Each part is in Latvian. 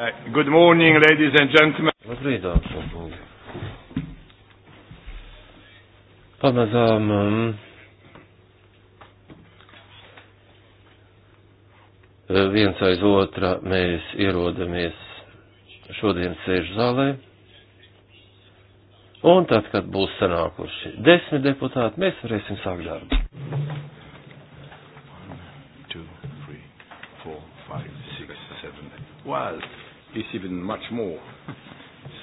Uh, good morning, ladies and gentlemen. Labrīt, dāmas un kungi. Pamazām um, viens aiz otra mēs ierodamies šodien sēžu zālē. Un tad, kad būs sanākuši desmit deputāti, mēs varēsim sākt darbu. One, two, three, four, five, six, seven, twelve is even much more.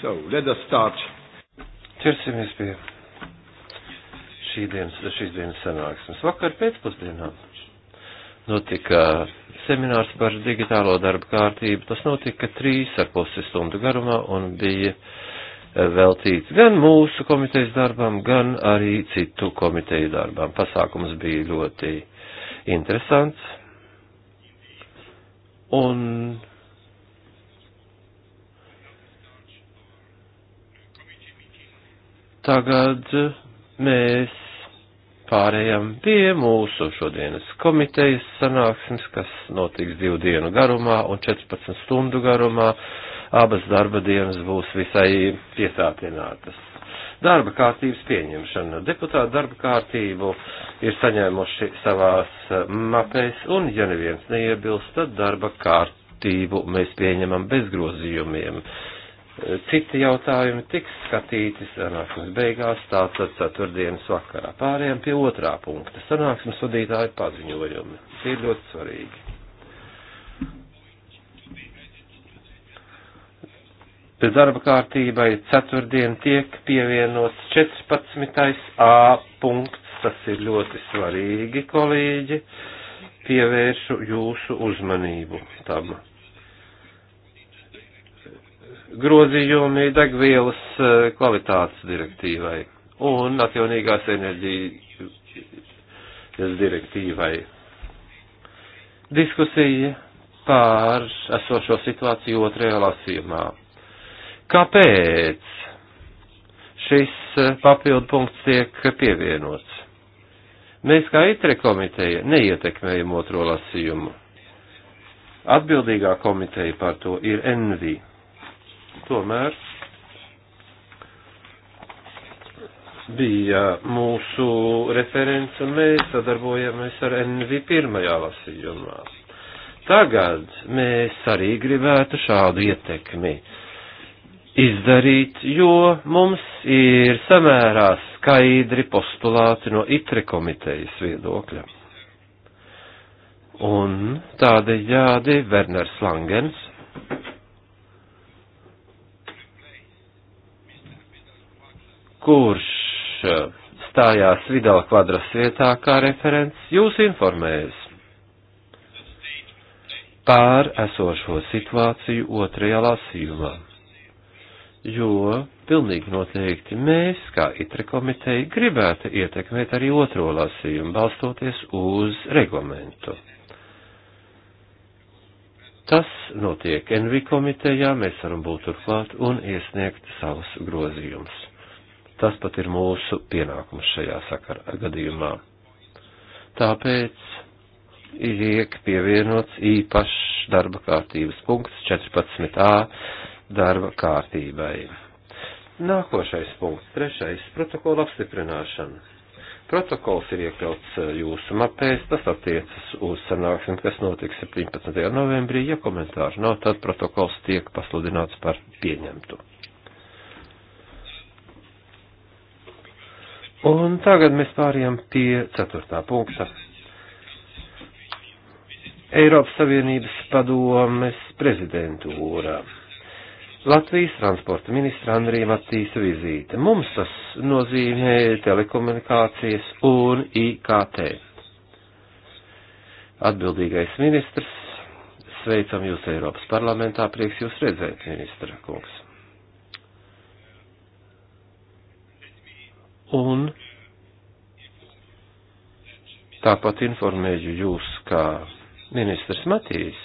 So let us start. Ķersimies pie šī dienas, šīs dienas sanāksmes. Vakar pēcpusdienā notika seminārs par digitālo darbu kārtību. Tas notika trīs ar pusi stundu garumā un bija eh, veltīts gan mūsu komitejas darbam, gan arī citu komiteju darbām. Pasākums bija ļoti interesants. Un Tagad mēs pārējām pie mūsu šodienas komitejas sanāksmes, kas notiks divu dienu garumā un 14 stundu garumā. Abas darba dienas būs visai piesātinātas. Darba kārtības pieņemšana. Deputāti darba kārtību ir saņēmuši savās mapēs, un ja neviens neiebilst, tad darba kārtību mēs pieņemam bez grozījumiem. Citi jautājumi tiks skatīti sanāksmes beigās, tātad ceturtdienas vakarā. Pārējām pie otrā punkta. Sanāksmes vadītāju paziņojumi. Tie ir ļoti svarīgi. Pie darba kārtībai ceturtdien tiek pievienots 14. A punkts. Tas ir ļoti svarīgi, kolēģi. Pievēršu jūsu uzmanību tam grozījumi degvielas eh, kvalitātes direktīvai un atjaunīgās enerģijas direktīvai. Diskusija pār esošo situāciju otrajā lasījumā. Kāpēc šis eh, papildu punkts tiek pievienots? Mēs kā itre komiteja neietekmējam otro lasījumu. Atbildīgā komiteja par to ir Envija tomēr bija mūsu referents un mēs sadarbojamies ar NV pirmajā lasījumā. Tagad mēs arī gribētu šādu ietekmi izdarīt, jo mums ir samērā skaidri postulāti no itri komitejas viedokļa. Un tādējādi Werners Langens kurš eh, stājās Vidala kvadras vietā kā referents, jūs informēs pār esošo situāciju otrajā lasījumā. Jo pilnīgi noteikti mēs, kā itre komiteja, gribētu ietekmēt arī otro lasījumu, balstoties uz reglamentu. Tas notiek NV komitejā, mēs varam būt turklāt un iesniegt savus grozījumus. Tas pat ir mūsu pienākums šajā sakara gadījumā. Tāpēc iek pievienots īpašs darba kārtības punkts 14a darba kārtībai. Nākošais punkts, trešais - protokola apstiprināšana. Protokols ir iekļauts eh, jūsu mapēs, tas attiecas uz sanāksmi, kas notiks 17. novembrī. Ja komentāru nav, tad protokols tiek pasludināts par pieņemtu. Un tagad mēs pārējām pie ceturtā punkta. Eiropas Savienības padomes prezidentūra. Latvijas transporta ministra Andrija Matīsa vizīte. Mums tas nozīmē telekomunikācijas un IKT. Atbildīgais ministrs, sveicam jūs Eiropas parlamentā, prieks jūs redzēt, ministra kungs. un tāpat informēju jūs, kā ministrs Matīs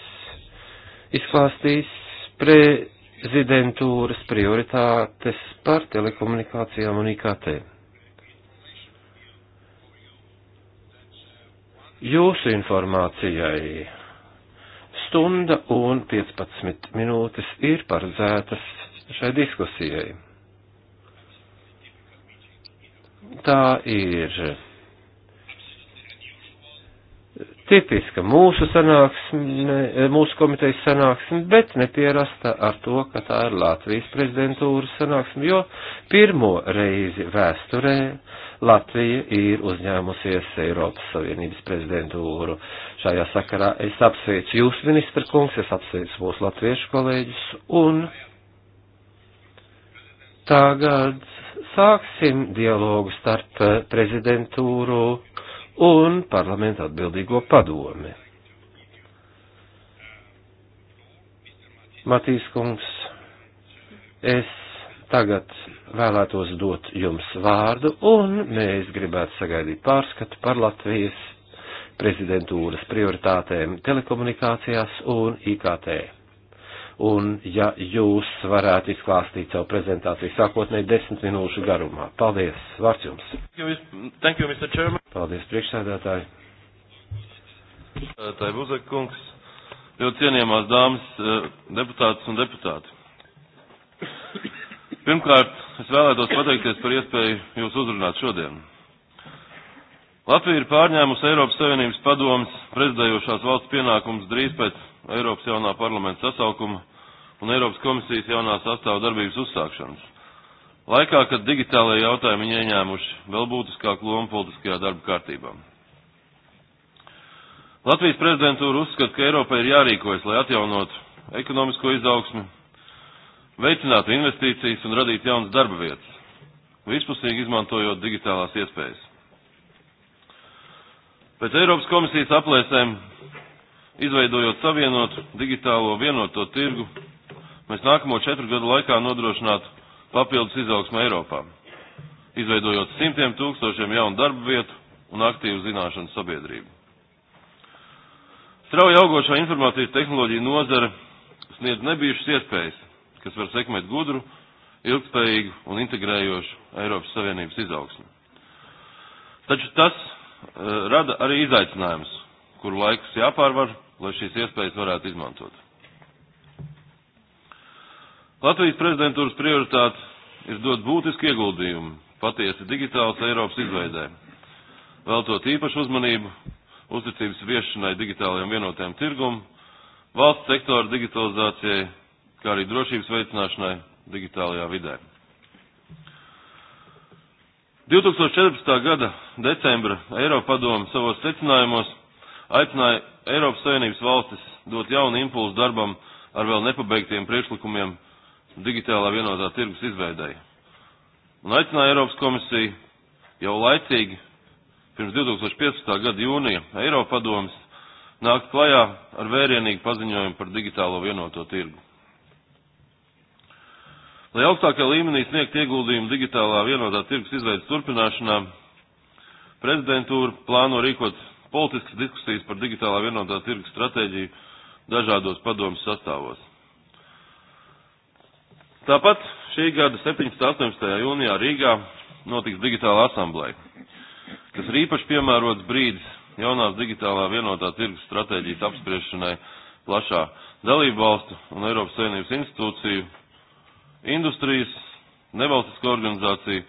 izklāstīs prezidentūras prioritātes par telekomunikācijām un IKT. Jūsu informācijai stunda un 15 minūtes ir paredzētas šai diskusijai tā ir tipiska mūsu sanāksme, mūsu komitejas sanāksme, bet nepierasta ar to, ka tā ir Latvijas prezidentūras sanāksme, jo pirmo reizi vēsturē Latvija ir uzņēmusies Eiropas Savienības prezidentūru. Šajā sakarā es apsveicu jūs, ministra kungs, es apsveicu mūsu latviešu kolēģus un tagad sāksim dialogu starp eh, prezidentūru un parlamentu atbildīgo padomi. Matīs kungs, es tagad vēlētos dot jums vārdu, un mēs gribētu sagaidīt pārskatu par Latvijas prezidentūras prioritātēm telekomunikācijās un IKT un ja jūs varētu izklāstīt savu prezentāciju sākotnēji desmit minūšu garumā. Paldies, vārds jums. Thank you, Mr. Chairman. Paldies, priekšsēdētāji. Tā ir Buzek kungs, ļoti cienījamās dāmas, eh, deputātas un deputāti. Pirmkārt, es vēlētos pateikties par iespēju jūs uzrunāt šodien. Latvija ir pārņēmusi Eiropas Savienības padomas prezidējošās valsts pienākumus drīz pēc Eiropas jaunā parlamenta sasaukuma, un Eiropas komisijas jaunā sastāva darbības uzsākšanas. Laikā, kad digitālajie jautājumi ir ieņēmuši vēl būtiskāku lomu politiskajā darba kārtībā. Latvijas prezidentūra uzskata, ka Eiropai ir jārīkojas, lai atjaunotu ekonomisko izaugsmi, veicinātu investīcijas un radītu jaunas darba vietas, vispusīgi izmantojot digitālās iespējas. Pēc Eiropas komisijas aplēsēm, izveidojot savienotu digitālo vienoto tirgu, mēs nākamo četru gadu laikā nodrošinātu papildus izaugsmu Eiropā, izveidojot simtiem tūkstošiem jaunu darbu vietu un aktīvu zināšanu sabiedrību. Strauji augošā informācijas tehnoloģija nozara sniedz nebijušas iespējas, kas var sekmēt gudru, ilgspējīgu un integrējošu Eiropas Savienības izaugsmu. Taču tas uh, rada arī izaicinājumus, kuru laikus jāpārvar, lai šīs iespējas varētu izmantot. Latvijas prezidentūras prioritāte ir dot būtisku ieguldījumu patiesi digitālas Eiropas izveidē, veltot īpašu uzmanību uzticības viešanai digitālajiem vienotajiem tirgumam, valsts sektora digitalizācijai, kā arī drošības veicināšanai digitālajā vidē. 2014. gada decembra Eiropadoma savos secinājumos aicināja Eiropas Savienības valstis dot jaunu impulsu darbam ar vēl nepabeigtiem priekšlikumiem digitālā vienotā tirgus izveidai. Un aicināja Eiropas komisiju jau laicīgi, pirms 2015. gada jūnija, Eiropa padomas nākt klajā ar vērienīgu paziņojumu par digitālo vienoto tirgu. Lai augstākā līmenī sniegt ieguldījumu digitālā vienotā tirgus izveidas turpināšanā, prezidentūra plāno rīkot politiskas diskusijas par digitālā vienotā tirgus stratēģiju dažādos padomus sastāvos. Tāpat šī gada 17. 18. jūnijā Rīgā notiks digitāla asambleja, kas ir īpaši piemērots brīdis jaunās digitālā vienotā tirgus stratēģijas apspriešanai plašā dalību valstu un Eiropas Savienības institūciju, industrijas, nevalstisko organizāciju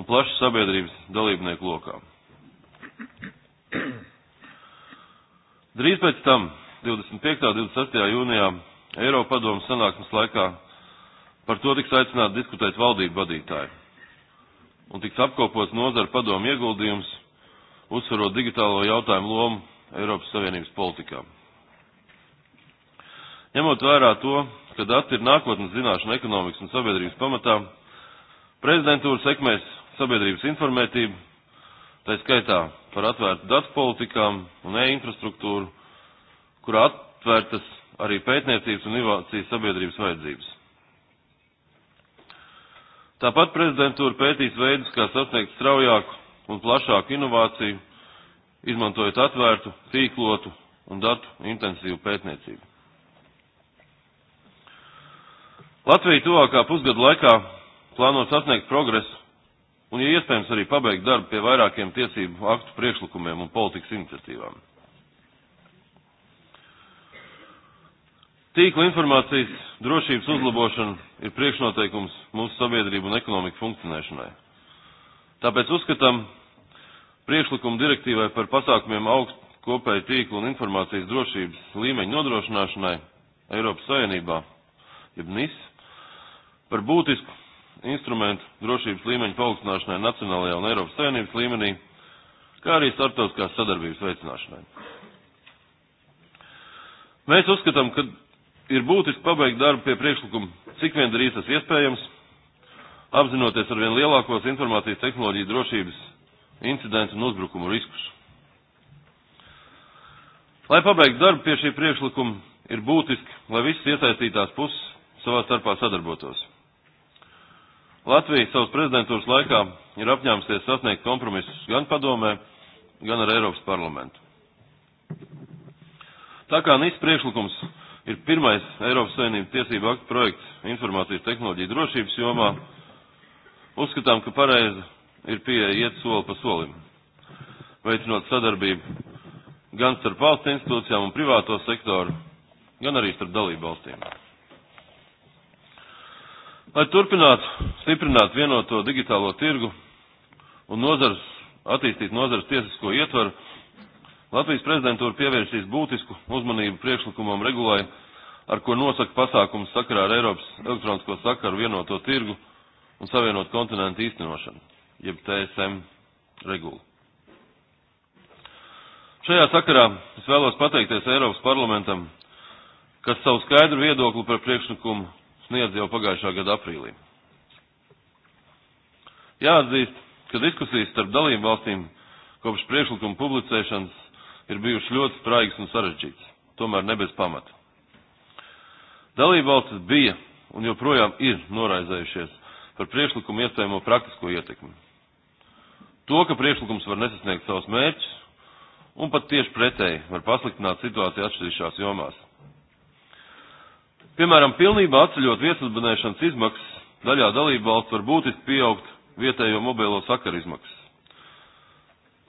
un plašu sabiedrības dalībnieku lokā. Drīz pēc tam, 25. un 26. jūnijā, Eiropa padomu sanāksmes laikā Par to tiks aicināti diskutēt valdību vadītāji. Un tiks apkopots nozara padomu ieguldījums, uzsverot digitālo jautājumu lomu Eiropas Savienības politikā. Ņemot vērā to, ka dati ir nākotnes zināšana ekonomikas un sabiedrības pamatā, prezidentūra sekmēs sabiedrības informētību, tā skaitā par atvērtu datu politikām un e-infrastruktūru, kurā atvērtas arī pētniecības un inovācijas sabiedrības vajadzības. Tāpat prezidentūra pētīs veidus, kā sasniegt straujāku un plašāku inovāciju, izmantojot atvērtu, tīklotu un datu intensīvu pētniecību. Latvija tuvākā pusgada laikā plāno sasniegt progresu un, ja iespējams, arī pabeigt darbu pie vairākiem tiesību aktu priekšlikumiem un politikas iniciatīvām. Tīkla informācijas drošības uzlabošana ir priekšnoteikums mūsu sabiedrību un ekonomiku funkcionēšanai. Tāpēc uzskatām priekšlikumu direktīvai par pasākumiem augstu kopēju tīklu un informācijas drošības līmeņu nodrošināšanai Eiropas Savienībā, jeb NIS, par būtisku instrumentu drošības līmeņu paaugstināšanai nacionālajā un Eiropas Savienības līmenī, kā arī starptautiskās sadarbības veicināšanai. Mēs uzskatām, ka ir būtiski pabeigt darbu pie priekšlikuma, cik vien drīz tas iespējams, apzinoties ar vien lielākos informācijas tehnoloģiju drošības incidentu un uzbrukumu riskus. Lai pabeigtu darbu pie šī priekšlikuma, ir būtiski, lai visas iesaistītās puses savā starpā sadarbotos. Latvija savas prezidentūras laikā ir apņēmusies sasniegt kompromisus gan padomē, gan ar Eiropas parlamentu. Tā kā NIS priekšlikums ir pirmais Eiropas Savienības tiesību aktu projekts informācijas tehnoloģiju drošības jomā. Uzskatām, ka pareizi ir pieeja iet soli pa solim, veicinot sadarbību gan starp valsts institūcijām un privāto sektoru, gan arī starp dalību valstīm. Lai turpinātu stiprināt vienoto digitālo tirgu un nozars, attīstīt nozars tiesisko ietvaru, Latvijas prezidentūra pievērsīs būtisku uzmanību priekšlikumam regulai, ar ko nosaka pasākums sakarā ar Eiropas elektronisko sakaru vienoto tirgu un savienot kontinentu īstenošanu, jeb TSM regulu. Šajā sakarā es vēlos pateikties Eiropas parlamentam, kas savu skaidru viedokli par priekšlikumu sniedz jau pagājušā gada aprīlī. Jāatzīst, ka diskusijas starp dalību valstīm kopš priekšlikuma publicēšanas ir bijušas ļoti spraigas un sarežģītas, tomēr ne bez pamata. Dalībvalstis bija un joprojām ir noraizējušies par priekšlikumu iespējamo praktisko ietekmi. To, ka priekšlikums var nesasniegt savus mērķus, un pat tieši pretēji var pasliktināt situāciju atšķirīšās jomās. Piemēram, pilnībā atceļot viesasbanēšanas izmaksas, daļā dalību valsts var būtiski pieaugt vietējo mobilo sakaru izmaksas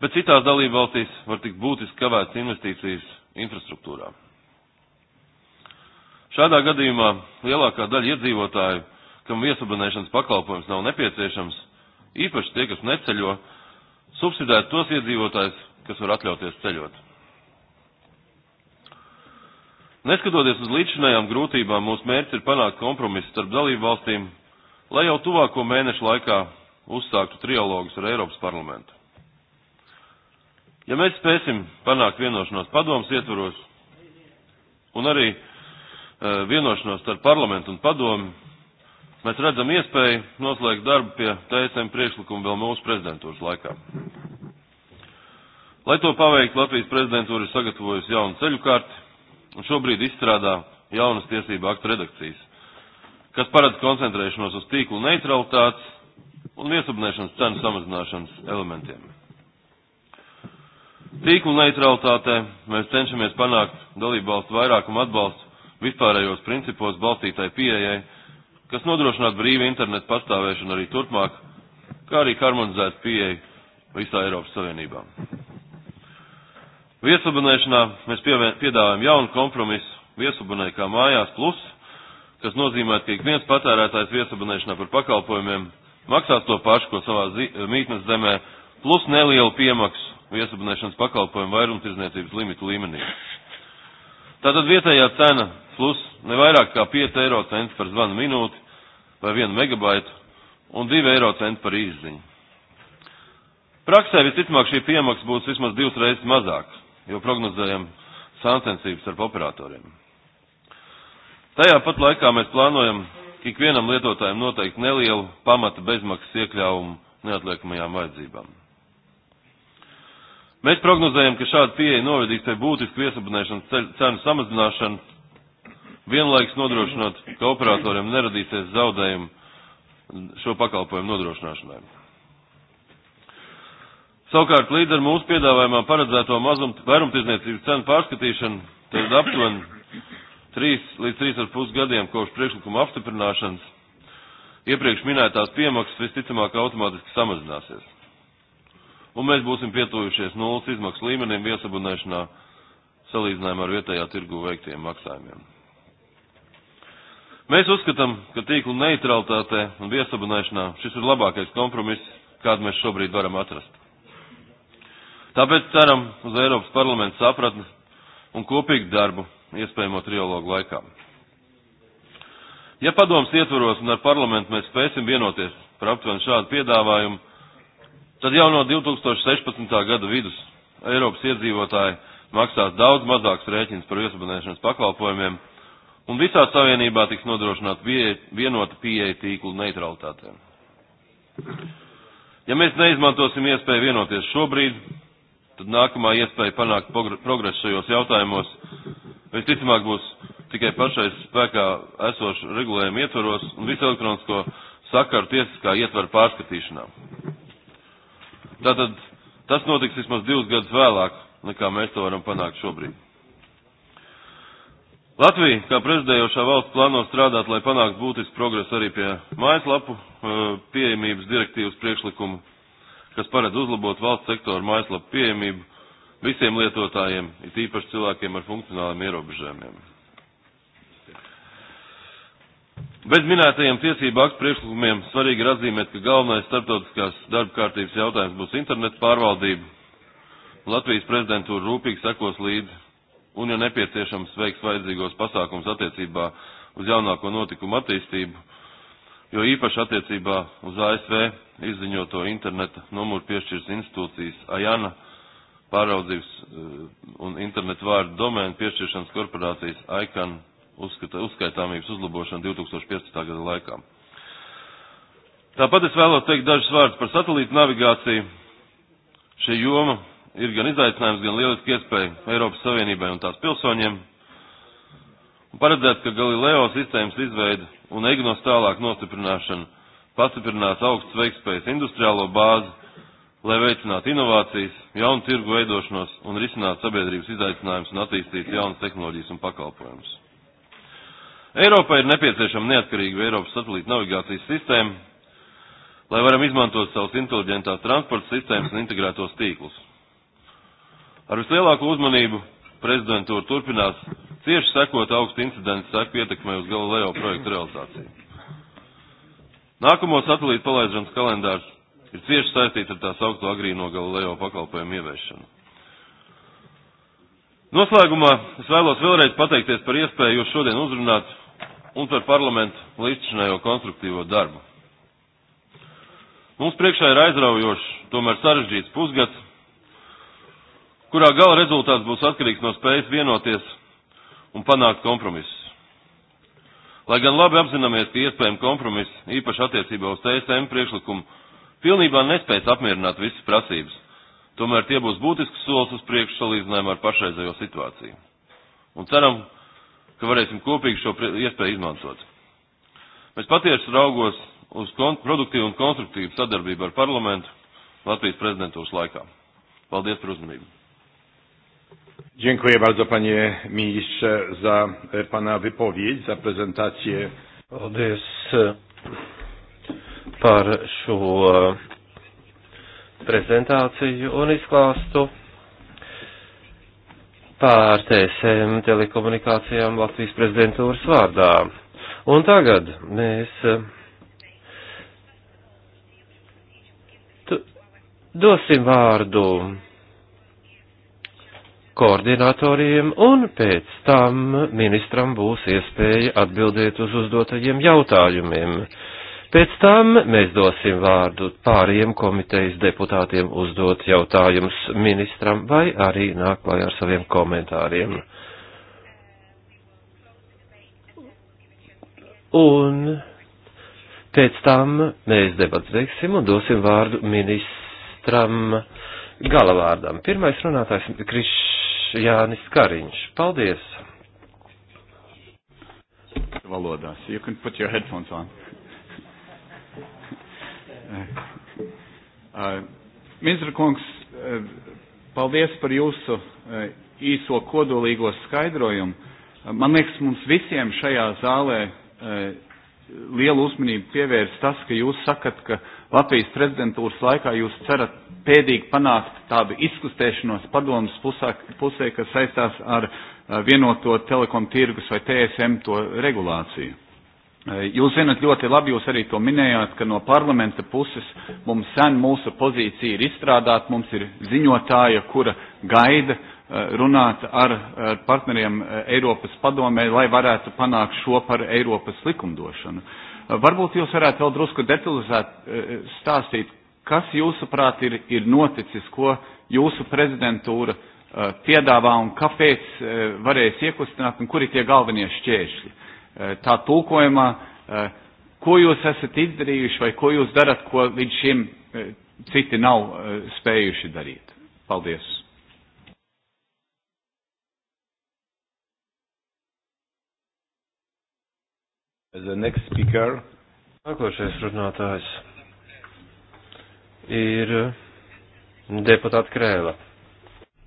bet citās dalību valstīs var tikt būtiski kavēts investīcijas infrastruktūrā. Šādā gadījumā lielākā daļa iedzīvotāju, kam viesabonēšanas pakalpojums nav nepieciešams, īpaši tie, kas neceļo, subsidēt tos iedzīvotājus, kas var atļauties ceļot. Neskatoties uz līdzinājām grūtībām, mūsu mērķis ir panākt kompromisu starp dalību valstīm, lai jau tuvāko mēnešu laikā uzsāktu trialogus ar Eiropas parlamentu. Ja mēs spēsim panākt vienošanos padomus ietvaros un arī e, vienošanos ar parlamentu un padomu, mēs redzam iespēju noslēgt darbu pie TSM priekšlikuma vēl mūsu prezidentūras laikā. Lai to paveiktu, Latvijas prezidentūra ir sagatavojusi jaunu ceļu karti un šobrīd izstrādā jaunas tiesību aktu redakcijas, kas paredz koncentrēšanos uz tīklu neutralitātes un viesabunēšanas cenu samazināšanas elementiem. Tīkla neutralitātē mēs cenšamies panākt dalību valstu vairākumu atbalstu vispārējos principos balstītai pieejai, kas nodrošinātu brīvu internetu pastāvēšanu arī turpmāk, kā arī harmonizētu pieeju visā Eiropas Savienībā. Viesabunēšanā mēs piedāvājam jaunu kompromisu viesabunē kā mājās plus, kas nozīmē, ka ik viens patērētājs viesabunēšanā par pakalpojumiem maksās to pašu, ko savā mītnes zemē, plus nelielu piemaksu viesabunēšanas pakalpojumu vairumtirdzniecības limitu līmenī. Tātad vietējā cena plus ne vairāk kā 5 eiro centi par zvanu minūti vai 1 megabaitu un 2 eiro centi par izziņu. Praksē visticamāk šī piemaksa būs vismaz divas reizes mazāka, jo prognozējam sāncensības ar operatoriem. Tajā pat laikā mēs plānojam ikvienam lietotājam noteikti nelielu pamata bezmaksas iekļāvumu neatliekamajām vajadzībām. Mēs prognozējam, ka šāda pieeja novedīs pie būtisku viesabunēšanas cenu samazināšanas, vienlaiks nodrošinot, ka operatoriem neradīsies zaudējumi šo pakalpojumu nodrošināšanai. Savukārt, līdz ar mūsu piedāvājumā paredzēto mazumu vairumtirdzniecības cenu pārskatīšanu, tad aptuveni 3 līdz 3,5 gadiem kopš priekšlikuma apstiprināšanas, iepriekš minētās piemaksas visticamāk automātiski samazināsies un mēs būsim pietuvušies nulles izmaksu līmenim viesabunēšanā salīdzinājumā ar vietējā tirgu veiktiem maksājumiem. Mēs uzskatām, ka tīkla neutralitātē un viesabunēšanā šis ir labākais kompromiss, kādu mēs šobrīd varam atrast. Tāpēc ceram uz Eiropas parlamentu sapratni un kopīgu darbu iespējamo trialogu laikā. Ja padoms ietvaros un ar parlamentu mēs spēsim vienoties par aptuveni šādu piedāvājumu, Tad jau no 2016. gada vidus Eiropas iedzīvotāji maksās daudz mazāks rēķins par viesabunēšanas pakalpojumiem, un visā savienībā tiks nodrošināta pie, vienota pieeja tīklu neutralitātēm. Ja mēs neizmantosim iespēju vienoties šobrīd, tad nākamā iespēja panākt progresu šajos jautājumos visticamāk būs tikai pašais spēkā esošu regulējumu ietvaros un visu elektronisko sakaru tiesiskā ietvara pārskatīšanā. Tātad tas notiks vismaz divus gadus vēlāk, nekā mēs to varam panākt šobrīd. Latvija, kā prezidējošā valsts, plāno strādāt, lai panāktu būtisku progresu arī pie mājaslapu eh, pieejamības direktīvas priekšlikuma, kas paredz uzlabot valsts sektoru mājaslapu pieejamību visiem lietotājiem, it īpaši cilvēkiem ar funkcionāliem ierobežojumiem. Bez minētajiem tiesību aktu priekšlikumiem svarīgi ir atzīmēt, ka galvenais starptautiskās darba kārtības jautājums būs interneta pārvaldība. Latvijas prezidentūra rūpīgi sekos līdzi un, ja nepieciešams, veiks vajadzīgos pasākums attiecībā uz jaunāko notikumu attīstību, jo īpaši attiecībā uz ASV izziņoto interneta numuru piešķirs institūcijas AJANA pāraudzības eh, un interneta vārdu domēnu piešķiršanas korporācijas ICANN uzskata, uzskaitāmības uzlabošanu 2015. gada laikā. Tāpat es vēlos teikt dažus vārdus par satelītu navigāciju. Šī joma ir gan izaicinājums, gan lieliski iespēja Eiropas Savienībai un tās pilsoņiem. Un paredzēt, ka Galileo sistēmas izveida un EGNOS tālāk nostiprināšana pastiprinās augsts veikspējas industriālo bāzi, lai veicinātu inovācijas, jaunu tirgu veidošanos un risinātu sabiedrības izaicinājumus un attīstītu jaunas tehnoloģijas un pakalpojumus. Eiropai ir nepieciešama neatkarīga Eiropas satelīta navigācijas sistēma, lai varam izmantot savus inteliģentās transporta sistēmas un integrētos tīklus. Ar vislielāko uzmanību prezidentūra turpinās cieši sekot augstu incidentu seku ietekmē uz Galileo projektu realizāciju. Nākamo satelītu palaišanas kalendārs ir cieši saistīts ar tās augstu agrīno Galileo pakalpojumu ieviešanu. Noslēgumā es vēlos vēlreiz pateikties par iespēju jūs šodien uzrunāt un par parlamentu līdzšinējo konstruktīvo darbu. Mums priekšā ir aizraujošs, tomēr sarežģīts pusgads, kurā gala rezultāts būs atkarīgs no spējas vienoties un panākt kompromisus. Lai gan labi apzināmies, ka iespējami kompromiss, īpaši attiecībā uz TSM priekšlikumu, pilnībā nespēs apmierināt visas prasības, tomēr tie būs būtisks solis uz priekšu salīdzinājumā ar pašreizējo situāciju. Un ceram, ka ka varēsim kopīgi šo iespēju izmantot. Mēs patieši raugos uz produktīvu un konstruktīvu sadarbību ar parlamentu Latvijas prezidentūras laikā. Paldies par uzmanību. Dziękuję bardzo panie ministrze za e, pana wypowiedź, za prezentację. Paldies e, par šo e, prezentāciju un izklāstu pār TSM telekomunikācijām Latvijas prezidentūras vārdā. Un tagad mēs eh, dosim vārdu koordinatoriem, un pēc tam ministram būs iespēja atbildēt uz uzdotajiem jautājumiem. Pēc tam mēs dosim vārdu pāriem komitejas deputātiem uzdot jautājumus ministram vai arī nāk klājā ar saviem komentāriem. Un pēc tam mēs debats veiksim un dosim vārdu ministram galavārdam. Pirmais runātājs Krišjānis Kariņš. Paldies! Valodās. You can put your headphones on. Ministra kungs, paldies par jūsu īso kodolīgo skaidrojumu. Man liekas, mums visiem šajā zālē lielu uzmanību pievērs tas, ka jūs sakat, ka Latvijas prezidentūras laikā jūs cerat pēdīgi panākt tādu izkustēšanos padomas pusā, pusē, kas saistās ar vienoto telekom tirgus vai TSM to regulāciju. Eh, jūs zinat ļoti labi, jūs arī to minējāt, ka no parlamenta puses mums sen mūsu pozīcija ir izstrādāta, mums ir ziņotāja, kura gaida eh, runāt ar, ar partneriem eh, Eiropas padomē, lai varētu panākt šo par Eiropas likumdošanu. Varbūt jūs varētu vēl drusku detalizēt stāstīt, kas jūsuprāt ir, ir noticis, ko jūsu prezidentūra piedāvā un kāpēc varēs iekustināt un kuri tie galvenie šķēršļi. Eh, tā tulkojumā, eh, ko jūs esat izdarījuši vai ko jūs darat, ko līdz šim eh, citi nav spējuši darīt. Paldies! The next speaker. Nākošais runātājs ir deputāta Krēla.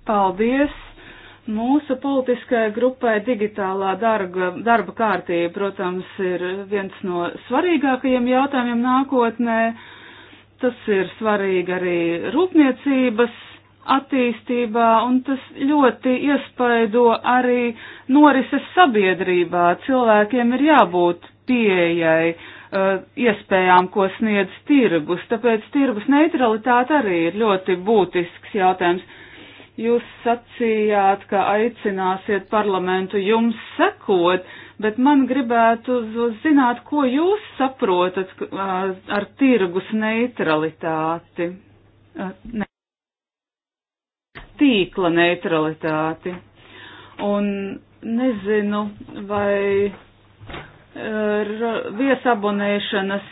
Paldies! Mūsu politiskajai grupai digitālā darba, darba kārtība, protams, ir viens no svarīgākajiem jautājumiem nākotnē. Tas ir svarīgi arī rūpniecības attīstībā, un tas ļoti iespaido arī norises sabiedrībā. Cilvēkiem ir jābūt pieejai eh, iespējām, ko sniedz tirgus, tāpēc tirgus neutralitāte arī ir ļoti būtisks jautājums Jūs sacījāt, ka aicināsiet parlamentu jums sekot, bet man gribētu zināt, ko jūs saprotat ar tirgus neutralitāti. Ne, tīkla neutralitāti. Un nezinu, vai viesabonēšanas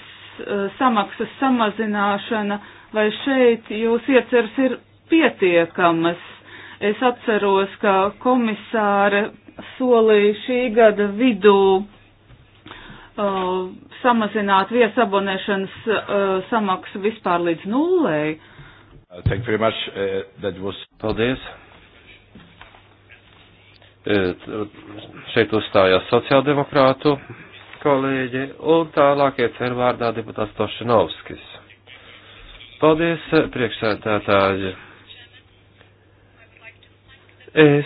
samaksas samazināšana vai šeit jūs ieceras ir pietiekamas Es atceros, ka komisāra solīja šī gada vidū uh, samazināt viesabonēšanas uh, samaksu vispār līdz nullei. Uh, thank you very much. Uh, that was... Paldies. Uh, šeit uzstājās sociāldemokrātu kolēģi un tālāk iecer vārdā deputāts Tošinovskis. Paldies, priekšsēdētāji. Es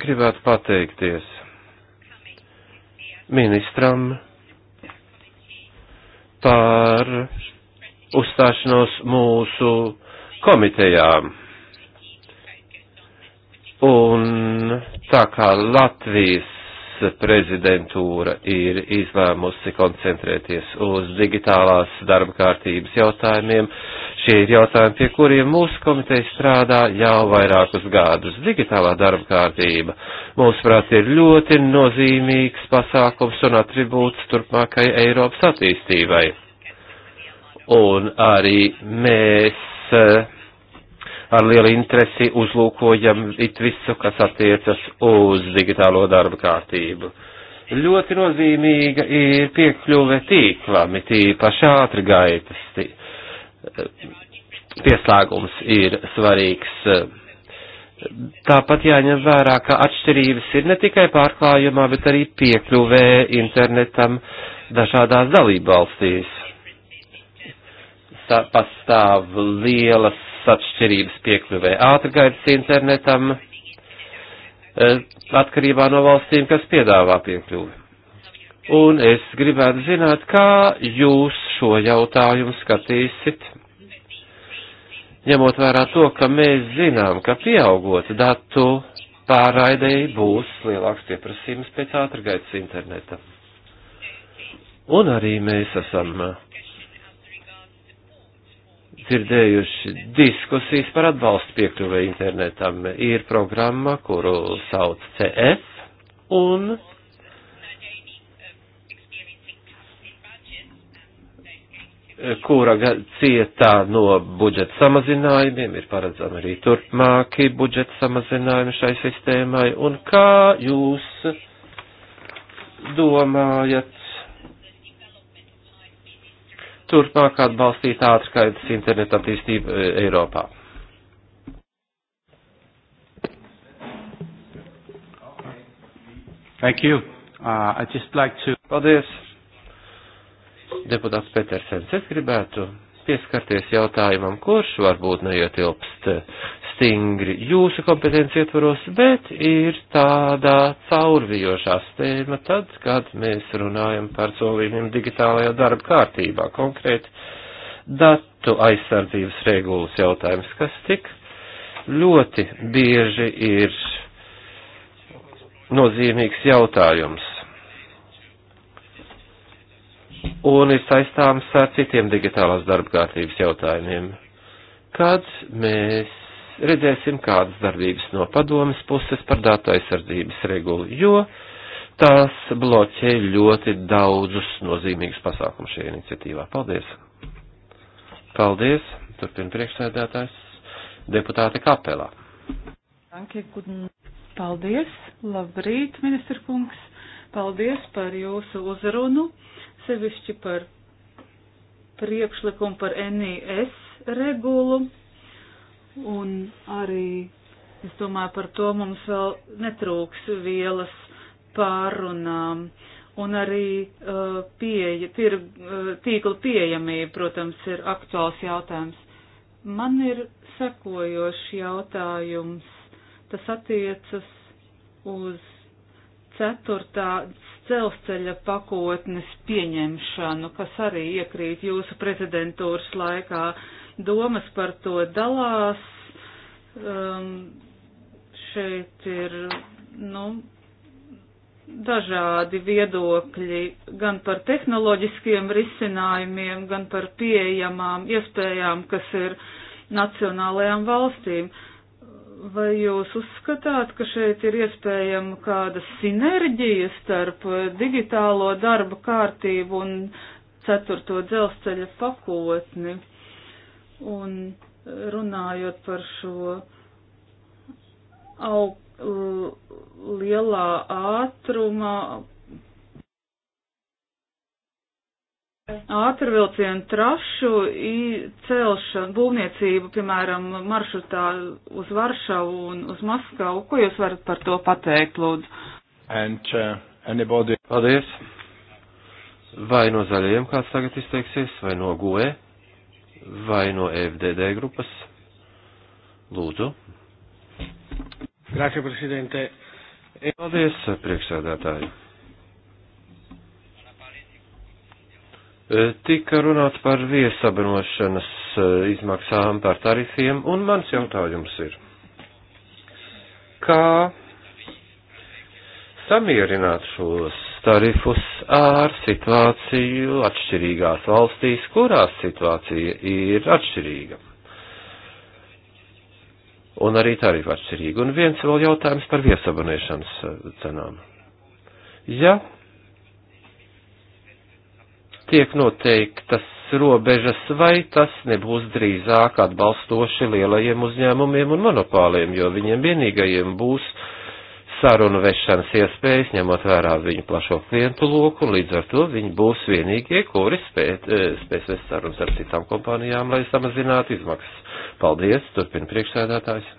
gribētu pateikties ministram par uzstāšanos mūsu komitejām. Un tā kā Latvijas prezidentūra ir izlēmusi koncentrēties uz digitālās darba kārtības jautājumiem. Šie ir jautājumi, pie kuriem mūsu komiteja strādā jau vairākus gadus. Digitālā darba kārtība, mūsuprāt, ir ļoti nozīmīgs pasākums un atribūts turpmākai Eiropas attīstībai. Un arī mēs eh, ar lielu interesi uzlūkojam it visu, kas attiecas uz digitālo darba kārtību. Ļoti nozīmīga ir piekļuve tīklam, it īpaši ātri gaitas. Pieslēgums ir svarīgs. Tāpat jāņem vērā, ka atšķirības ir ne tikai pārklājumā, bet arī piekļuvē internetam dažādās dalībvalstīs. Pastāv lielas atšķirības piekļuvē ātrgaitas internetam eh, atkarībā no valstīm, kas piedāvā piekļuvi. Un es gribētu zināt, kā jūs šo jautājumu skatīsit, ņemot vērā to, ka mēs zinām, ka pieaugot datu pārraidēji būs lielāks pieprasījums pēc ātrgaitas interneta. Un arī mēs esam uh, dzirdējuši diskusijas par atbalstu piekļuvē internetam. Ir programma, kuru sauc CF, un kura cietā no budžeta samazinājumiem, ir paredzami arī turpmāki budžeta samazinājumi šai sistēmai, un kā jūs domājat turpmāk atbalstīt ātrskaitas interneta attīstību e, Eiropā. Thank you. Uh, I just like to... Paldies. Deputāts Petersens, es gribētu pieskarties jautājumam, kurš varbūt neietilpst stingri jūsu kompetenci ietvaros, bet ir tādā caurvijošā stēma tad, kad mēs runājam par solījumiem digitālajā darba kārtībā, konkrēti datu aizsardzības regulas jautājums, kas tik ļoti bieži ir nozīmīgs jautājums. Un ir saistāms ar citiem digitālās darba kārtības jautājumiem. Kad mēs redzēsim, kādas darbības no padomas puses par datu aizsardzības regulu, jo tās bloķē ļoti daudzus nozīmīgus pasākumus šajā iniciatīvā. Paldies! Paldies! Turpin priekšsēdētājs deputāte Kapelā. Paldies! Labrīt, ministra kungs! Paldies par jūsu uzrunu, sevišķi par priekšlikumu par NIS regulu. Un arī, es domāju, par to mums vēl netrūks vielas pārunām. Un arī uh, pieeja, tir, uh, tīkla pieejamība, protams, ir aktuāls jautājums. Man ir sekojošs jautājums. Tas attiecas uz ceturtā dzelzceļa pakotnes pieņemšanu, kas arī iekrīt jūsu prezidentūras laikā. Uh, domas par to dalās. Um, šeit ir, nu, dažādi viedokļi gan par tehnoloģiskiem risinājumiem, gan par pieejamām iespējām, kas ir nacionālajām valstīm. Vai jūs uzskatāt, ka šeit ir iespējama kāda sinerģija starp digitālo darba kārtību un ceturto dzelzceļa pakotni? Un runājot par šo aug, lielā ātruma, ātrvilcienu trašu celšanu, būvniecību, piemēram, maršrutā uz Varšavu un uz Maskavu. Ko jūs varat par to pateikt, lūdzu? And, uh, anybody... Paldies! Vai no zaļajiem kāds tagad izteiksies, vai no goe? vai no FDD grupas. Lūdzu. Grazie, prezidente. E- Paldies, priekšsēdētāji. E, tika runāts par viesabinošanas e, izmaksām par tarifiem, un mans jautājums ir, kā samierināt šos tarifus ar situāciju atšķirīgās valstīs, kurās situācija ir atšķirīga. Un arī tarifu atšķirīga. Un viens vēl jautājums par viesabonēšanas eh, cenām. Ja tiek noteiktas robežas, vai tas nebūs drīzāk atbalstoši lielajiem uzņēmumiem un monopāliem, jo viņiem vienīgajiem būs uh, sarunu vešanas iespējas, ņemot vērā viņu plašo klientu loku, un līdz ar to viņi būs vienīgie, kuri spēt, eh, spēs vest sarunas ar citām kompānijām, lai samazinātu izmaksas. Paldies, turpina priekšsēdētājs.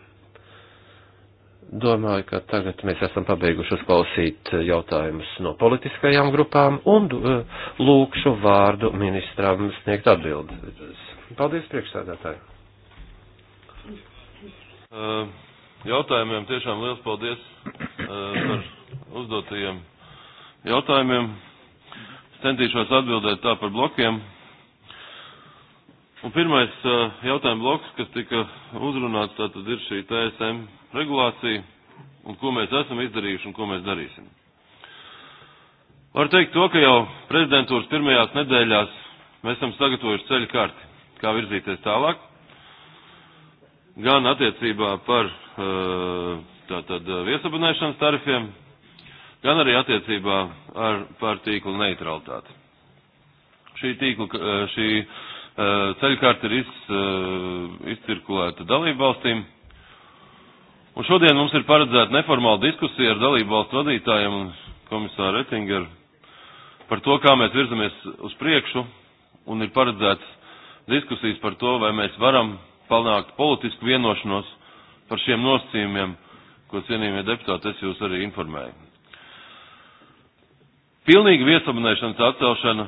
Domāju, ka tagad mēs esam pabeiguši uzklausīt jautājumus no politiskajām grupām un eh, lūkšu vārdu ministram sniegt atbildes. Paldies, priekšsēdētāji. Uh jautājumiem. Tiešām liels paldies eh, par uzdotajiem jautājumiem. Es centīšos atbildēt tā par blokiem. Un pirmais eh, jautājuma bloks, kas tika uzrunāts, tātad ir šī TSM regulācija un ko mēs esam izdarījuši un ko mēs darīsim. Var teikt to, ka jau prezidentūras pirmajās nedēļās mēs esam sagatavojuši ceļu karti, kā virzīties tālāk, gan attiecībā par Э, tātad э, viesabunēšanas tarifiem, gan arī attiecībā ar, par tīklu neutralitāti. Šī, tīklu, e, šī e, ceļkārta ir iz, e, izcirkulēta dalību valstīm. Un šodien mums ir paredzēta neformāla diskusija ar dalību valstu vadītājiem un komisāru Ettingeru par to, kā mēs virzamies uz priekšu, un ir paredzēts diskusijas par to, vai mēs varam panākt politisku vienošanos par šiem nosacījumiem, ko cienījamie deputāti, es jūs arī informēju. Pilnīga viesabunēšanas atcelšana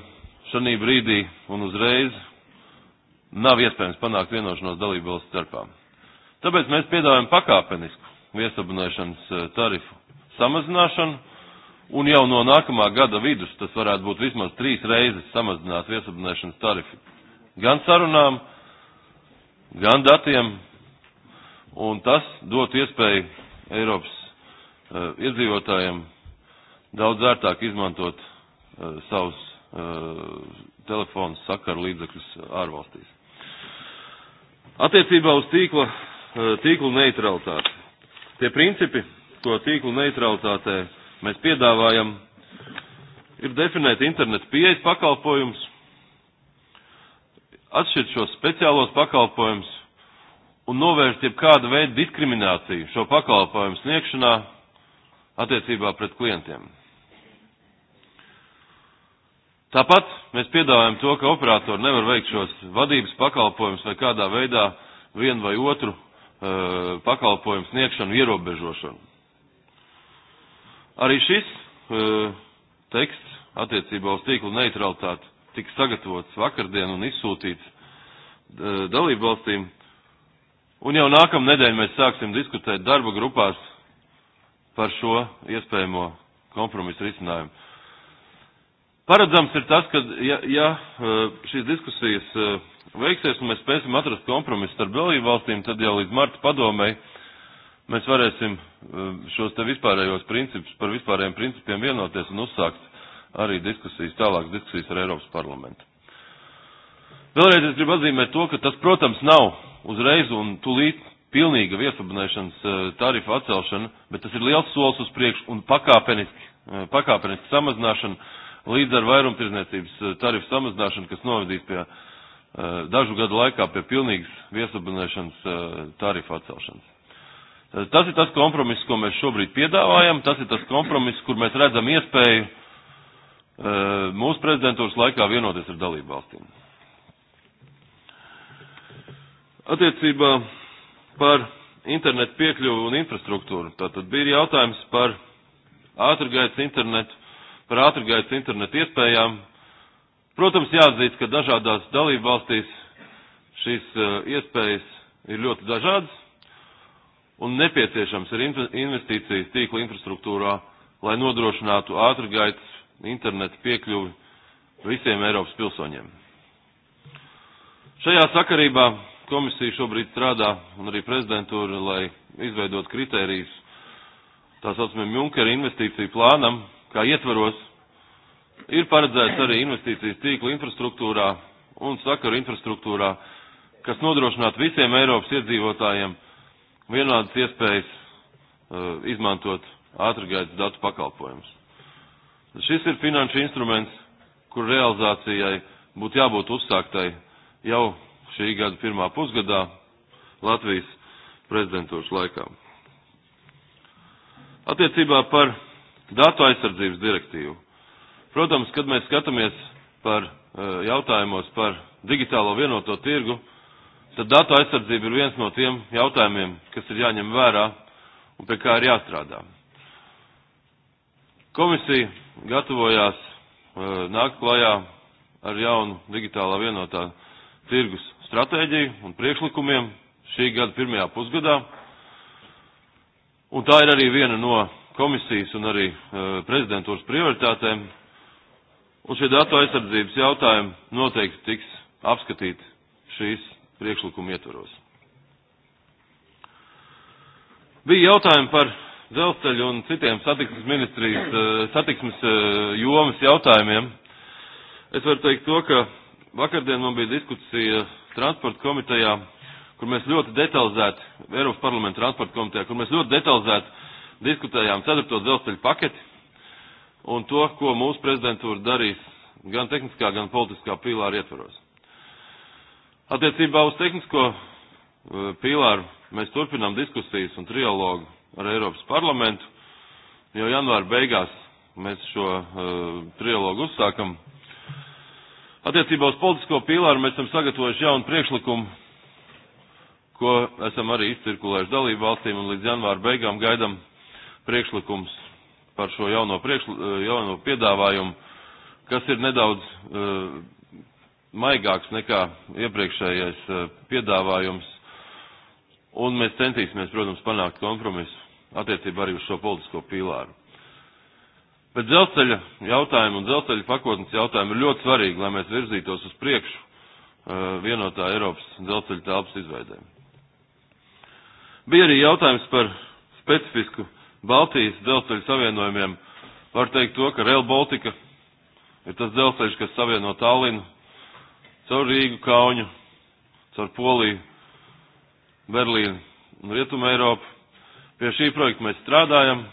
šī brīdī un uzreiz nav iespējams panākt vienošanos dalību valsts starpā. Tāpēc mēs piedāvājam pakāpenisku viesabunēšanas eh, tarifu samazināšanu, un jau no nākamā gada vidus tas varētu būt vismaz trīs reizes samazināt viesabunēšanas tarifu gan sarunām, gan datiem, un tas dot iespēju Eiropas uh, iedzīvotājiem daudz ērtāk izmantot uh, savus uh, eh, telefonus, sakaru līdzekļus ārvalstīs. Attiecībā uz tīkla, uh, tīklu neutralitāti. Tie principi, ko tīklu neutralitātē mēs piedāvājam, ir definēt interneta pieejas pakalpojumus, atšķirt šos speciālos pakalpojumus un novērst jebkādu veidu diskrimināciju šo pakalpojumu sniegšanā attiecībā pret klientiem. Tāpat mēs piedāvājam to, ka operatori nevar veikt šos vadības pakalpojumus vai kādā veidā vienu vai otru e, pakalpojumu sniegšanu ierobežošanu. Arī šis e, teksts attiecībā uz tīklu neutralitāti tika sagatavots vakardien un izsūtīts e, dalību valstīm Un jau nākamā nedēļa mēs sāksim diskutēt darba grupās par šo iespējamo kompromisu risinājumu. Paredzams ir tas, ka ja, ja eh, šīs diskusijas eh, veiksies un mēs spēsim atrast kompromisu starp dalību valstīm, tad jau līdz marta padomēji mēs varēsim eh, šos te vispārējos principus, par vispārējiem principiem vienoties un uzsākt arī diskusijas, tālākas diskusijas ar Eiropas parlamentu. Vēlreiz es gribu atzīmēt to, ka tas, protams, nav uzreiz un tulīt pilnīga viesabunēšanas eh, tarifa atcelšana, bet tas ir liels solis uz priekšu un pakāpeniski, eh, pakāpeniski samazināšana līdz ar vairumtirdzniecības eh, tarifu samazināšanu, kas novedīs pie dažu gadu laikā pie pilnīgas viesabunēšanas tarifa atcelšanas. Tas ir tas kompromiss, ko mēs šobrīd piedāvājam, tas ir tas kompromiss, kur mēs redzam iespēju mūsu prezidentūras laikā vienoties ar dalību valstīm. Attiecībā par internetu piekļuvu un infrastruktūru. Tātad bija jautājums par ātrgaitas internetu, par ātrgaitas internetu iespējām. Protams, jāatzīst, ka dažādās dalību valstīs šīs eh, iespējas ir ļoti dažādas un nepieciešams ir investīcijas tīkla infrastruktūrā, lai nodrošinātu ātrgaitas internetu piekļuvi visiem Eiropas pilsoņiem. Šajā sakarībā komisija šobrīd strādā, un arī prezidentūra, lai izveidot kritērijus tā saucamajam Junkera investīciju plānam, kā ietvaros, ir paredzēts arī investīcijas tīkla infrastruktūrā un sakaru infrastruktūrā, kas nodrošinātu visiem Eiropas iedzīvotājiem vienādas iespējas uh, izmantot ātrgaitas datu pakalpojumus. Šis ir finanšu instruments, kur realizācijai būtu jābūt uzsāktai jau šī gada pirmā pusgadā Latvijas prezidentūras laikā. Attiecībā par datu aizsardzības direktīvu. Protams, kad mēs skatāmies par eh, jautājumos par digitālo vienoto tirgu, tad datu aizsardzība ir viens no tiem jautājumiem, kas ir jāņem vērā un pie kā ir jāstrādā. Komisija gatavojās eh, nākt klajā ar jaunu digitālā vienotā tirgus stratēģiju un priekšlikumiem šī gada pirmajā pusgadā. Un tā ir arī viena no komisijas un arī uh, prezidentūras prioritātēm. Un šie datu aizsardzības jautājumi noteikti tiks apskatīti šīs priekšlikuma ietvaros. Bija jautājumi par dzelzceļu un citiem satiksmes ministrijas, e, satiksmes e, jomas jautājumiem. Es varu teikt to, ka Vakardien man bija diskusija transporta komitejā, kur mēs ļoti detalizēti, Eiropas parlamenta transporta komitejā, kur mēs ļoti detalizēti diskutējām ceturto dzelzceļu paketi un to, ko mūsu prezidentūra darīs gan tehniskā, gan politiskā pīlāra ietvaros. Attiecībā uz tehnisko e, pīlāru mēs turpinām diskusijas un trialogu ar Eiropas parlamentu. Jau janvāra beigās mēs šo uh, trialogu uzsākam. Uh, Attiecībā uz politisko pīlāru mēs esam sagatavojuši jaunu priekšlikumu, ko esam arī izcirkulējuši dalību valstīm un līdz janvāra beigām gaidam priekšlikums par šo jauno, priekšl, eh, jauno piedāvājumu, kas ir nedaudz uh, maigāks nekā iepriekšējais uh, piedāvājums, un mēs centīsimies, protams, panākt kompromisu attiecībā arī uz šo politisko pīlāru. Bet dzelzceļa jautājumu un dzelzceļa pakotnes jautājumu ir ļoti svarīgi, lai mēs virzītos uz priekšu uh, vienotā Eiropas dzelzceļa telpas izveidēm. Bija arī jautājums par specifisku Baltijas dzelzceļa savienojumiem. Var teikt to, ka Rail Baltica ir tas dzelzceļš, kas savieno Tallinu caur Rīgu, Kauņu, caur Poliju, Berlīnu un Rietumu Eiropu. Pie šī projekta mēs strādājam,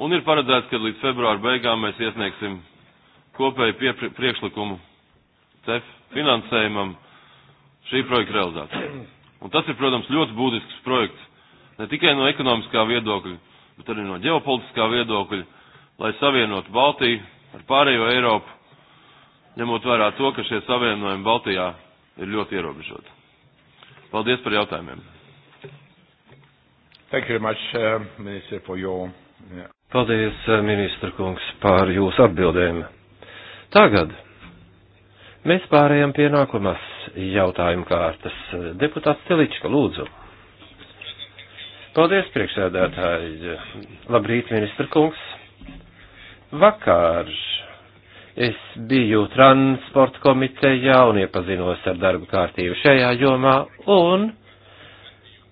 un ir paredzēts, ka līdz februāra beigām mēs iesniegsim kopēju priekšlikumu CEF finansējumam šī projekta realizācijai. Un tas ir, protams, ļoti būtisks projekts ne tikai no ekonomiskā viedokļa, bet arī no ģeopolitiskā viedokļa, lai savienotu Baltiju ar pārējo Eiropu, ņemot vērā to, ka šie savienojumi Baltijā ir ļoti ierobežoti. Paldies par jautājumiem. Thank you very much, uh, Minister, for your. Yeah. Paldies, eh, ministra kungs, par jūsu atbildēm. Tagad mēs pārējām pie nākamās jautājuma kārtas. Deputāts Telička, lūdzu. Paldies, priekšsēdētāji. Labrīt, ministra kungs. Vakar Es biju transporta komitejā un iepazinos ar darba kārtību šajā jomā, un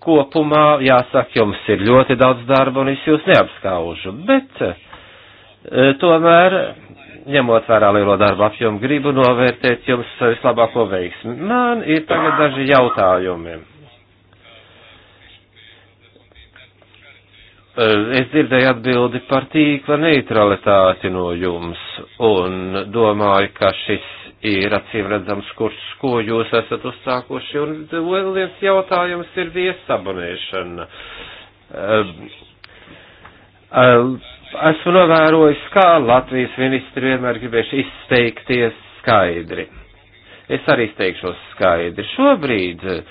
kopumā, jāsaka, jums ir ļoti daudz darba un es jūs neapskaužu, bet e, tomēr, ņemot vērā lielo darbu apjomu, gribu novērtēt jums vislabāko veiksmi. Man ir tagad daži jautājumi. Eh, es dzirdēju atbildi par tīkla neutralitāti no jums un domāju, ka šis ir acīm redzams kurs, ko jūs esat uzsākuši. Un vēl viens jautājums ir viesabonēšana. Eh, eh, esmu novērojis, kā Latvijas ministri vienmēr gribējuši izteikties skaidri. Es arī steigšos skaidri. Šobrīd uh,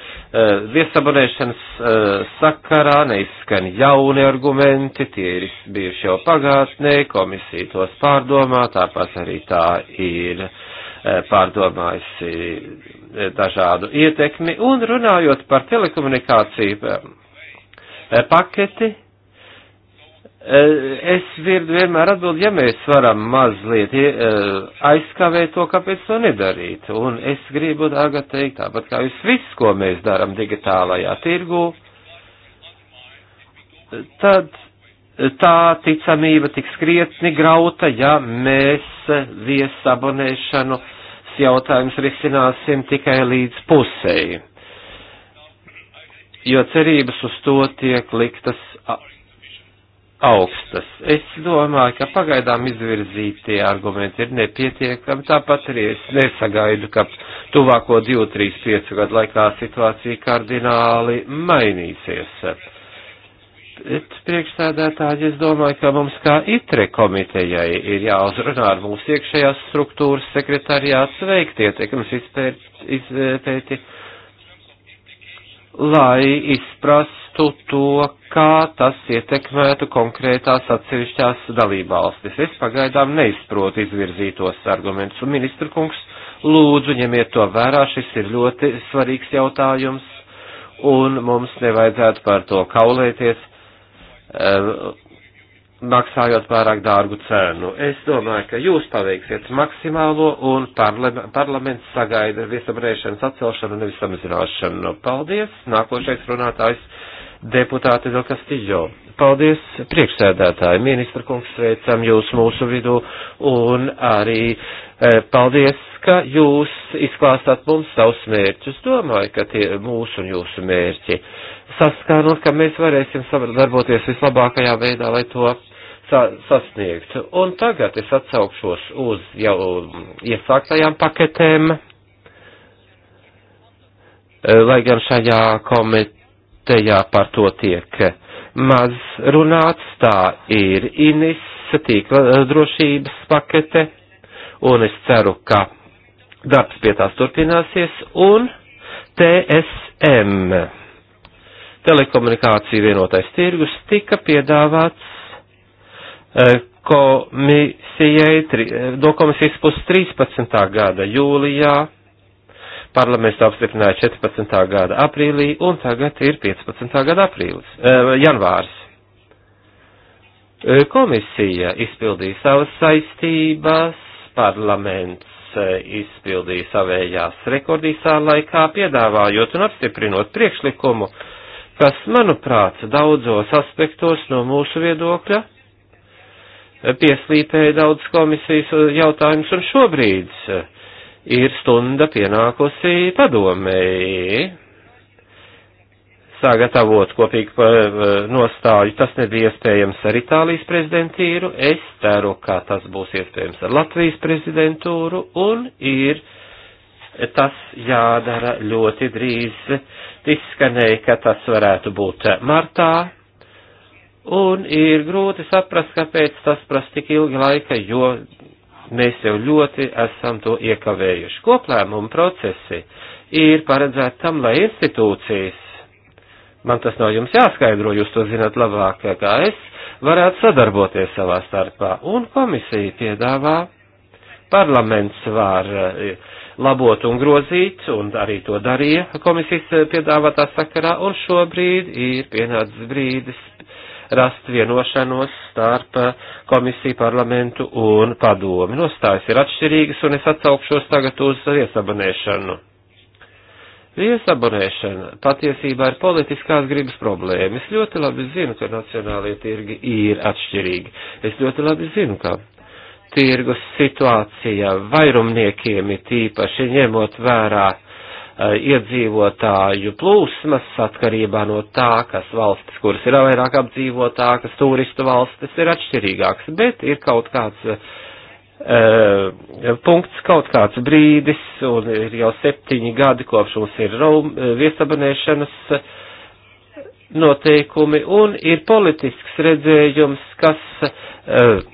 viesabonēšanas uh, sakarā neizskan jauni argumenti, tie ir bijuši jau pagātnē, komisija tos pārdomā, tāpat arī tā ir uh, pārdomājusi uh, dažādu ietekmi. Un runājot par telekomunikāciju uh, paketi, Eh, es virdu vienmēr atbildi, ja mēs varam mazliet eh, aizskavēt to, kāpēc to nedarīt. Un es gribu tagad teikt tāpat kā jūs viss, ko mēs darām digitālajā tirgu, tad tā ticamība tiks krietni grauta, ja mēs viesabonēšanas jautājumus risināsim tikai līdz pusēji. Jo cerības uz to tiek liktas augstas. Es domāju, ka pagaidām izvirzītie argumenti ir nepietiekami, tāpat arī es nesagaidu, ka tuvāko 2, 3, 5 gadu laikā situācija kardināli mainīsies. Bet priekšsēdētāji, es domāju, ka mums kā itre komitejai ir jāuzrunā ar mūsu iekšējās struktūras sekretariāts veikt ietekmes izpēti. izpēti lai izprastu to, kā tas ietekmētu konkrētās atsevišķās dalībvalstis. Es pagaidām neizprotu izvirzītos argumentus, un ministra kungs, lūdzu, ņemiet to vērā, šis ir ļoti svarīgs jautājums, un mums nevajadzētu par to kaulēties. Ehm, maksājot pārāk dārgu cenu. Es domāju, ka jūs paveiksiet maksimālo un parlaments sagaida viesabrēšanas atcelšanu, nevis samazināšanu. Paldies! Nākošais runātājs deputāte Del Castillo. Paldies priekšsēdētāji, ministra kungs, sveicam jūs mūsu vidū un arī e, paldies, ka jūs izklāstāt mums savus mērķus. Domāju, ka tie mūsu un jūsu mērķi saskan un ka mēs varēsim darboties vislabākajā veidā, lai to sasniegtu. Un tagad es atsaukšos uz jau iesāktajām paketēm, e, lai gan šajā komitē komitejā par to tiek maz runāts, tā ir Inis tīkla eh, drošības pakete, un es ceru, ka darbs pie tās turpināsies, un TSM, telekomunikācija vienotais tirgus, tika piedāvāts eh, komisijai, eh, no komisijas puses 13. gada jūlijā, parlaments apstiprināja 14. gada aprīlī, un tagad ir 15. gada aprīlis, eh, janvārs. Eh, komisija izpildīja savas saistības, parlaments eh, izpildīja savējās rekordīsā laikā, piedāvājot un apstiprinot priekšlikumu, kas, manuprāt, daudzos aspektos no mūsu viedokļa pieslīpēja daudz komisijas jautājumus un šobrīd uh, ir stunda pienākusi padomēji sagatavot kopīgu nostāju. Tas nebija iespējams ar Itālijas prezidentīru. Es ceru, ka tas būs iespējams ar Latvijas prezidentūru un ir tas jādara ļoti drīz. Izskanēja, ka tas varētu būt martā. Un ir grūti saprast, kāpēc tas prasa tik ilgi laika, jo mēs jau ļoti esam to iekavējuši. Koplēmumu procesi ir paredzēti tam, lai institūcijas, man tas nav jums jāskaidro, jūs to zināt labāk kā es, varētu sadarboties savā starpā. Un komisija piedāvā, parlaments var eh, labot un grozīt, un arī to darīja komisijas eh, piedāvātā sakarā, un šobrīd ir pienācis brīdis rast vienošanos starp eh, komisiju, parlamentu un padomi. Nostājas ir atšķirīgas un es atsaukšos tagad uz viesabonēšanu. Viesabonēšana patiesībā ir politiskās gribas problēma. Es ļoti labi zinu, ka nacionālajie tirgi ir atšķirīgi. Es ļoti labi zinu, ka tirgus situācija vairumniekiem ir tīpaši ņemot vērā Eh, iedzīvotāju plūsmas atkarībā no tā, kas valstis, kuras ir vairāk apdzīvotākas, turistu valstis ir atšķirīgāks, bet ir kaut kāds uh, punkts, kaut kāds brīdis, un ir jau septiņi gadi kopš mums ir Raum, eh, viesabonēšanas noteikumi, un ir politisks redzējums, kas uh,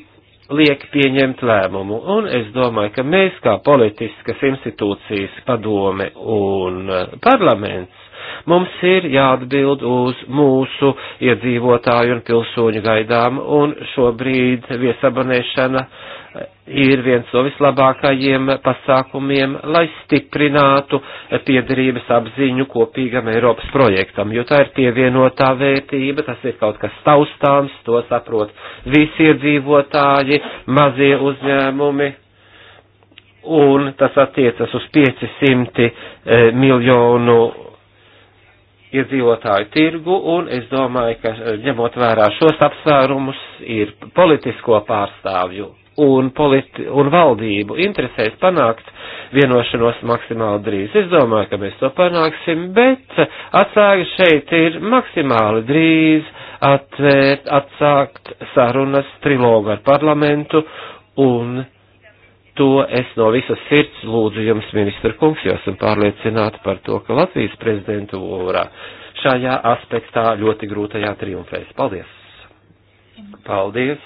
liek pieņemt lēmumu. Un es domāju, ka mēs kā politiskas institūcijas padome un eh, parlaments Mums ir jāatbild uz mūsu iedzīvotāju un pilsoņu gaidām, un šobrīd viesabonēšana ir viens no vislabākajiem pasākumiem, lai stiprinātu piedarības apziņu kopīgam Eiropas projektam, jo tā ir pievienotā vērtība, tas ir kaut kas taustāms, to saprot visi iedzīvotāji, mazie uzņēmumi, un tas attiecas uz 500 eh, miljonu iedzīvotāju tirgu, un es domāju, ka eh, ņemot vērā šos apsvērumus, ir politisko pārstāvju un, politi un valdību interesēs panākt vienošanos maksimāli drīz. Es domāju, ka mēs to panāksim, bet atsāga šeit ir maksimāli drīz atvērt, atsākt sarunas trilogu ar parlamentu un to es no visas sirds lūdzu jums, ministra kungs, jo esmu pārliecināta par to, ka Latvijas prezidentūrā šajā aspektā ļoti grūtajā triumfēs. Paldies! Paldies!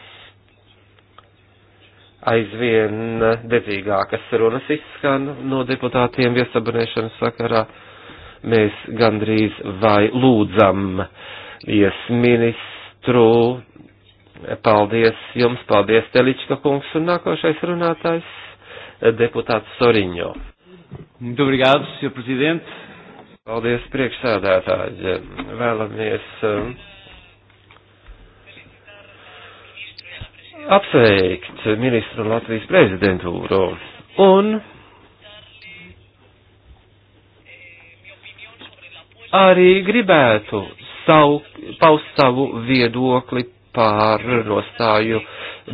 Aizvien dedzīgākas runas izskan no deputātiem viesabunēšanas sakarā. Mēs gandrīz vai lūdzam ies ministru Paldies jums, paldies Telička kungs un nākošais runātājs deputāts Soriņo. Muito obrigado, Sr. Presidente. Paldies, priekšsādātāji. Vēlamies eh, apsveikt ministru Latvijas prezidentūru un arī gribētu savu, paust savu viedokli pār nostāju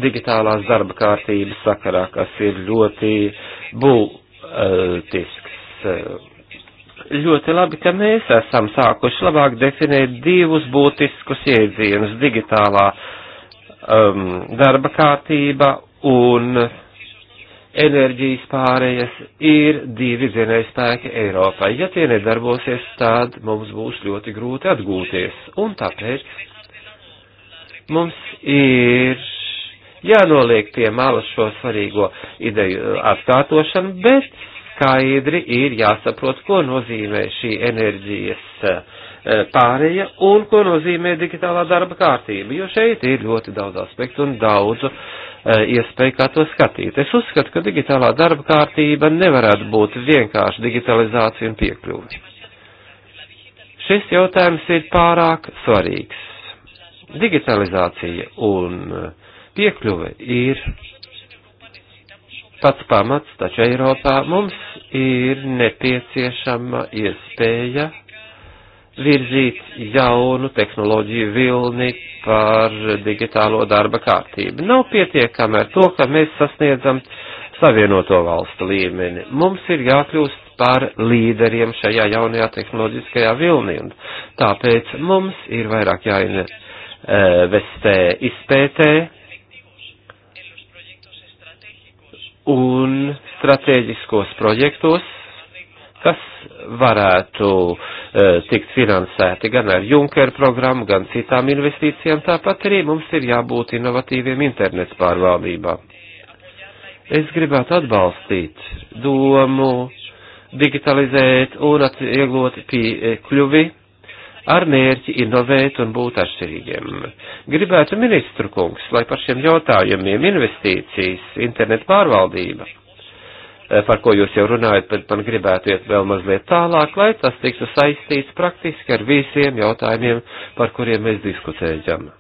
digitālās darba kārtības sakarā, kas ir ļoti būtisks. Ļoti labi, ka mēs esam sākuši labāk definēt divus būtiskus jēdzienus - digitālā um, darba kārtība un enerģijas pārējas ir divi zinējspēki Eiropai. Ja tie nedarbosies, tad mums būs ļoti grūti atgūties. Un tāpēc Mums ir jānoliek pie malas šo svarīgo ideju atkārtošanu, bet skaidri ir jāsaprot, ko nozīmē šī enerģijas eh, pārēja un ko nozīmē digitālā darba kārtība, jo šeit ir ļoti daudz aspektu un daudzu eh, iespēju, kā to skatīt. Es uzskatu, ka digitālā darba kārtība nevarētu būt vienkārši digitalizācija un piekļuvi. Šis jautājums ir pārāk svarīgs Digitalizācija un eh, piekļuve ir pats pamats, taču Eiropā mums ir nepieciešama iespēja virzīt jaunu tehnoloģiju vilni par digitālo darba kārtību. Nav pietiekami ar to, ka mēs sasniedzam savienoto valstu līmeni. Mums ir jākļūst par līderiem šajā jaunajā tehnoloģiskajā vilnī, un tāpēc mums ir vairāk jāinvestē E, vestē izpētē un strateģiskos projektos, kas varētu e, tikt finansēti gan ar Junker programmu, gan citām investīcijām, tāpat arī mums ir jābūt inovatīviem internets pārvaldībā. Es gribētu atbalstīt domu digitalizēt un atvieglot piekļuvi e, ar mērķi inovēt un būt atšķirīgiem. Gribētu ministru kungs, lai par šiem jautājumiem investīcijas, internetu pārvaldība, eh, par ko jūs jau runājat, bet man gribētu iet vēl mazliet tālāk, lai tas tiktu saistīts praktiski ar visiem jautājumiem, par kuriem mēs diskutējam.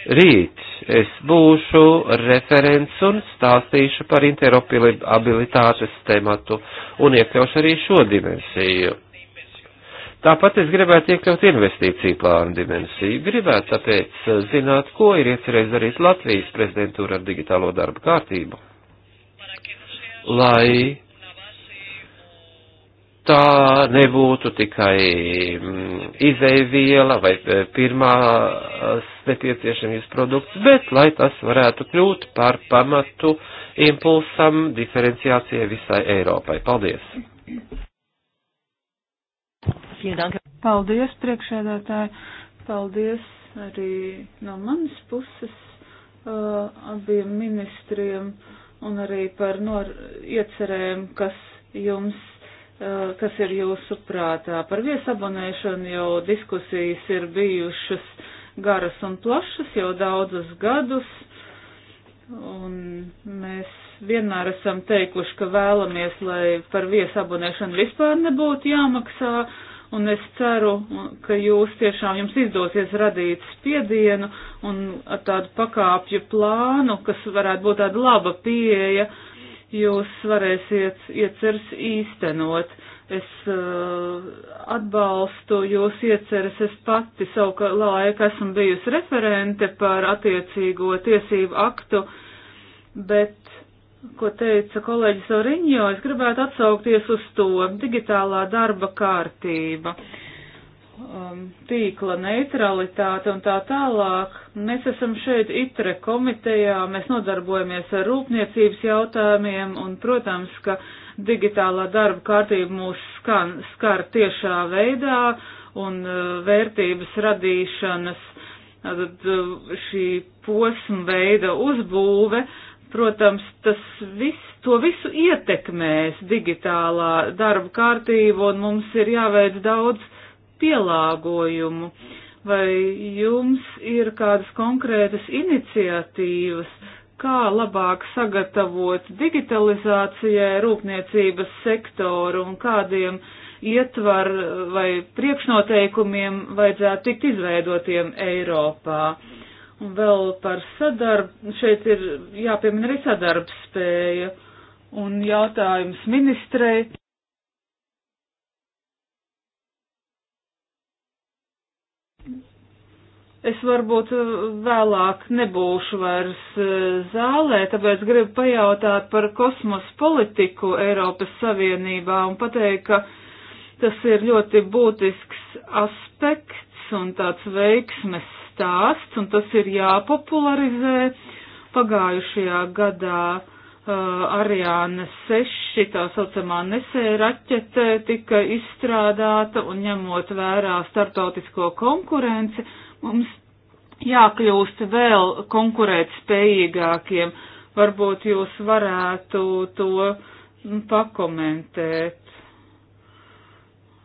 Rīt es būšu referents un stāstīšu par interoperabilitātes tematu un iekļaušu arī šo dimensiju Tāpat es gribētu iekļaut investīciju plānu dimensiju. Gribētu tāpēc zināt, ko ir iecerējis darīt Latvijas prezidentūra ar digitālo darbu kārtību, lai tā nebūtu tikai mm, izēviela vai e, pirmās e, nepieciešamības produkts, bet lai tas varētu kļūt par pamatu impulsam diferenciācijai visai Eiropai. Paldies! Paldies, priekšēdētāji. Paldies arī no manas puses uh, abiem ministriem un arī par nor iecerēm, kas jums, uh, kas ir jūsu prātā. Par viesabonēšanu jau diskusijas ir bijušas garas un plašas jau daudzus gadus, un mēs vienmēr esam teikuši, ka vēlamies, lai par viesabonēšanu vispār nebūtu jāmaksā, un es ceru, ka jūs tiešām jums izdosies radīt spiedienu un tādu pakāpju plānu, kas varētu būt tāda laba pieeja, jūs varēsiet ieceras īstenot. Es uh, atbalstu jūs ieceras, es pati savu laiku esmu bijusi referente par attiecīgo tiesību aktu, bet ko teica kolēģis Oriņo, es gribētu atsaukties uz to digitālā darba kārtība, um, tīkla neutralitāte un tā tālāk. Mēs esam šeit ITRE komitejā, mēs nodarbojamies ar rūpniecības jautājumiem un, protams, ka digitālā darba kārtība mūs skan, skar tiešā veidā un uh, vērtības radīšanas, tad uh, šī posma veida uzbūve. Uh, Protams, tas viss, to visu ietekmēs digitālā darba kārtība un mums ir jāveic daudz pielāgojumu. Vai jums ir kādas konkrētas iniciatīvas, kā labāk sagatavot digitalizācijai rūpniecības sektoru un kādiem ietvar vai priekšnoteikumiem vajadzētu tikt izveidotiem Eiropā? Uh, Un vēl par sadarbu, šeit ir jāpiemina arī sadarbspēja un jautājums ministrei. Es varbūt vēlāk nebūšu vairs e, zālē, tāpēc gribu pajautāt par kosmos politiku Eiropas Savienībā un pateikt, ka tas ir ļoti būtisks aspekts un tāds veiksmes stāsts, un tas ir jāpopularizē. Pagājušajā gadā uh, Ariāna 6, tā saucamā nesēja raķete, tika izstrādāta, un ņemot vērā startautisko konkurenci, mums jākļūst vēl konkurēt spējīgākiem. Varbūt jūs varētu to pakomentēt.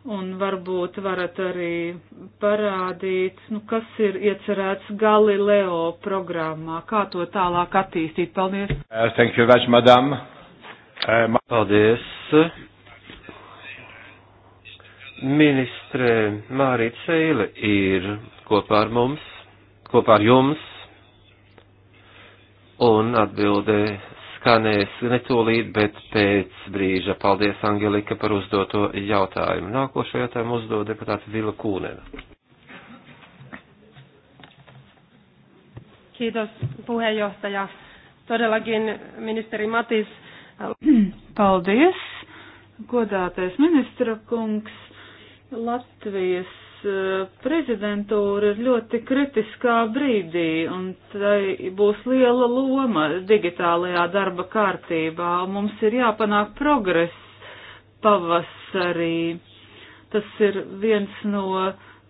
Un varbūt varat arī parādīt, nu, kas ir iecerēts Galileo programmā, kā to tālāk attīstīt. Paldies! Uh, thank you very much, madam! Uh, ma Paldies! Ministre Mārīt Seile ir kopā ar mums, kopā ar jums, un atbildē laikā, ne, ne tūlīt, bet pēc brīža. Paldies, Angelika, par uzdoto jautājumu. Nākošo jautājumu uzdod deputāta Vila Kūnena. Kiitos puheenjohtaja. Todellakin ministeri Matis. Paldies, godātais ministra kungs. Latvijas Eh, prezidentūra ir ļoti kritiskā brīdī, un tai būs liela loma digitālajā darba kārtībā. Mums ir jāpanāk progress pavasarī. Tas ir viens no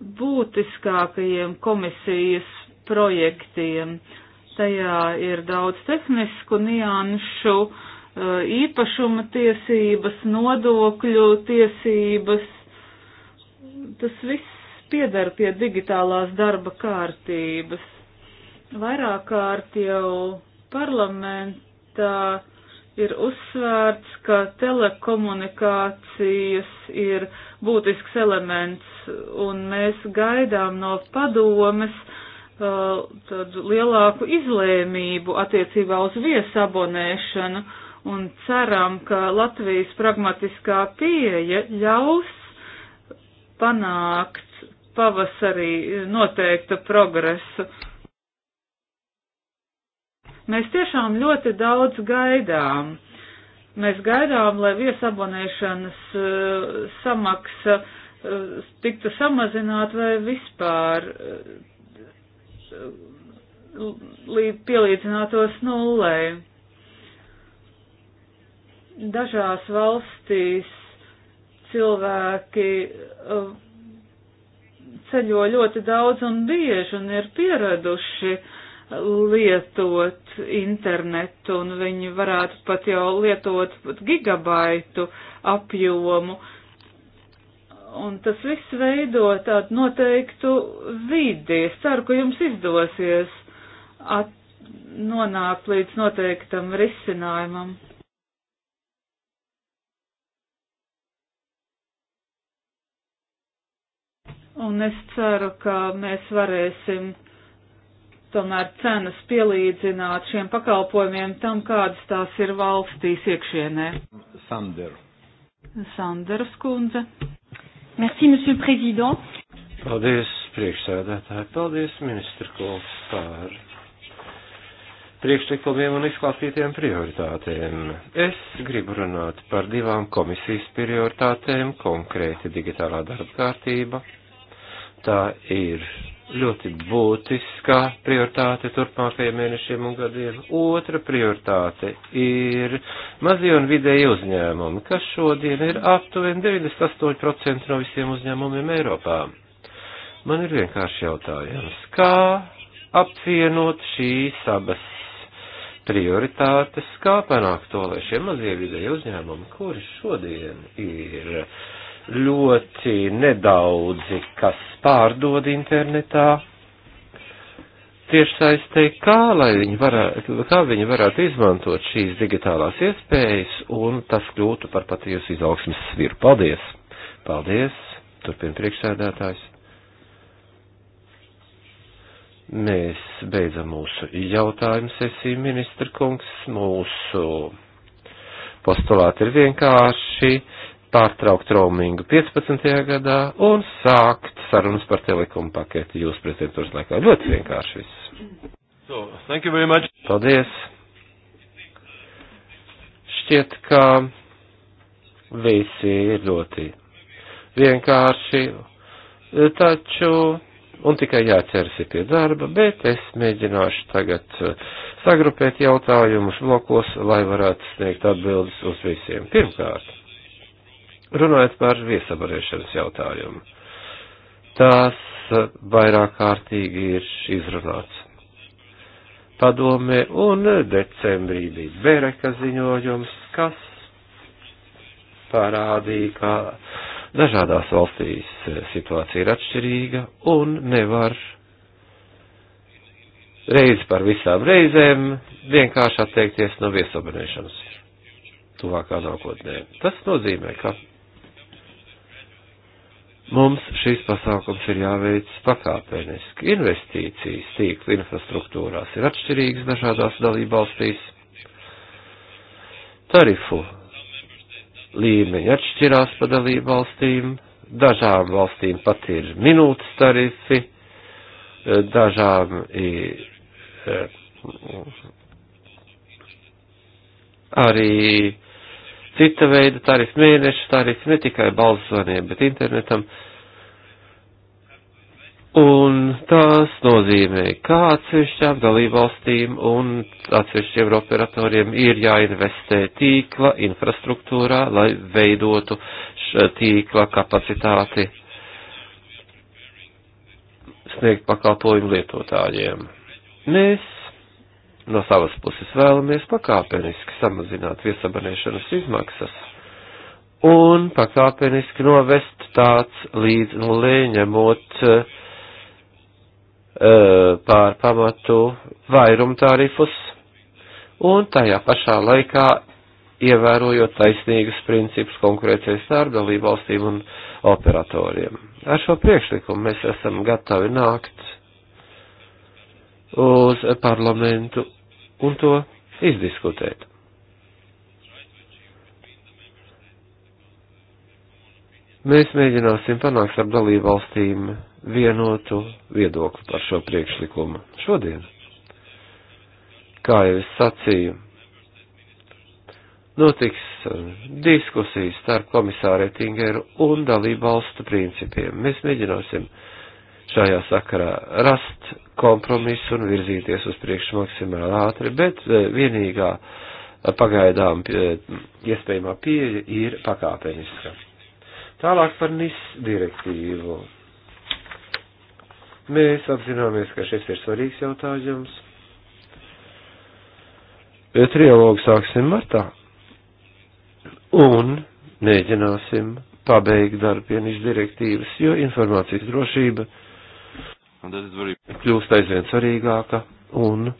būtiskākajiem komisijas projektiem. Tajā ir daudz tehnisku nianšu, eh, īpašuma tiesības, nodokļu tiesības. Tas viss piedara pie digitālās darba kārtības. Vairāk kārt jau parlamentā ir uzsvērts, ka telekomunikācijas ir būtisks elements, un mēs gaidām no padomes uh, tādu lielāku izlēmību attiecībā uz viesabonēšanu, un ceram, ka Latvijas pragmatiskā pieeja ļaus panākt pavasarī noteiktu progresu. Mēs tiešām ļoti daudz gaidām. Mēs gaidām, lai viesabonēšanas uh, samaksa uh, tiktu samazināta vai vispār uh, eh, līdz pielīdzinātos nullē. Dažās valstīs cilvēki uh, ceļo ļoti daudz un bieži un ir pieraduši lietot internetu un viņi varētu pat jau lietot pat gigabaitu apjomu. Un tas viss veido tādu noteiktu vidi. Es ceru, ka jums izdosies at nonākt līdz noteiktam risinājumam. Un es ceru, ka mēs varēsim tomēr cenas pielīdzināt šiem pakalpojumiem tam, kādas tās ir valstīs iekšienē. Sander. Sanders kundze. Merci, monsieur le président. Paldies, priekšsēdētāji. Paldies, ministra kungs, par priekšlikumiem un izklāstītiem prioritātēm. Es gribu runāt par divām komisijas prioritātēm, konkrēti digitālā darba kārtība Tā ir ļoti būtiskā prioritāte turpmākajiem mēnešiem un gadiem. Otra prioritāte ir mazie un vidēji uzņēmumi, kas šodien ir aptuveni 98% no visiem uzņēmumiem Eiropā. Man ir vienkārši jautājums, kā apvienot šīs abas prioritātes, kā panākt to, lai šie mazie vidēji uzņēmumi, kuri šodien ir uh, ļoti nedaudzi, kas pārdod internetā tiešsaistē, kā, viņi varētu, kā viņi varētu izmantot šīs digitālās iespējas un tas kļūtu par patiesu izaugsmes sviru. Paldies! Paldies! Turpin priekšsēdētājs. Mēs beidzam mūsu jautājumu sesiju, ministra kungs. Mūsu postulāti ir vienkārši pārtraukt roamingu 15. gadā un sākt sarunas par telekomu paketi jūsu prezidentūras laikā. Ļoti vienkārši viss. So, thank you very much. Paldies. Šķiet, ka visi ir ļoti vienkārši, taču, un tikai jāķers pie darba, bet es mēģināšu tagad sagrupēt jautājumus blokos, lai varētu sniegt atbildes uz visiem. Pirmkārt Runājot par viesabarēšanas jautājumu, tās vairāk kārtīgi ir izrunāts. Padome un decembrī bija Bereka ziņojums, kas parādīja, ka dažādās valstīs situācija ir atšķirīga un nevar reiz par visām reizēm vienkārši atteikties no viesabonēšanas tuvākā nākotnē. Tas nozīmē, ka Mums šis pasākums ir jāveic pakāpeniski. Investīcijas tīkla infrastruktūrās ir atšķirīgas dažādās dalībvalstīs. Tarifu līmeņi atšķirās pa dalībvalstīm. Dažām valstīm pat ir minūtes tarifi, dažām ir e, arī cita veida tarifu, mēnešu tarifu, ne tikai balsvaniem, bet internetam. Un tas nozīmē, ka atsevišķām dalībvalstīm un atsevišķiem operatoriem ir jāinvestē tīkla infrastruktūrā, lai veidotu tīkla kapacitāti sniegt pakalpojumu lietotājiem. Mēs No savas puses vēlamies pakāpeniski samazināt viesabanēšanas izmaksas un pakāpeniski novest tāds līdz nulē ņemot uh, pār pamatu vairumtārifus un tajā pašā laikā ievērojot taisnīgus principus konkurēcijas starp dalību valstīm un operatoriem. Ar šo priekšlikumu mēs esam gatavi nākt uz parlamentu un to izdiskutēt. Mēs mēģināsim panākt ar dalību valstīm vienotu viedokli par šo priekšlikumu šodien. Kā jau es sacīju, notiks uh, diskusijas starp komisāru Ettingeru un dalību valstu principiem. Mēs mēģināsim uh, šajā sakarā rast kompromisu un virzīties uz priekšu maksimāli ātri, bet eh, vienīgā eh, pagaidām eh, iespējamā pieeja ir pakāpeniska. Tālāk par NIS direktīvu. Mēs apzināmies, ka šis ir svarīgs jautājums. E, trialogu sāksim martā un mēģināsim pabeigt darbu pie NIS direktīvas, jo informācijas drošība very... kļūst aizvien svarīgāka un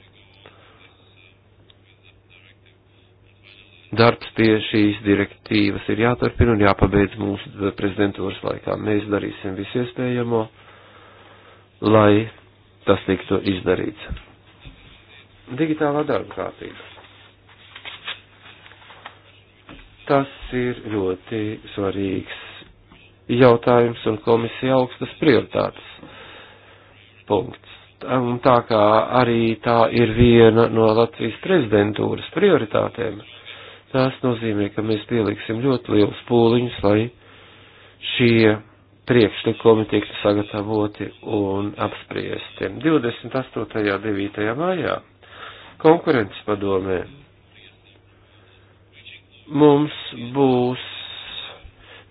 darbs pie šīs direktīvas ir jāturpina un jāpabeidz mūsu prezidentūras laikā. Mēs darīsim visu iespējamo, lai tas tiktu izdarīts. Digitālā darba kārtība. Tas ir ļoti svarīgs jautājums un komisija augstas prioritātes punkts. Un tā kā arī tā ir viena no Latvijas prezidentūras prioritātēm, tas nozīmē, ka mēs pieliksim ļoti lielus pūliņus, lai šie priekšlikumi tiktu sagatavoti un apspriesti. 28. un 9. maijā konkurences padomē mums būs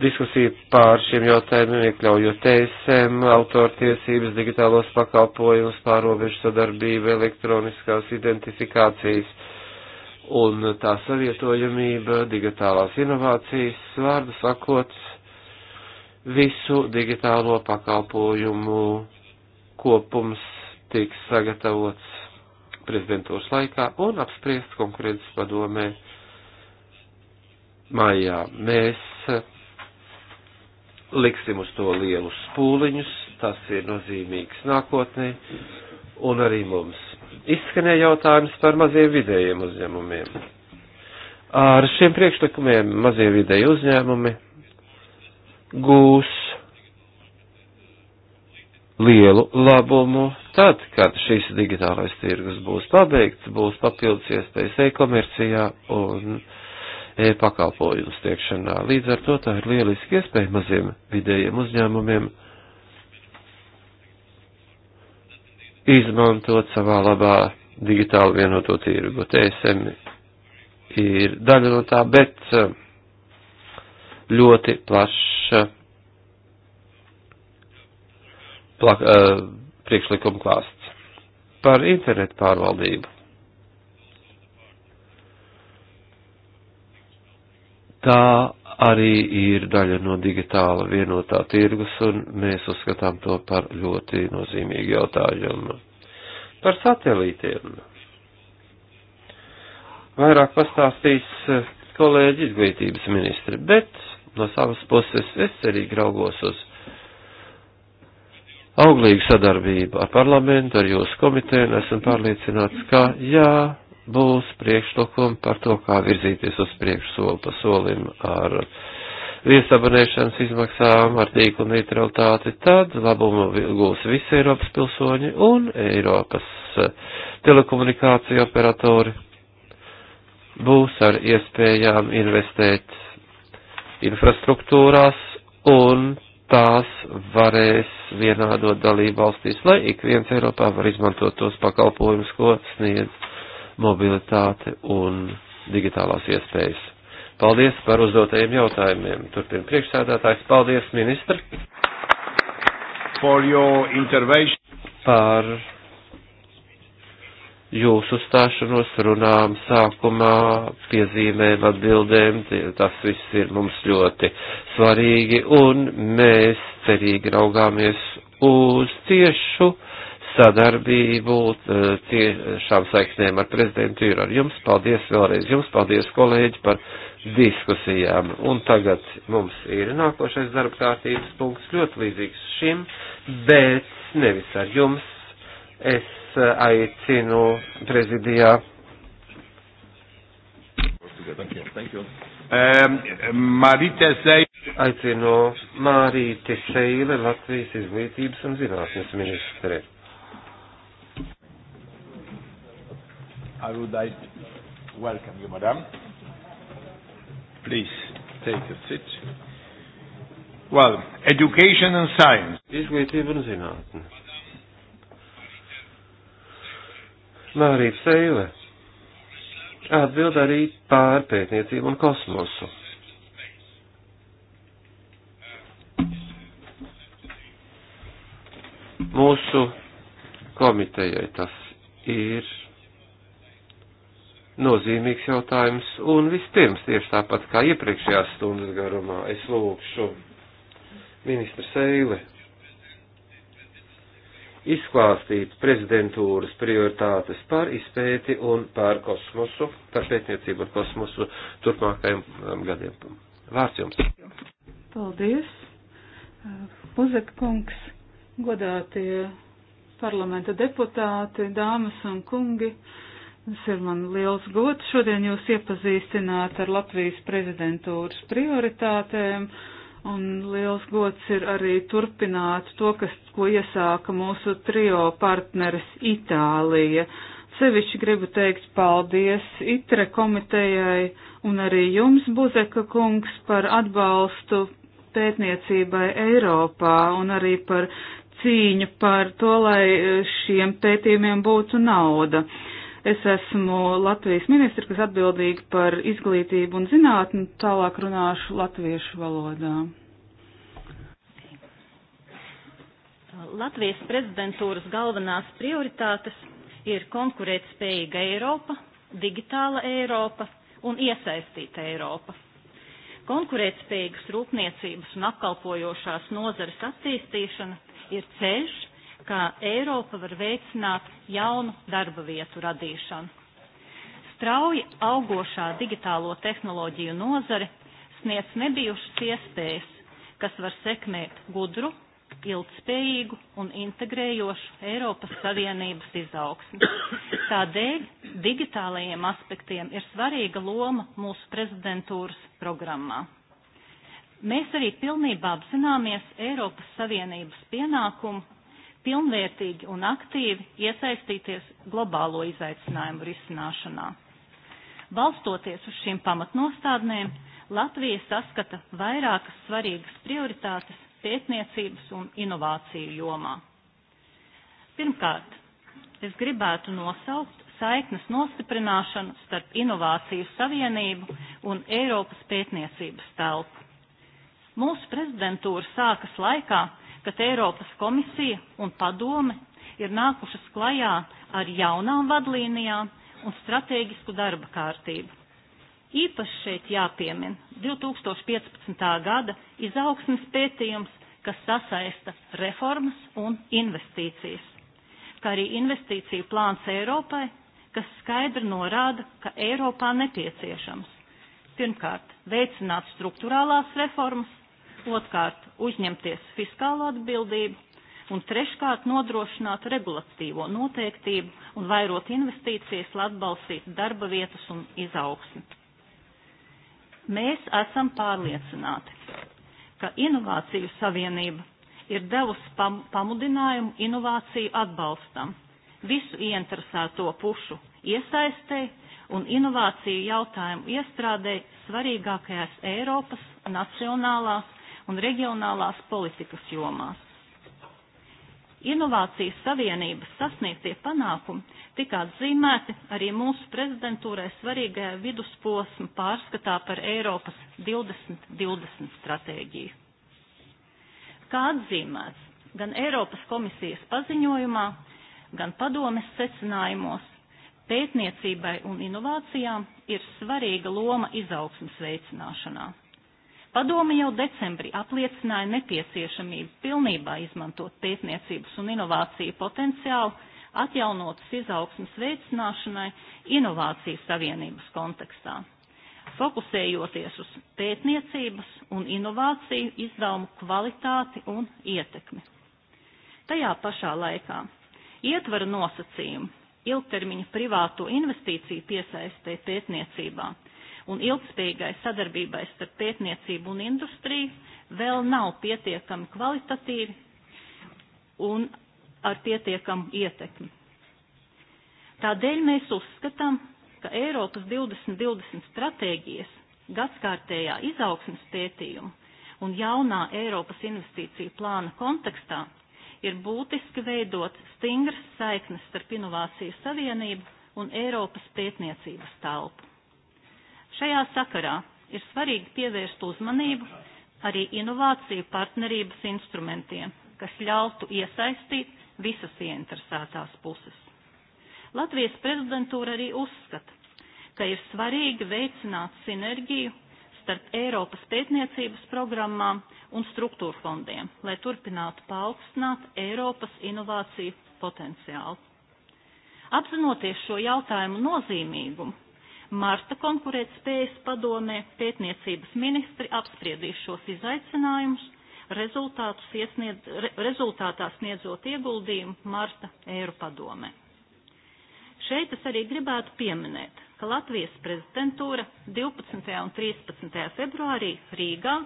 diskusija pār šiem jautājumiem, iekļaujot TSM, autortiesības, digitālos pakalpojumus, pārobežu sadarbību, elektroniskās identifikācijas un tā savietojamība, digitālās inovācijas, vārdu sakot, visu digitālo pakalpojumu kopums tiks sagatavots prezidentūras laikā un apspriest konkurences padomē. Maijā mēs liksim uz to lielus pūliņus, tas ir nozīmīgs nākotnē, un arī mums. Izskanēja jautājums par maziem vidējiem uzņēmumiem. Ar šiem priekšlikumiem mazie vidēji uzņēmumi gūs lielu labumu tad, kad šīs digitālais tirgus būs pabeigts, būs papildus iespējas e-komercijā un uh, E, pakalpojumu sniegšanā. Līdz ar to tā ir lieliski iespēja maziem vidējiem uzņēmumiem izmantot savā labā digitāli vienoto tirgu. TSM ir daļa no tā, bet e, ļoti plaša plak, uh, e, priekšlikuma klāsts par internetu pārvaldību. tā arī ir daļa no digitāla vienotā tirgus, un mēs uzskatām to par ļoti nozīmīgu jautājumu. Par satelītiem. Vairāk pastāstīs eh, kolēģi izglītības ministri, bet no savas puses es arī graugos uz auglīgu sadarbību ar parlamentu, ar jūsu komiteju, un esmu pārliecināts, ka jā, būs priekšlikumi par to, kā virzīties uz priekšu soli pa solim ar viesabonēšanas izmaksām, ar tīklu neutralitāti, tad labumu gūs visi Eiropas pilsoņi un Eiropas eh, telekomunikāciju operatori būs ar iespējām investēt infrastruktūrās un tās varēs vienādot dalību valstīs, lai ik viens Eiropā var izmantot tos pakalpojumus, ko sniedz mobilitāte un digitālās iespējas. Paldies par uzdotajiem jautājumiem. Turpin priekšsēdētājs. Paldies, ministri. Par jūsu uzstāšanos runām sākumā, piezīmēm, atbildēm, tas viss ir mums ļoti svarīgi, un mēs cerīgi raugāmies uz ciešu sadarbību, ciešām eh, saiknēm ar prezidentu ir ar jums. Paldies vēlreiz jums, paldies kolēģi par diskusijām. Un tagad mums ir nākošais darba kārtības punkts ļoti līdzīgs šim, bet nevis ar jums. Es eh, aicinu prezidijā. Thank you. Thank you. Um, Marita Seile. Aicinu Mārīti Seile, Latvijas izglītības un zinātnes ministre. I would like to welcome you, madam. Please take a seat. Well, education and science. Izglītība un zinātne. Mārīt Seile atbild arī pār pētniecību un kosmosu. Mūsu komitejai tas ir nozīmīgs jautājums, un vispirms tieši tāpat kā iepriekšējās stundas garumā es lūgšu ministru Seili izklāstīt prezidentūras prioritātes par izpēti un par kosmosu, par pētniecību un kosmosu turpmākajiem um, gadiem. Vārds jums. Paldies. Puzek uh, kungs, godātie parlamenta deputāti, dāmas un kungi. Uh, Tas ir man liels gods šodien jūs iepazīstināt ar Latvijas prezidentūras prioritātēm, un liels gods ir arī turpināt to, kas, ko iesāka mūsu trio partneris Itālija. Sevišķi gribu teikt paldies ITRE komitejai un arī jums, Buzeka kungs, par atbalstu pētniecībai Eiropā un arī par cīņu par to, lai šiem pētījumiem būtu nauda. Uh, Es esmu Latvijas ministra, kas atbildīga par izglītību un zinātni, tālāk runāšu latviešu valodā. Latvijas prezidentūras galvenās prioritātes ir konkurētspējīga Eiropa, digitāla Eiropa un iesaistīta Eiropa. Konkurētspējīgas rūpniecības un apkalpojošās nozares attīstīšana ir ceļš, kā Eiropa var veicināt jaunu darba vietu radīšanu. Strauji augošā digitālo tehnoloģiju nozare sniedz nebijušas iespējas, kas var sekmēt gudru, ilgspējīgu un integrējošu Eiropas Savienības izaugsmi. Tādēļ digitālajiem aspektiem ir svarīga loma mūsu prezidentūras programmā. Mēs arī pilnībā apzināmies Eiropas Savienības pienākumu pilnvērtīgi un aktīvi iesaistīties globālo izaicinājumu risināšanā. Balstoties uz šīm pamatnostādnēm, Latvija saskata vairākas svarīgas prioritātes pētniecības un inovāciju jomā. Pirmkārt, es gribētu nosaukt saiknes nostiprināšanu starp Inovāciju Savienību un Eiropas pētniecības telpu. Mūsu prezidentūra sākas laikā, kad Eiropas komisija un padome ir nākušas klajā ar jaunām vadlīnijām un strateģisku darba kārtību. Īpaši šeit jāpiemin 2015. gada izaugsmes pētījums, kas sasaista reformas un investīcijas, kā arī investīciju plāns Eiropai, kas skaidri norāda, ka Eiropā nepieciešams pirmkārt veicināt struktūrālās reformas, otrkārt uzņemties fiskālo atbildību un treškārt nodrošināt regulatīvo noteiktību un vairot investīcijas, lai atbalstītu darba vietas un izaugsmi. Mēs esam pārliecināti, ka Inovāciju savienība ir devusi pam pamudinājumu inovāciju atbalstam visu ieinteresēto pušu iesaistei un inovāciju jautājumu iestrādē svarīgākajās Eiropas nacionālās un reģionālās politikas jomās. Inovācijas Savienības sasniegtie panākumi tika atzīmēti arī mūsu prezidentūrai svarīgajā vidusposma pārskatā par Eiropas 2020 stratēģiju. Kā atzīmēts gan Eiropas komisijas paziņojumā, gan padomes secinājumos, pētniecībai un inovācijām ir svarīga loma izaugsmas veicināšanā. Padome jau decembrī apliecināja nepieciešamību pilnībā izmantot pētniecības un inovāciju potenciālu atjaunotas izaugsmas veicināšanai inovācijas savienības kontekstā, fokusējoties uz pētniecības un inovāciju izdevumu kvalitāti un ietekmi. Tajā pašā laikā ietvara nosacījumi ilgtermiņa privāto investīciju piesaistē pētniecībā – un ilgspējīgai sadarbībai starp pētniecību un industriju vēl nav pietiekami kvalitatīvi un ar pietiekamu ietekmi. Tādēļ mēs uzskatām, ka Eiropas 2020 stratēģijas gadskārtējā izaugsmas pētījuma un jaunā Eiropas investīciju plāna kontekstā ir būtiski veidot stingras saiknes starp inovāciju savienību un Eiropas pētniecības telpu. Šajā sakarā ir svarīgi pievērst uzmanību arī inovāciju partnerības instrumentiem, kas ļautu iesaistīt visas ieinteresētās puses. Latvijas prezidentūra arī uzskata, ka ir svarīgi veicināt sinerģiju starp Eiropas pētniecības programmām un struktūra fondiem, lai turpinātu paaugstināt Eiropas inovāciju potenciālu. Apzinoties šo jautājumu nozīmīgumu, Marta konkurētspējas padomē pētniecības ministri apspriedīs šos izaicinājumus, iesniedz, re, rezultātā sniedzot ieguldījumu Marta Eiropadomē. Šeit es arī gribētu pieminēt, ka Latvijas prezidentūra 12. un 13. februārī Rīgā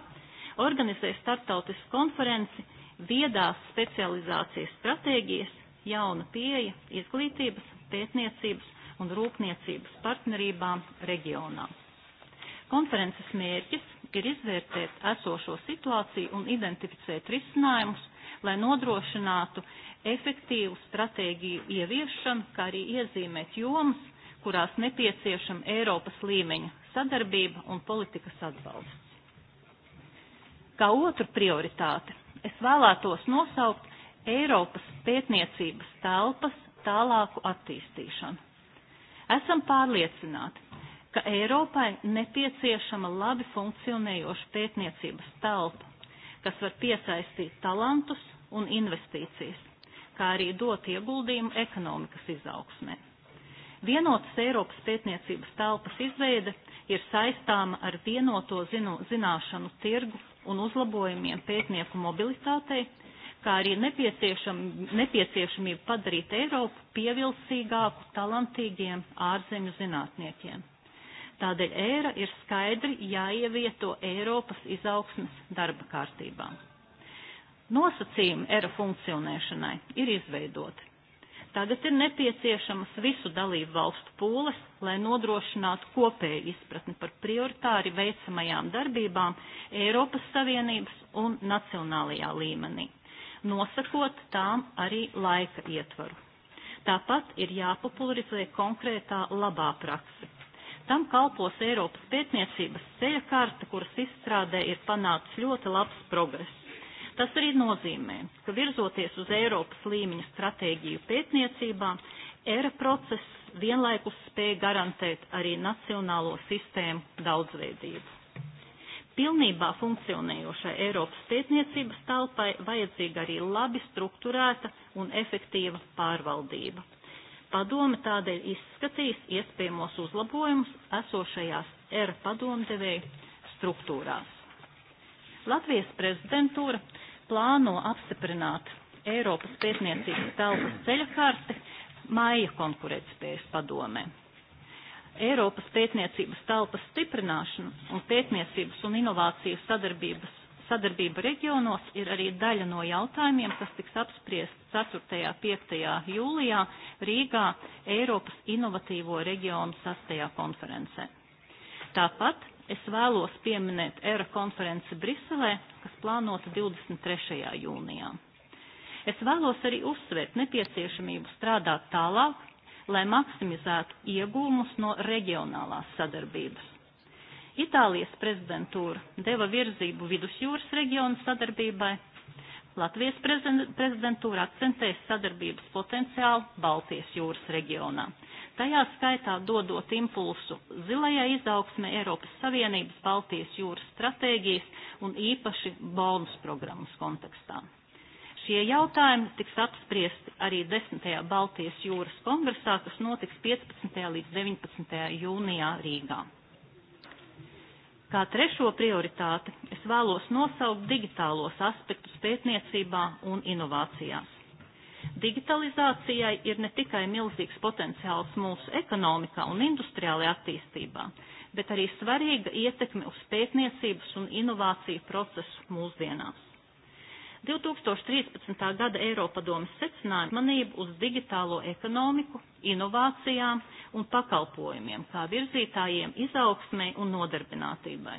organizē startautisku konferenci viedās specializācijas stratēģijas jauna pieeja izglītības, pētniecības un rūpniecības partnerībām reģionā. Konferences mērķis ir izvērtēt esošo situāciju un identificēt risinājumus, lai nodrošinātu efektīvu stratēģiju ieviešanu, kā arī iezīmēt jomas, kurās nepieciešama Eiropas līmeņa sadarbība un politikas atbalsts. Kā otru prioritāti es vēlētos nosaukt Eiropas pētniecības telpas tālāku attīstīšanu. Esam pārliecināti, ka Eiropai nepieciešama labi funkcionējoša pētniecības telpa, kas var piesaistīt talantus un investīcijas, kā arī dot ieguldījumu ekonomikas izaugsmē. Vienotas Eiropas pētniecības telpas izveide ir saistāma ar vienoto zinu, zināšanu tirgu un uzlabojumiem pētnieku mobilitātei, kā arī nepieciešam, nepieciešamību padarīt Eiropu pievilcīgāku talantīgiem ārzemju zinātniekiem. Tādēļ ēra ir skaidri jāievieto Eiropas izaugsmes darba kārtībā. Nosacījumi era funkcionēšanai ir izveidoti. Tagad ir nepieciešamas visu dalību valstu pūles, lai nodrošinātu kopēju izpratni par prioritāri veicamajām darbībām Eiropas Savienības un nacionālajā līmenī nosakot tām arī laika ietvaru. Tāpat ir jāpopularizē konkrētā labā praksa. Tam kalpos Eiropas pētniecības ceļa karta, kuras izstrādē ir panācis ļoti labs progress. Tas arī nozīmē, ka virzoties uz Eiropas līmeņa stratēģiju pētniecībā, ERA process vienlaikus spēja garantēt arī nacionālo sistēmu daudzveidību. Pilnībā funkcionējošai Eiropas pētniecības telpai vajadzīga arī labi strukturēta un efektīva pārvaldība. Padome tādēļ izskatīs iespējamos uzlabojumus esošajās ERA padomdevēju struktūrās. Latvijas prezidentūra plāno apstiprināt Eiropas pētniecības telpas ceļakārti māja konkurētspējas padomē. Eiropas pētniecības telpas stiprināšana un pētniecības un inovāciju sadarbības sadarbība reģionos ir arī daļa no jautājumiem, kas tiks apspriest 4. un 5. jūlijā Rīgā Eiropas Innovatīvo reģionu 6. konferencē. Tāpat es vēlos pieminēt ERA konferenci Briselē, kas plānota 23. jūnijā. Es vēlos arī uzsvērt nepieciešamību strādāt tālāk lai maksimizētu iegūmus no reģionālās sadarbības. Itālijas prezidentūra deva virzību vidusjūras reģionu sadarbībai, Latvijas prezidentūra akcentēs sadarbības potenciālu Baltijas jūras reģionā. Tajā skaitā dodot impulsu zilajai izaugsmē Eiropas Savienības Baltijas jūras stratēģijas un īpaši bonus programmas kontekstām. Šie jautājumi tiks apspriesti arī 10. Baltijas jūras kongresā, kas notiks 15. līdz 19. jūnijā Rīgā. Kā trešo prioritāti es vēlos nosaukt digitālos aspektus pētniecībā un inovācijās. Digitalizācijai ir ne tikai milzīgs potenciāls mūsu ekonomikā un industriālajā attīstībā, bet arī svarīga ietekme uz pētniecības un inovāciju procesu mūsdienās. 2013. gada Eiropadomas secinājumi manību uz digitālo ekonomiku, inovācijām un pakalpojumiem, kā virzītājiem izaugsmē un nodarbinātībai.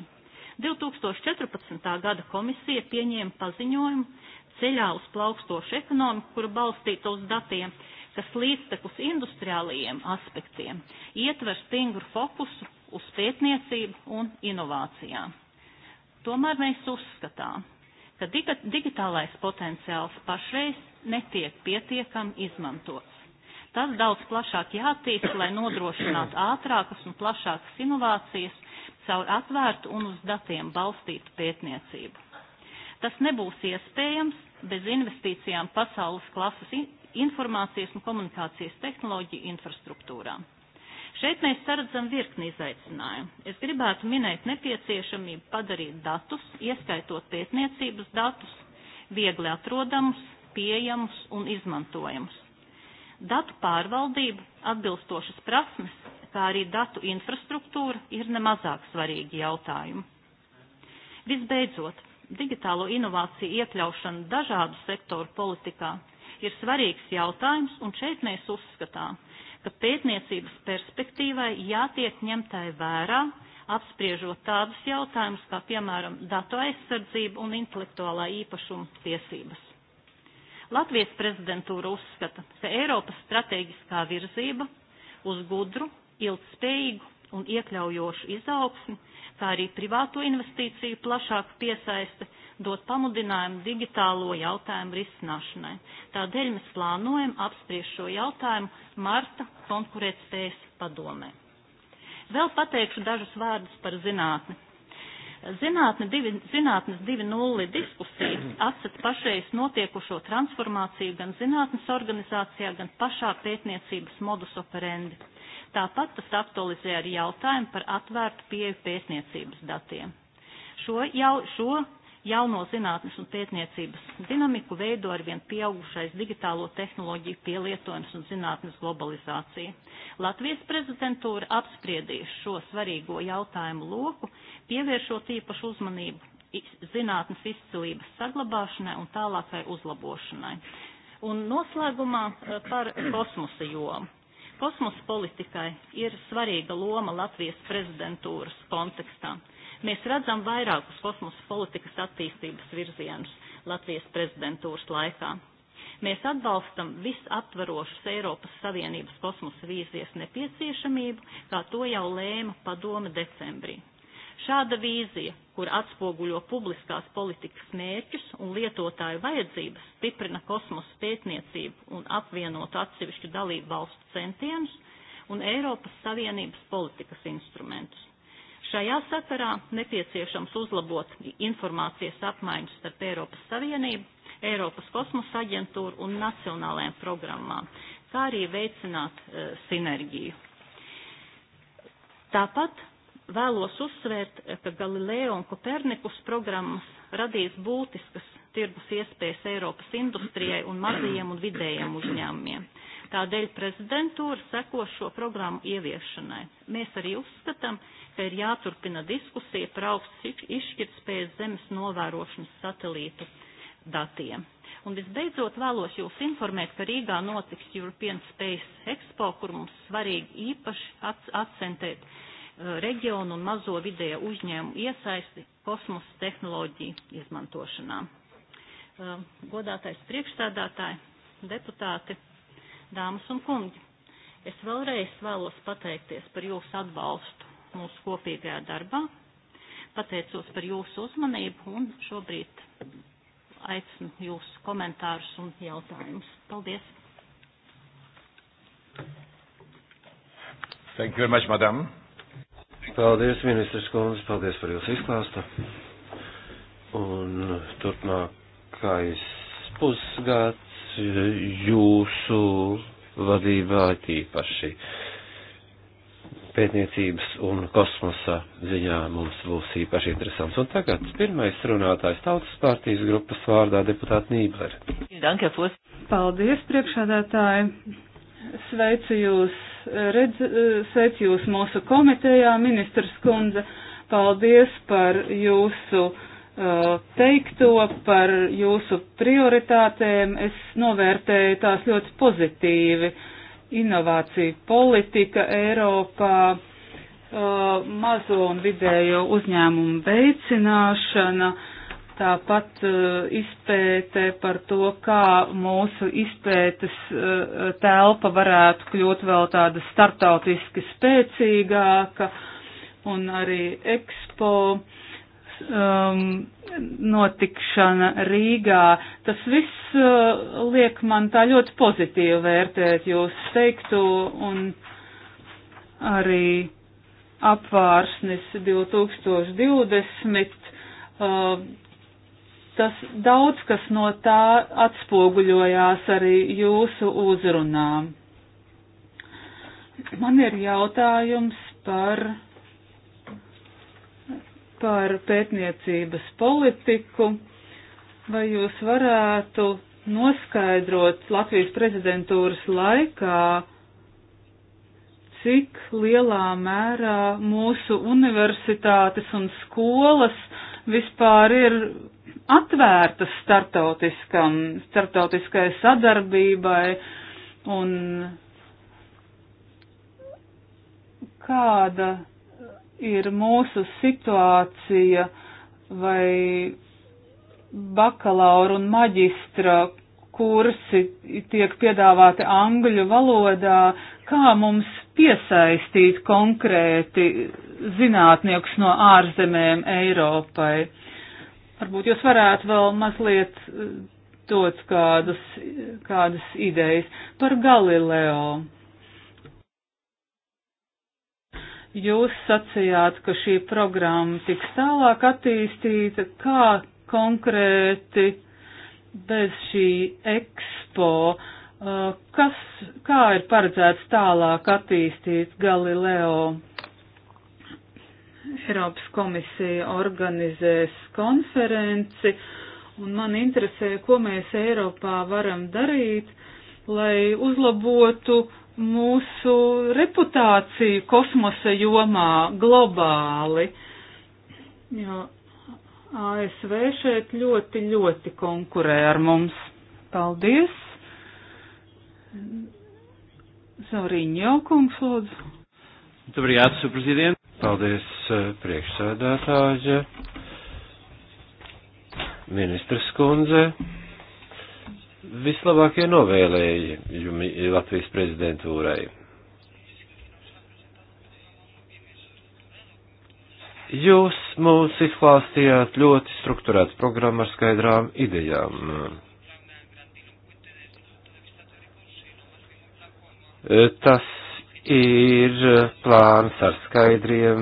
2014. gada komisija pieņēma paziņojumu ceļā uz plaukstošu ekonomiku, kura balstīta uz datiem, kas līdztekus industriālajiem aspektiem ietver stingru fokusu uz pētniecību un inovācijām. Tomēr mēs uzskatām, ka digitālais potenciāls pašreiz netiek pietiekami izmantots. Tas daudz plašāk jātīst, lai nodrošinātu ātrākas un plašākas inovācijas caur atvērtu un uz datiem balstītu pētniecību. Tas nebūs iespējams bez investīcijām pasaules klases informācijas un komunikācijas tehnoloģiju infrastruktūrām. Šeit mēs saredzam virkni izaicinājumu. Es gribētu minēt nepieciešamību padarīt datus, ieskaitot pētniecības datus, viegli atrodamus, pieejamus un izmantojamus. Datu pārvaldība, atbilstošas prasmes, kā arī datu infrastruktūra ir nemazāk svarīgi jautājumi. Visbeidzot, digitālo inovāciju iekļaušana dažādu sektoru politikā ir svarīgs jautājums, un šeit mēs uzskatām, ka pētniecības perspektīvai jātiek ņemtai vērā, apspriežot tādus jautājumus kā, piemēram, datu aizsardzība un intelektuālā īpašuma tiesības. Latvijas prezidentūra uzskata, ka Eiropas strateģiskā virzība uz gudru, ilgspējīgu un iekļaujošu izaugsmi, kā arī privāto investīciju plašāku piesaisti dot pamudinājumu digitālo jautājumu risināšanai. Tādēļ mēs plānojam apspriest šo jautājumu Marta konkurētspējas padomē. Vēl pateikšu dažus vārdus par zinātni. Zinātne divi, zinātnes 2.0 diskusija atset pašreiz notiekušo transformāciju gan zinātnes organizācijā, gan pašā pētniecības modus operandi. Tāpat tas aktualizē arī jautājumu par atvērtu pieeju pētniecības datiem. Šo, jau, šo Jauno zinātnes un pētniecības dinamiku veido arvien pieaugušais digitālo tehnoloģiju pielietojums un zinātnes globalizācija. Latvijas prezidentūra apspriedīs šo svarīgo jautājumu loku, pievēršot īpašu uzmanību zinātnes izcilības saglabāšanai un tālākai uzlabošanai. Un noslēgumā eh, par kosmosa jomu. Kosmosa politikai ir svarīga loma Latvijas prezidentūras kontekstā. Mēs redzam vairākus kosmosa politikas attīstības virzienus Latvijas prezidentūras laikā. Mēs atbalstam visaptvarošas Eiropas Savienības kosmosa vīzijas nepieciešamību, kā to jau lēma padome decembrī. Šāda vīzija, kur atspoguļo publiskās politikas mērķus un lietotāju vajadzības, stiprina kosmosa pētniecību un apvienot atsevišķu dalību valstu centienus un Eiropas Savienības politikas instrumentus. Šajā sakarā nepieciešams uzlabot informācijas apmaiņu starp Eiropas Savienību, Eiropas kosmosa aģentūru un nacionālajām programmām, kā arī veicināt e, sinerģiju. Tāpat vēlos uzsvērt, e, ka Galileo un Kopernikus programmas radīs būtiskas tirgus iespējas Eiropas industrijai un mazajiem un vidējiem uzņēmumiem. Tādēļ prezidentūra seko šo programmu ieviešanai. Mēs arī uzskatām, ka ir jāturpina diskusija par augsts izšķirtspējas zemes novērošanas satelītu datiem. Un visbeidzot vēlos jūs informēt, ka Rīgā notiks European Space Expo, kur mums svarīgi īpaši akcentēt uh, reģionu un mazo vidēja uzņēmumu iesaisti kosmosa tehnoloģiju izmantošanā. Uh, godātais priekšstādātāji, deputāti, dāmas un kungi, es vēlreiz vēlos pateikties par jūsu atbalstu mūsu kopīgajā darbā. Pateicos par jūsu uzmanību un šobrīd aicinu jūsu komentārus un jautājumus. Paldies! Thank you very much, madam. Paldies, ministrs Kundze, paldies par jūsu izklāstu. Un turpmākais pusgads jūsu vadībā tīpaši pētniecības un kosmosa ziņā mums būs īpaši interesants. Un tagad pirmais runātājs tautas partijas grupas vārdā deputāta Nībler. Paldies, priekšādātāji! Sveicu jūs, redz, sveicu jūs mūsu komitejā, ministrs kundze. Paldies par jūsu uh, teikto, par jūsu prioritātēm. Es novērtēju tās ļoti pozitīvi. Uh, inovāciju politika Eiropā, uh, mazo un vidējo uzņēmumu veicināšana, tāpat uh, izpēte par to, kā mūsu izpētes uh, telpa varētu kļūt vēl tāda startautiski spēcīgāka un arī ekspo. Uh, um, notikšana Rīgā, tas viss uh, liek man tā ļoti pozitīvi vērtēt jūs teikto un arī apvārsnes 2020. Uh, tas daudz kas no tā atspoguļojās arī jūsu uzrunā. Man ir jautājums par par pētniecības politiku. Vai jūs varētu noskaidrot Latvijas prezidentūras laikā, cik lielā mērā mūsu universitātes un skolas vispār ir atvērtas startautiskam, startautiskai sadarbībai un kāda ir mūsu situācija vai bakalaura un maģistra kursi tiek piedāvāti angļu valodā, kā mums piesaistīt konkrēti zinātniekus no ārzemēm Eiropai. Varbūt jūs varētu vēl mazliet eh, dot kādus, kādas idejas par Galileo. Jūs sacījāt, ka šī programma tiks tālāk attīstīta, kā konkrēti bez šī ekspo, uh, kas, kā ir paredzēts tālāk attīstīt Galileo? Eiropas komisija organizēs konferenci, un man interesē, ko mēs Eiropā varam darīt, lai uzlabotu uh, mūsu reputāciju kosmosa jomā globāli. Jo ASV šeit ļoti, ļoti konkurē ar mums. Paldies! Zauriņo kungs, lūdzu. Obrigado, Sr. Presidente. Paldies, eh, priekšsēdētāja, ministras kundze vislabākie novēlējumi Latvijas prezidentūrai? Jūs mums izklāstījāt ļoti strukturēts programmu ar skaidrām idejām. Tas ir plāns ar skaidriem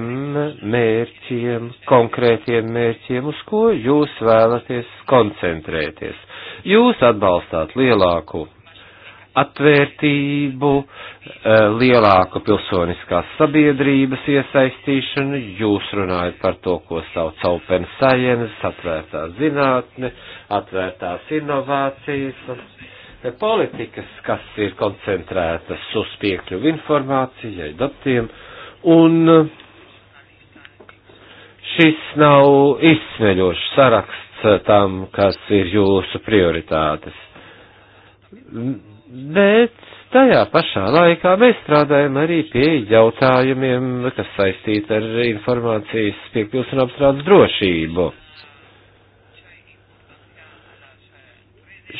mērķiem, konkrētiem mērķiem, uz ko jūs vēlaties koncentrēties. Jūs atbalstāt lielāku atvērtību, eh, lielāku pilsoniskās sabiedrības iesaistīšanu, jūs runājat par to, ko sauc open science, atvērtā zinātne, atvērtās inovācijas politikas, kas ir koncentrētas uz piekļuvu informācijai, datiem, un eh, šis nav izsmeļošs saraksts eh, tam, kas ir jūsu prioritātes. Bet tajā pašā laikā mēs strādājam arī pie jautājumiem, kas saistīti ar informācijas piekļūst un apstrādes drošību.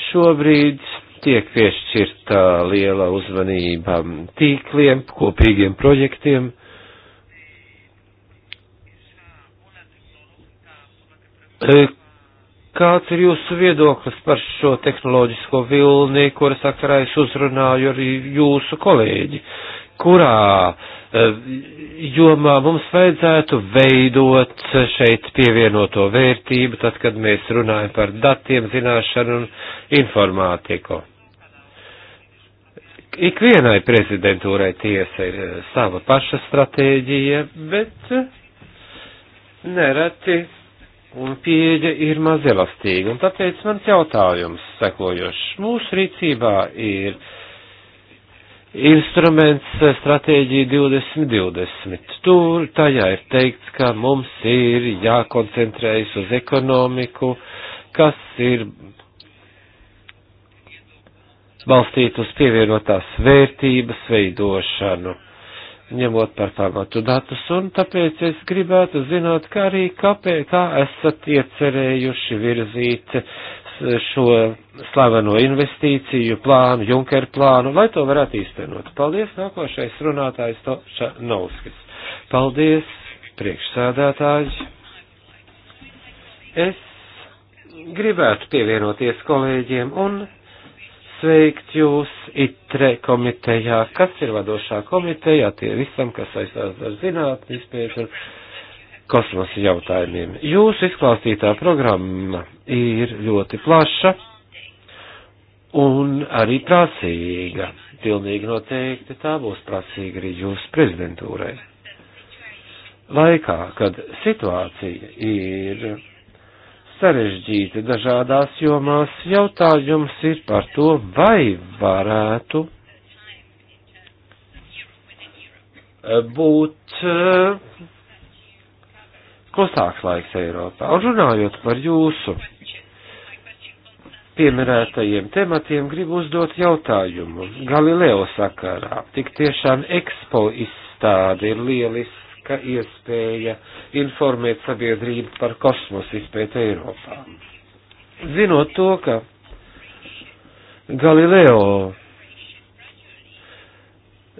Šobrīd tiek piešķirta liela uzmanība tīkliem, kopīgiem projektiem. E, kāds ir jūsu viedoklis par šo tehnoloģisko vilni, kura sakarā es uzrunāju arī jūsu kolēģi, kurā uh, Eh, jomā mums vajadzētu veidot šeit pievienoto vērtību, tad, kad mēs runājam par datiem, zināšanu un informātiku. Ikvienai prezidentūrai tiesa ir eh, sava paša stratēģija, bet eh, nereti pieeja ir mazelastīga, un tāpēc mans jautājums sekojošs. Mūsu rīcībā ir instruments eh, stratēģija 2020. Tur tajā ir teikts, ka mums ir jākoncentrējas uz ekonomiku, kas ir balstīt uz pievienotās vērtības veidošanu, ņemot par pamatu datus, un tāpēc es gribētu zināt, kā arī kāpēc tā esat iecerējuši virzīt šo slaveno investīciju plānu, Junker plānu, lai to varētu īstenot. Paldies, nākošais runātājs Toša Nauskis. Paldies, priekšsēdētāji. Es gribētu pievienoties kolēģiem un sveikt jūs ITRE komitejā, kas ir vadošā komiteja, tie visam, kas aizstās ar zinātni, izpēšu kosmosa jautājumiem. Jūsu izklāstītā programma ir ļoti plaša un arī prasīga. Pilnīgi noteikti tā būs prasīga arī jūsu prezidentūrai. Laikā, kad situācija ir sarežģīta dažādās jomās, jautājums ir par to, vai varētu būt klusāks laiks Eiropā. Un runājot par jūsu pieminētajiem tematiem, gribu uzdot jautājumu. Galileo sakarā tik tiešām ekspo izstāde ir lieliska iespēja informēt sabiedrību par kosmosu izpēti Eiropā. Zinot to, ka Galileo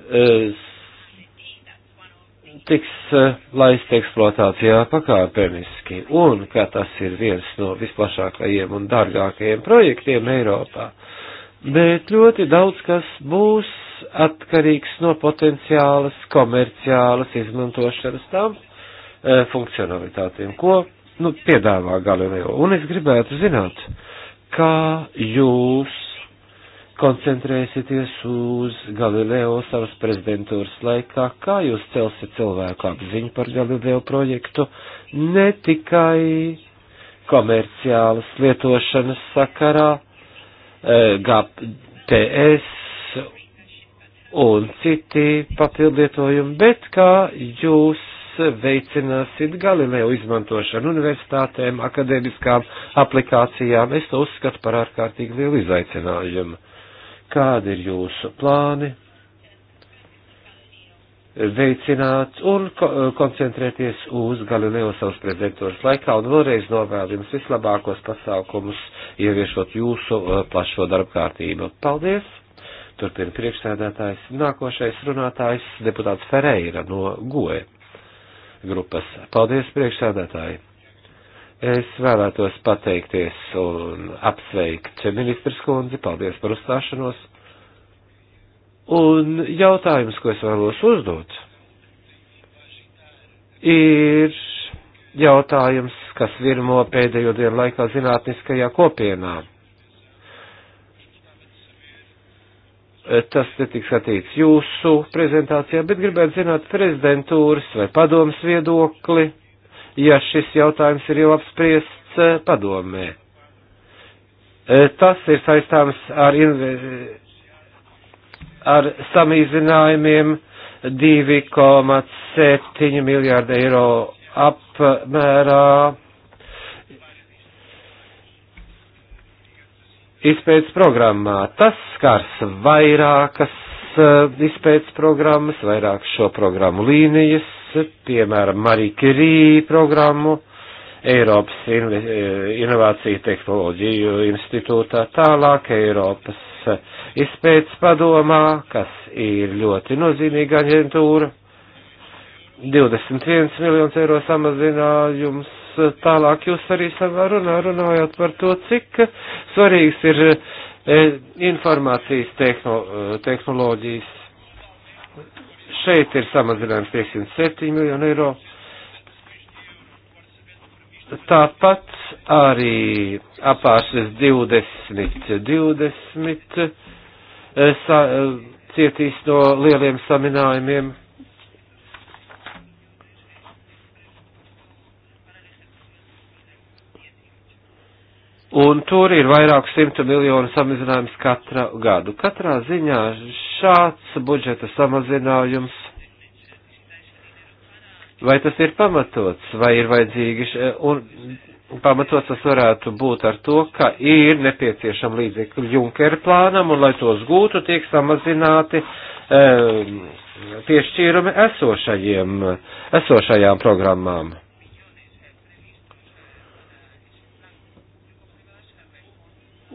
eh, tiks eh, laists eksploatācijā pakāpeniski, un ka tas ir viens no visplašākajiem un dārgākajiem projektiem Eiropā. Bet ļoti daudz kas būs atkarīgs no potenciālas komerciālas izmantošanas tam e, funkcionalitātiem, ko nu, piedāvā Galileo. Un es gribētu zināt, kā jūs koncentrēsieties uz Galileo savas prezidentūras laikā, kā jūs celsiet cilvēku apziņu par Galileo projektu, ne tikai komerciālas lietošanas sakarā, e, GPS un citi papildietojumi, bet kā jūs veicināsit Galileo izmantošanu universitātēm, akadēmiskām aplikācijām, es to uzskatu par ārkārtīgi lielu izaicinājumu kādi ir jūsu plāni veicināt un ko koncentrēties uz Galileo savas prezidentūras laikā un vēlreiz novēl jums vislabākos pasākumus, ieviešot jūsu uh, plašo darba kārtību. Paldies! Turpina priekšsēdētājs. Nākošais runātājs deputāts Ferreira no GOE grupas. Paldies, priekšsēdētāji! Es vēlētos pateikties un apsveikt ministrs kundzi, paldies par uzstāšanos. Un jautājums, ko es vēlos uzdot, ir jautājums, kas virmo pēdējo dienu laikā zinātniskajā kopienā. Tas netiks attīts jūsu prezentācijā, bet gribētu zināt prezidentūras vai padomas viedokli ja šis jautājums ir jau apspriests eh, padomē. Eh, tas ir saistāms ar, ar samīzinājumiem 2,7 miljārdu eiro apmērā izpētes programmā. Tas skars vairākas Uh, izpētes programmas, vairāk šo programmu līnijas, piemēram, Marie Curie programmu, Eiropas uh, Inovāciju tehnoloģiju institūtā, tālāk Eiropas uh, izpētes padomā, kas ir ļoti nozīmīga aģentūra. 21 miljonus eiro samazinājums. Tālāk jūs arī savā runā runājāt par to, cik svarīgs ir uh, E, informācijas tehno, e, tehnoloģijas. Šeit ir samazinājums 507 miljonu eiro. Tāpat arī apāršas 20, 20 sa, e, cietīs no lieliem saminājumiem. Un tur ir vairāk simtu miljonu samazinājums katra gadu. Katrā ziņā šāds budžeta samazinājums, vai tas ir pamatots, vai ir vajadzīgi, še, un pamatots tas varētu būt ar to, ka ir nepieciešama līdzekļu Junkera plānam, un lai tos gūtu, tiek samazināti um, piešķīrumi esošajiem, esošajām programmām.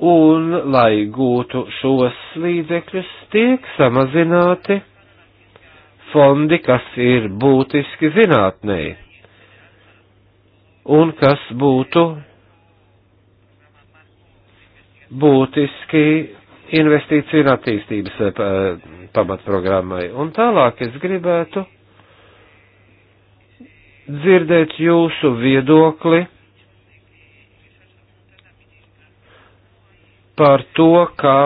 un, lai gūtu šos līdzekļus, tiek samazināti fondi, kas ir būtiski zinātnē un kas būtu būtiski investīciju un attīstības eh, pamatprogrammai. Un tālāk es gribētu dzirdēt jūsu viedokli par to, kā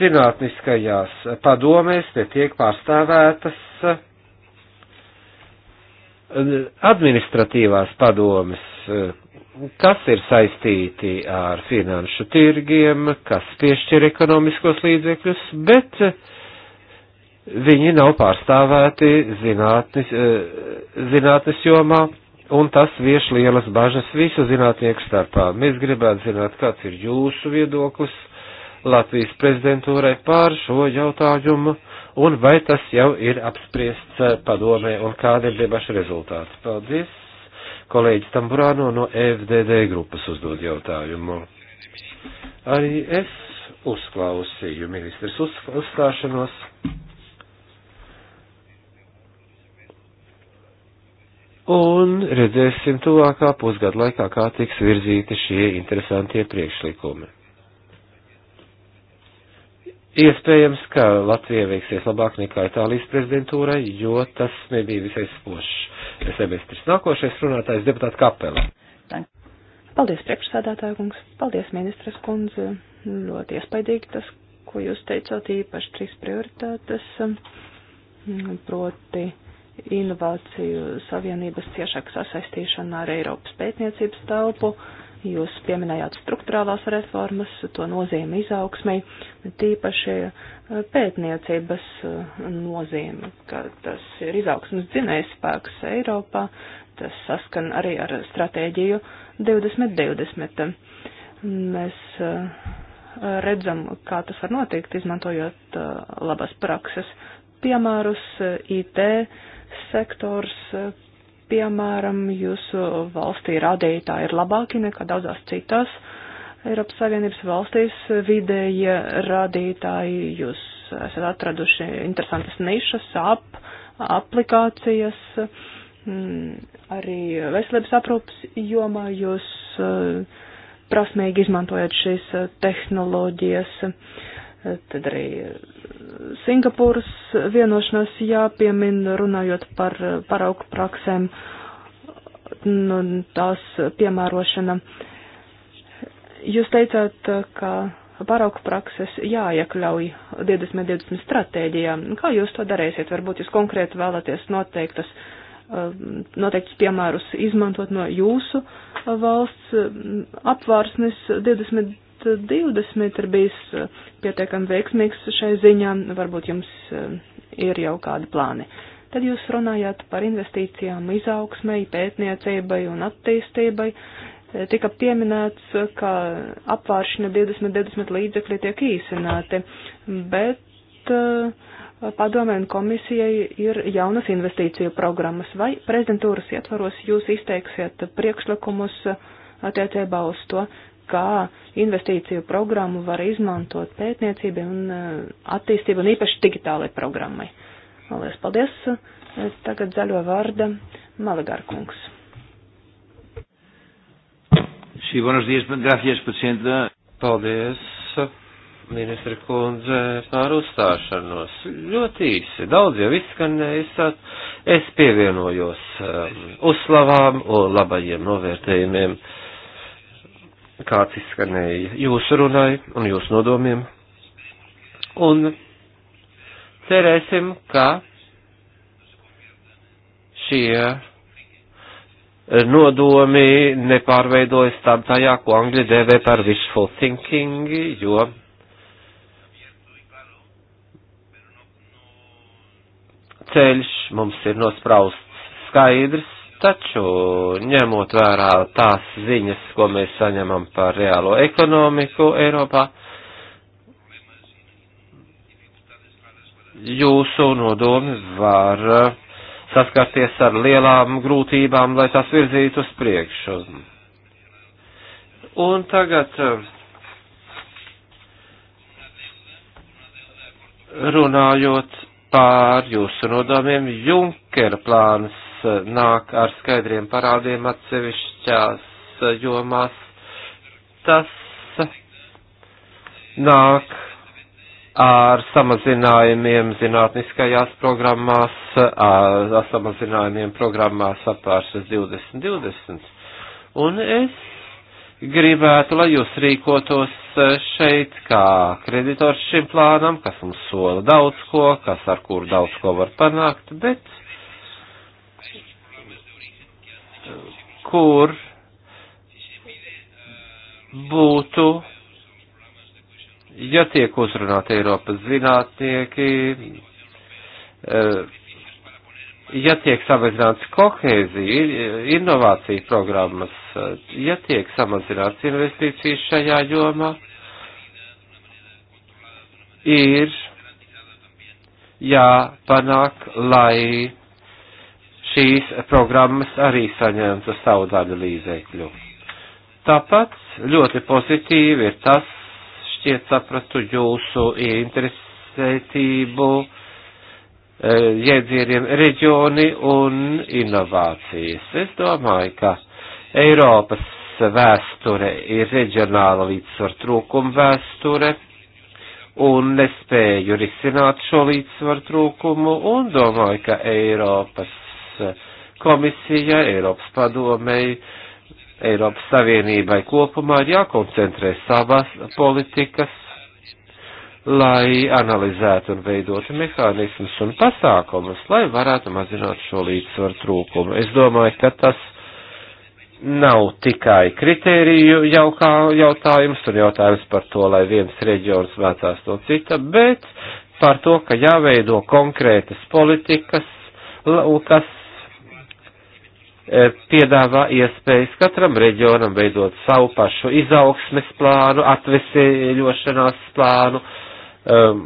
zinātniskajās padomēs netiek pārstāvētas administratīvās padomes, kas ir saistīti ar finanšu tirgiem, kas piešķir ekonomiskos līdzekļus, bet viņi nav pārstāvēti zinātnes, eh, zinātnes jomā Un tas vieš lielas bažas visu zinātnieku starpā. Mēs gribētu zināt, kāds ir jūsu viedoklis Latvijas prezidentūrai pār šo jautājumu, un vai tas jau ir apspriests eh, padomē, un kāda ir debaša rezultāti. Paldies! Kolēģis Tamburāno no e FDD grupas uzdod jautājumu. Arī es uzklausīju ministrs uzstāšanos. un redzēsim tuvākā pusgada laikā, kā tiks virzīti šie interesantie priekšlikumi. Iespējams, ka Latvija veiksies labāk nekā Itālijas prezidentūra, jo tas nebija visai spošs semestris. Nākošais runātājs deputāts Kapela. Paldies, priekšsādātāja kungs. Paldies, ministras kundze. Ļoti iespaidīgi tas, ko jūs teicāt, īpaši trīs prioritātes, proti inovāciju savienības ciešāk sasaistīšana ar Eiropas pētniecības telpu. Jūs pieminējāt struktūrālās reformas, to nozīmi izaugsmai, tīpaši eh, pētniecības eh, nozīmi, ka tas ir izaugsmas dzinējspēks Eiropā, tas saskan arī ar stratēģiju 2020. Mēs eh, redzam, kā tas var notikt, izmantojot labas prakses piemērus IT sektors, piemēram, jūsu valstī rādītāji ir labāki nekā daudzās citās Eiropas Savienības valstīs vidējie rādītāji. Jūs esat atraduši interesantas nišas, ap, aplikācijas, mm, arī veselības aprūpas jomā jūs eh, prasmīgi izmantojat šīs eh, tehnoloģijas. Uh, Tad arī eh, Singapūras vienošanās jāpiemin, runājot par eh, paraugu praksēm nu, un nu, tās piemērošana. Jūs teicāt, eh, ka paraugu prakses jāiekļauj 2020 stratēģijā. Kā jūs to darīsiet? Varbūt jūs konkrēti vēlaties noteiktas, noteiktus piemērus izmantot no jūsu valsts apvārsnes 2020 20 ir bijis eh, pietiekami veiksmīgs šai ziņā, varbūt jums eh, ir jau kādi plāni. Tad jūs runājāt par investīcijām izaugsmai, pētniecībai un attīstībai. Eh, tika pieminēts, ka apvāršana 2020 līdzekļi tiek īsināti, bet padomē un komisijai ir jaunas investīciju programmas. Vai prezidentūras ietvaros jūs izteiksiet priekšlikumus attiecībā uz to, kā investīciju programmu var izmantot pētniecībai un e, attīstībai, un īpaši digitālai programmai. Lielas paldies! E, tagad zaļo vārda Malagarkungs. Sí, buenos días, gracias, presidenta. Paldies, ministra kundze, par uzstāšanos. Ļoti īsi, daudz jau izskanējis, es pievienojos um, uzslavām un labajiem novērtējumiem. Uh, kāds izskanēja jūsu runai un jūsu nodomiem. Un cerēsim, ka šie nodomi nepārveidojas tam tajā, ko angļi dēvē par wishful thinking, jo ceļš mums ir nosprausts skaidrs, Taču, ņemot vērā tās ziņas, ko mēs saņemam par reālo ekonomiku Eiropā, jūsu nodomi var saskarties ar lielām grūtībām, lai tās virzītu uz priekšu. Un tagad runājot pār jūsu nodomiem, Junkera plāns nāk ar skaidriem parādiem atsevišķās jomās, tas nāk ar samazinājumiem zinātniskajās programmās, ar samazinājumiem programmās apvāršas 2020. Un es gribētu, lai jūs rīkotos šeit kā kreditors šim plānam, kas mums sola daudz ko, kas ar kur daudz ko var panākt, bet kur būtu, ja tiek uzrunāti Eiropas zinātnieki, eh, ja tiek samazināts kohēzija, inovācija programmas, eh, ja tiek samazināts investīcijas šajā jomā, ir jāpanāk, lai šīs programmas arī saņemtu savu daļu līdzekļu. Tāpat ļoti pozitīvi ir tas, šķiet saprastu jūsu interesētību jēdzieniem e, reģioni un inovācijas. Es domāju, ka Eiropas vēsture ir reģionāla līdzsvaru trūkuma vēsture un nespēju risināt šo līdzsvaru trūkumu un domāju, ka Eiropas komisijai, Eiropas padomei, Eiropas Savienībai kopumā ir jākoncentrē savas politikas, lai analizētu un veidotu mehānismus un pasākumus, lai varētu mazināt šo līdzsvaru trūkumu. Es domāju, ka tas nav tikai kritēriju jaukā, jautājums un jautājums par to, lai viens reģions mācās no cita, bet par to, ka jāveido konkrētas politikas, kas Eh, piedāvā iespējas katram reģionam veidot savu pašu izaugsmes plānu, atveseļošanās plānu, um,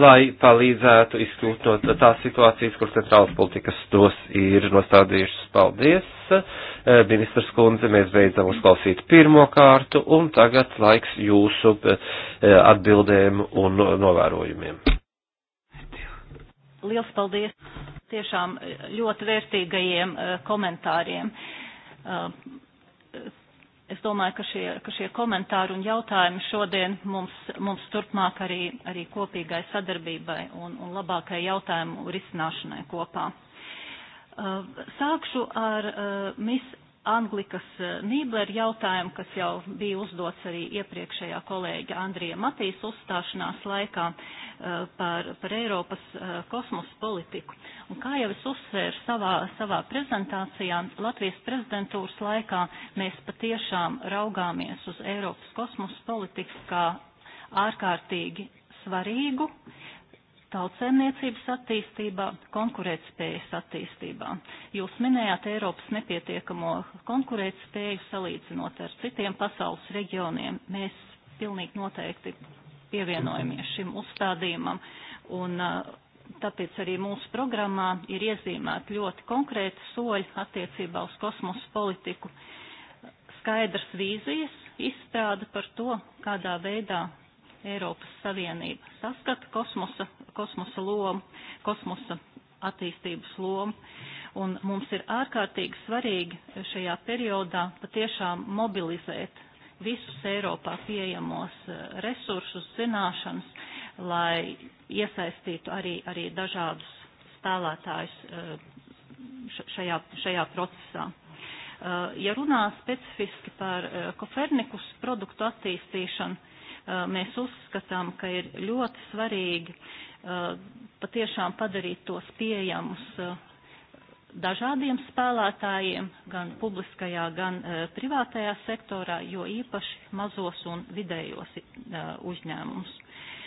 lai palīdzētu izkļūt no tās situācijas, kur centrālas politikas tos ir nostādījušas. Paldies, eh, ministrs kundze, mēs beidzam uzklausīt pirmo kārtu, un tagad laiks jūsu eh, atbildēm un novērojumiem. Liels paldies tiešām ļoti vērtīgajiem eh, komentāriem. Eh, es domāju, ka šie, ka šie komentāri un jautājumi šodien mums, mums turpmāk arī, arī kopīgai sadarbībai un, un labākai jautājumu risināšanai kopā. Eh, sākšu ar Miss Anglikas eh, Nībler jautājumu, kas jau bija uzdots arī iepriekšējā kolēģa Andrija Matīs uzstāšanās laikā eh, par, par Eiropas eh, kosmosa politiku. Un kā jau es uzsvēru savā, savā prezentācijā, Latvijas prezidentūras laikā mēs patiešām raugāmies uz Eiropas kosmosa politiku kā ārkārtīgi svarīgu, uh, tautsēmniecības attīstībā, konkurētspējas attīstībā. Jūs minējāt Eiropas nepietiekamo konkurētspēju salīdzinot ar citiem pasaules reģioniem. Mēs pilnīgi noteikti pievienojamies šim uzstādījumam. Un, uh, Tāpēc arī mūsu programmā ir iezīmēti ļoti konkrēti soļi attiecībā uz kosmosa politiku, skaidrs vīzijas, izstrāda par to, kādā veidā Eiropas Savienība saskata kosmosa, kosmosa lomu, kosmosa attīstības lomu. Un mums ir ārkārtīgi svarīgi šajā periodā patiešām mobilizēt visus Eiropā pieejamos eh, resursus, zināšanas, lai iesaistītu arī, arī dažādus spēlētājus eh, šajā, šajā procesā. Eh, ja runā specifiski par Kopernikus produktu attīstīšanu, Eh, mēs uzskatām, ka ir ļoti svarīgi eh, patiešām padarīt tos pieejamus eh, dažādiem spēlētājiem, gan publiskajā, gan privātajā sektorā, jo īpaši mazos un vidējos uzņēmumus.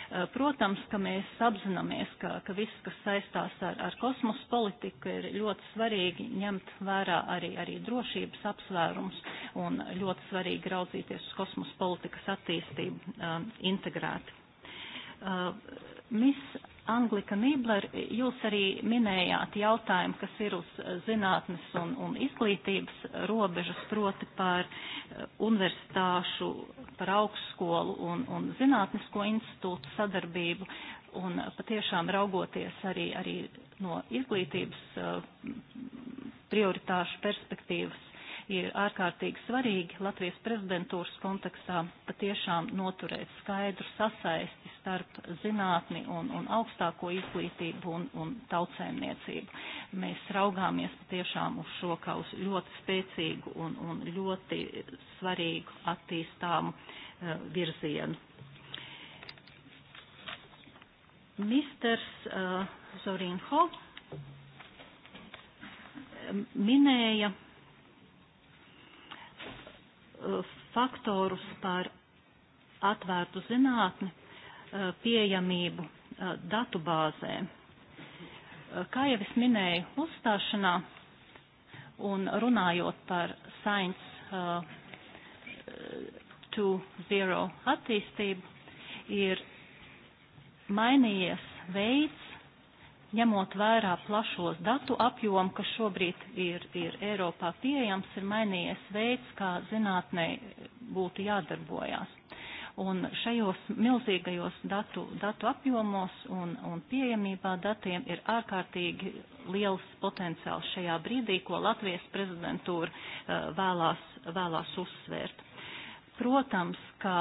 Eh, protams, ka mēs apzināmies, ka, ka viss, kas saistās ar, ar kosmosa politiku, ir ļoti svarīgi ņemt vērā arī, arī drošības apsvērums un ļoti svarīgi raudzīties uz kosmosa politikas attīstību eh, integrēti. Eh, MIS Anglika Nībler, jūs arī minējāt jautājumu, kas ir uz zinātnes un, un izglītības robežas, proti par eh, universitāšu, par augstskolu un, un zinātnisko institūtu sadarbību. Un patiešām raugoties arī, arī no izglītības eh, prioritāšu perspektīvas, ir ārkārtīgi svarīgi Latvijas prezidentūras kontekstā patiešām noturēt skaidru sasaisti starp zinātni un, un augstāko izglītību un, un tautsēmniecību. Mēs raugāmies patiešām uz šo kā uz ļoti spēcīgu un, un ļoti svarīgu attīstāmu uh, virzienu. Misters uh, eh, Zorinho eh, minēja Uh, faktorus par atvērtu zinātni, uh, pieejamību uh, datu bāzēm. Kā jau es minēju uzstāšanā un runājot par Science 2.0 attīstību, ir mainījies veids, ņemot vērā plašos datu apjomu, kas šobrīd ir, ir Eiropā pieejams, ir mainījies veids, kā zinātnē būtu jādarbojās. Un šajos milzīgajos datu, datu apjomos un, un pieejamībā datiem ir ārkārtīgi liels potenciāls šajā brīdī, ko Latvijas prezidentūra eh, vēlās, vēlās uzsvērt. Protams, ka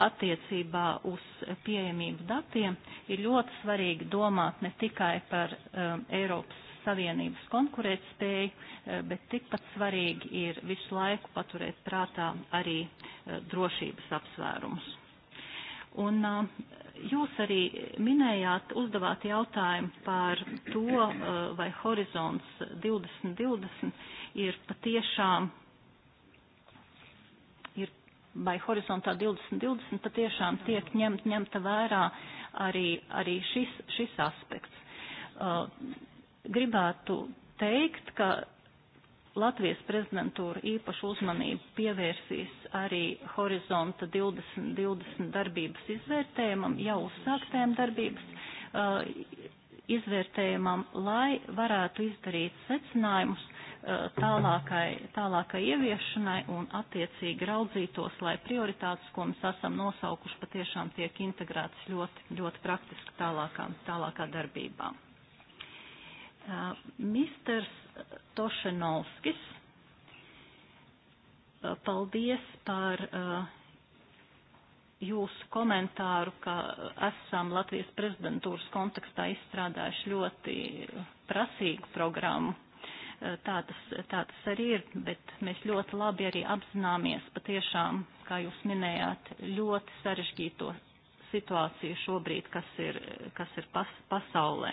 attiecībā uz pieejamību datiem ir ļoti svarīgi domāt ne tikai par um, Eiropas Savienības konkurētspēju, um, bet tikpat svarīgi ir visu laiku paturēt prātā arī uh, drošības apsvērumus. Un uh, jūs arī minējāt, uzdevāt jautājumu par to, uh, vai horizonts 2020 ir patiešām vai horizontā 2020 patiešām tiek ņemt, ņemta vērā arī, arī šis, šis aspekts. Uh, gribētu teikt, ka Latvijas prezidentūra īpašu uzmanību pievērsīs arī horizonta 2020 darbības izvērtējumam, jau uzsāktējiem darbības uh, izvērtējumam, lai varētu izdarīt secinājumus, Eh, tālākai, tālākai ieviešanai un attiecīgi raudzītos, lai prioritātes, ko mēs esam nosaukuši, patiešām tiek integrētas ļoti, ļoti praktiski tālākā, tālākā darbībā. Eh, misters Tošenovskis, eh, paldies par jūsu komentāru, ka esam Latvijas prezidentūras kontekstā izstrādājuši ļoti prasīgu programmu Eh, tā tas, tā tas arī ir, bet mēs ļoti labi arī apzināmies patiešām, kā jūs minējāt, ļoti sarežģīto situāciju šobrīd, kas ir, kas ir pas, pasaulē.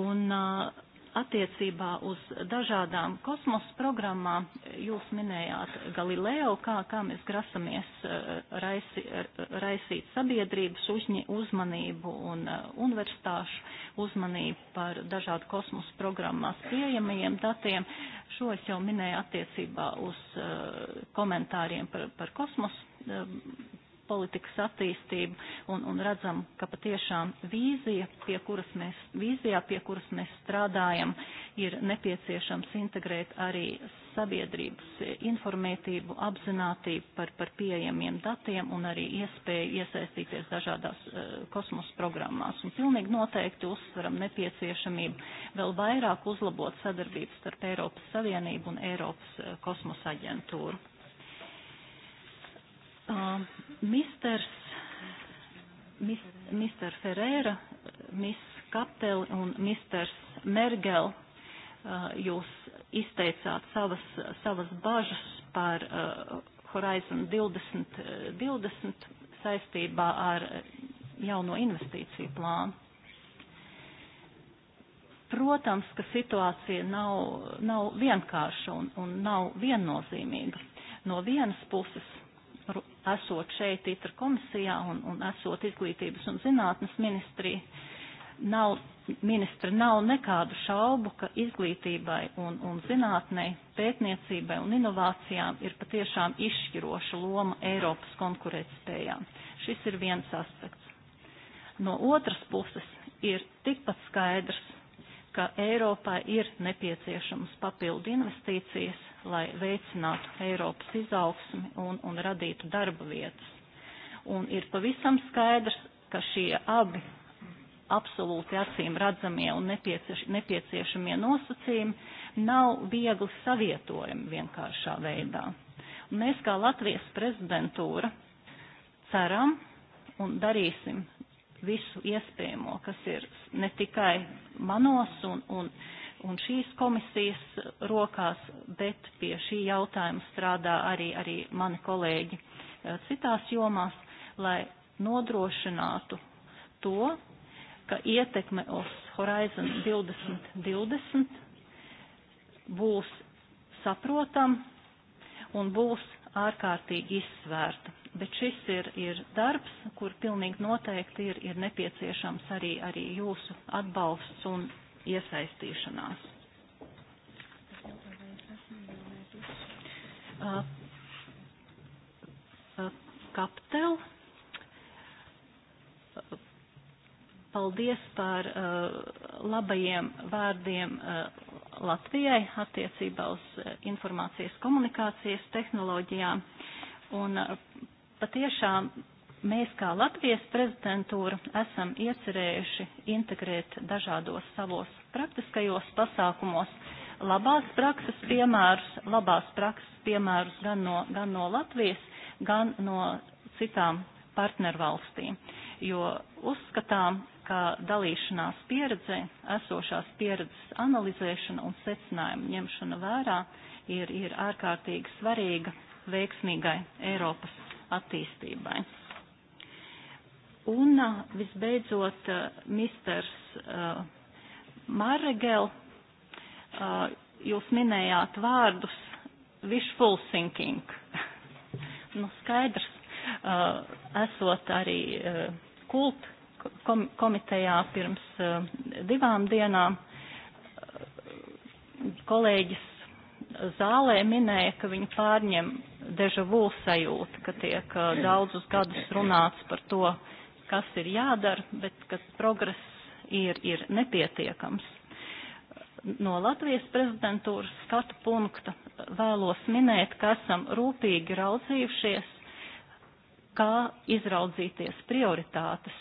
Un uh, attiecībā uz dažādām kosmosa programmām. Jūs minējāt Galileo, kā, kā mēs grasamies eh, raisi, eh, raisīt sabiedrības uzņi, uzmanību un eh, universitāšu uzmanību par dažādu kosmosa programmās pieejamajiem datiem. Šo es jau minēju attiecībā uz komentāriem par, par kosmosa politikas attīstību un, un redzam, ka patiešām vīzija, pie kuras mēs, vīzijā, pie kuras mēs strādājam, ir nepieciešams integrēt arī sabiedrības informētību, apzinātību par, par pieejamiem datiem un arī iespēju iesaistīties dažādās uh, kosmosa programmās. Un pilnīgi noteikti uzsveram nepieciešamību vēl vairāk uzlabot sadarbību starp Eiropas Savienību un Eiropas uh, kosmosa aģentūru. Uh, misters, mis, Mister Ferēra, Miss Kapteli un Misters Mergel, uh, jūs izteicāt savas, savas bažas par uh, Horizon 2020 20 uh, saistībā ar jauno investīciju plānu. Protams, ka situācija nav, nav vienkārša un, un nav viennozīmīga. No vienas puses esot šeit ITR komisijā un, un esot izglītības un zinātnes ministrija, nav, ministra nav nekādu šaubu, ka izglītībai un, un zinātnei, pētniecībai un inovācijām ir patiešām izšķiroša loma Eiropas konkurētspējām. Šis ir viens aspekts. No otras puses ir tikpat skaidrs, ka Eiropā ir nepieciešamas papildu investīcijas lai veicinātu Eiropas izaugsmi un, un radītu darba vietas. Un ir pavisam skaidrs, ka šie abi absolūti acīm redzamie un nepiecieš, nepieciešamie nosacījumi nav viegli savietojami vienkāršā veidā. Un mēs kā Latvijas prezidentūra ceram un darīsim visu iespējamo, kas ir ne tikai manos un, un uh, un šīs komisijas rokās, bet pie šī jautājuma strādā arī, arī mani kolēģi eh, citās jomās, lai nodrošinātu to, ka ietekme uz Horizon 2020 būs saprotam un būs ārkārtīgi izsvērta. Bet šis ir, ir darbs, kur pilnīgi noteikti ir, ir nepieciešams arī, arī jūsu atbalsts un iesaistīšanās. Uh, uh, Kaptel. Uh, paldies par labajiem vārdiem Latvijai attiecībā uz informācijas komunikācijas tehnoloģijām. Un patiešām Mēs kā Latvijas prezidentūra esam iecerējuši integrēt dažādos savos praktiskajos pasākumos labās prakses piemērus, labās prakses piemērus gan no, gan no Latvijas, gan no citām partnervalstīm, jo uzskatām, ka dalīšanās pieredzē, esošās pieredzes analizēšana un secinājuma ņemšana vērā ir, ir ārkārtīgi svarīga veiksmīgai Eiropas attīstībai. Un visbeidzot, misters Marregel, jūs minējāt vārdus wishful thinking. nu, skaidrs, esot arī kult komitejā pirms divām dienām, kolēģis zālē minēja, ka viņu pārņem deja vu sajūta, ka tiek daudzus gadus runāts par to, kas ir jādara, bet kas progress ir, ir nepietiekams. No Latvijas prezidentūras skatu punkta vēlos minēt, ka esam rūpīgi raudzījušies, kā izraudzīties prioritātes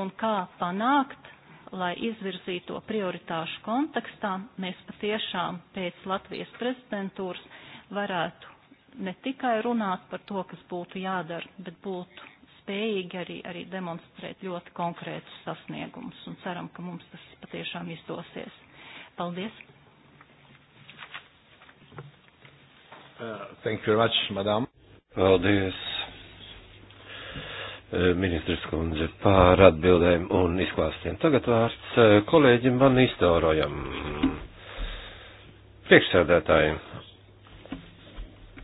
un kā panākt, lai izvirzīto prioritāšu kontekstā mēs patiešām pēc Latvijas prezidentūras varētu ne tikai runāt par to, kas būtu jādara, bet būtu spējīgi arī, arī demonstrēt ļoti konkrētus sasniegumus un ceram, ka mums tas patiešām izdosies. Paldies! Uh, thank you very much, madam. Paldies, uh, ministrs kundze, par atbildēm un izklāstiem. Tagad vārds uh, kolēģim Van Nistelrojam. Priekšsēdētājiem.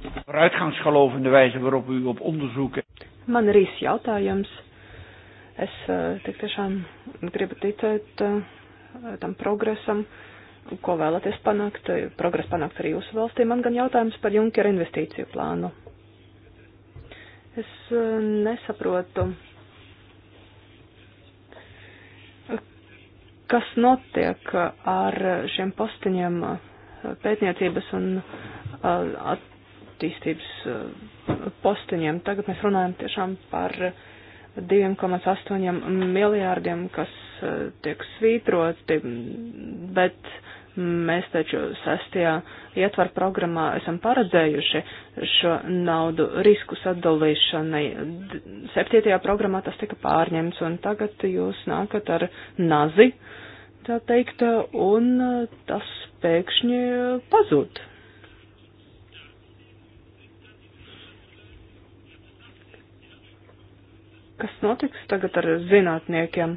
Vooruitgangsgelovende wijze waarop u op onderzoeken. Man ir īsts jautājums. Es eh, tik tiešām gribu ticēt eh, tam progresam, ko vēlaties panākt. Progress panākt arī jūsu valstī. Man gan jautājums par Junkera investīciju plānu. Es eh, nesaprotu, kas notiek ar šiem postiņiem pētniecības un at attīstības eh, posteņiem. Tagad mēs runājam tiešām par 2,8 miljārdiem, kas eh, tiek svītroti, bet mēs taču sestajā ietvaru programmā esam paredzējuši šo naudu risku sadalīšanai. Septītajā programmā tas tika pārņemts, un tagad jūs nākat ar nazi, tā teikt, un tas pēkšņi pazūd Kas notiks tagad ar zinātniekiem?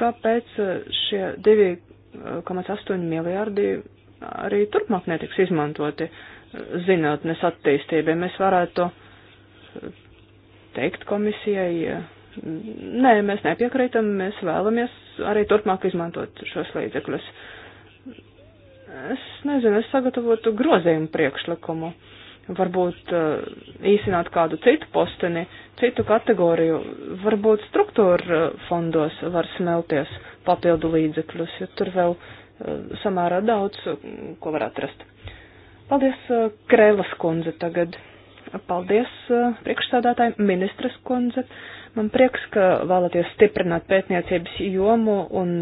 Kāpēc uh, šie 2,8 uh, miljārdi arī turpmāk netiks izmantoti uh, zinātnes attīstībai? Mēs varētu teikt komisijai, nē, mēs nepiekrītam, mēs vēlamies arī turpmāk izmantot šos līdzekļus. Es nezinu, es sagatavotu grozījumu priekšlikumu. Uh, varbūt eh, īsināt kādu citu posteni, citu kategoriju, varbūt struktūra eh, fondos var smelties papildu līdzekļus, jo tur vēl eh, samērā daudz, ko var atrast. Paldies, Krēlas kundze tagad. Paldies, priekšstādātāji, ministras kundze. Man prieks, ka vēlaties stiprināt pētniecības jomu un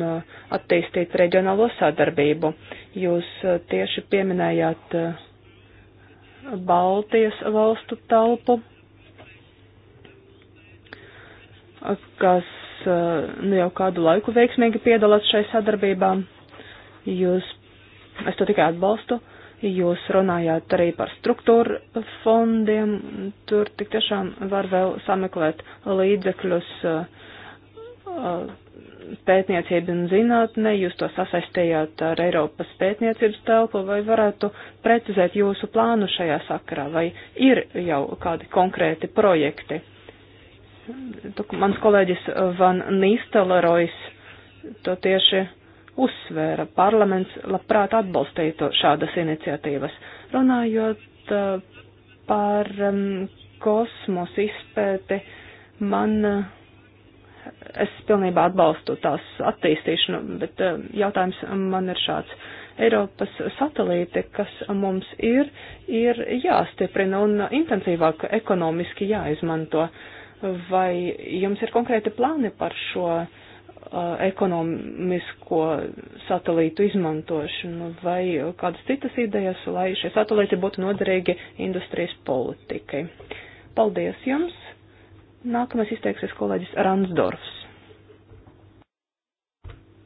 attīstīt reģionālo sadarbību. Jūs tieši pieminējāt uh, Baltijas valstu telpu, kas eh, nu, jau kādu laiku veiksmīgi piedalās šai sadarbībā. Jūs, es to tikai atbalstu. Jūs runājāt arī par struktūru fondiem. Tur tik tiešām var vēl sameklēt līdzekļus eh, pētniecība un zinātne, jūs to sasaistījāt ar Eiropas pētniecības telpu, vai varētu precizēt jūsu plānu šajā sakarā, vai ir jau kādi konkrēti projekti? Mans kolēģis Van Nīstelrojs to tieši uzsvēra. Parlaments labprāt atbalstītu šādas iniciatīvas. Runājot eh, par um, kosmosa izpēti, man uh, Es pilnībā atbalstu tās attīstīšanu, bet eh, jautājums man ir šāds. Eiropas satelīti, kas mums ir, ir jāstiprina un intensīvāk ekonomiski jāizmanto. Vai jums ir konkrēti plāni par šo uh, ekonomisko satelītu izmantošanu vai kādas citas idejas, lai šie satelīti būtu noderīgi industrijas politikai? Paldies jums! Nākamais izteiksies kolēģis Ransdorfs.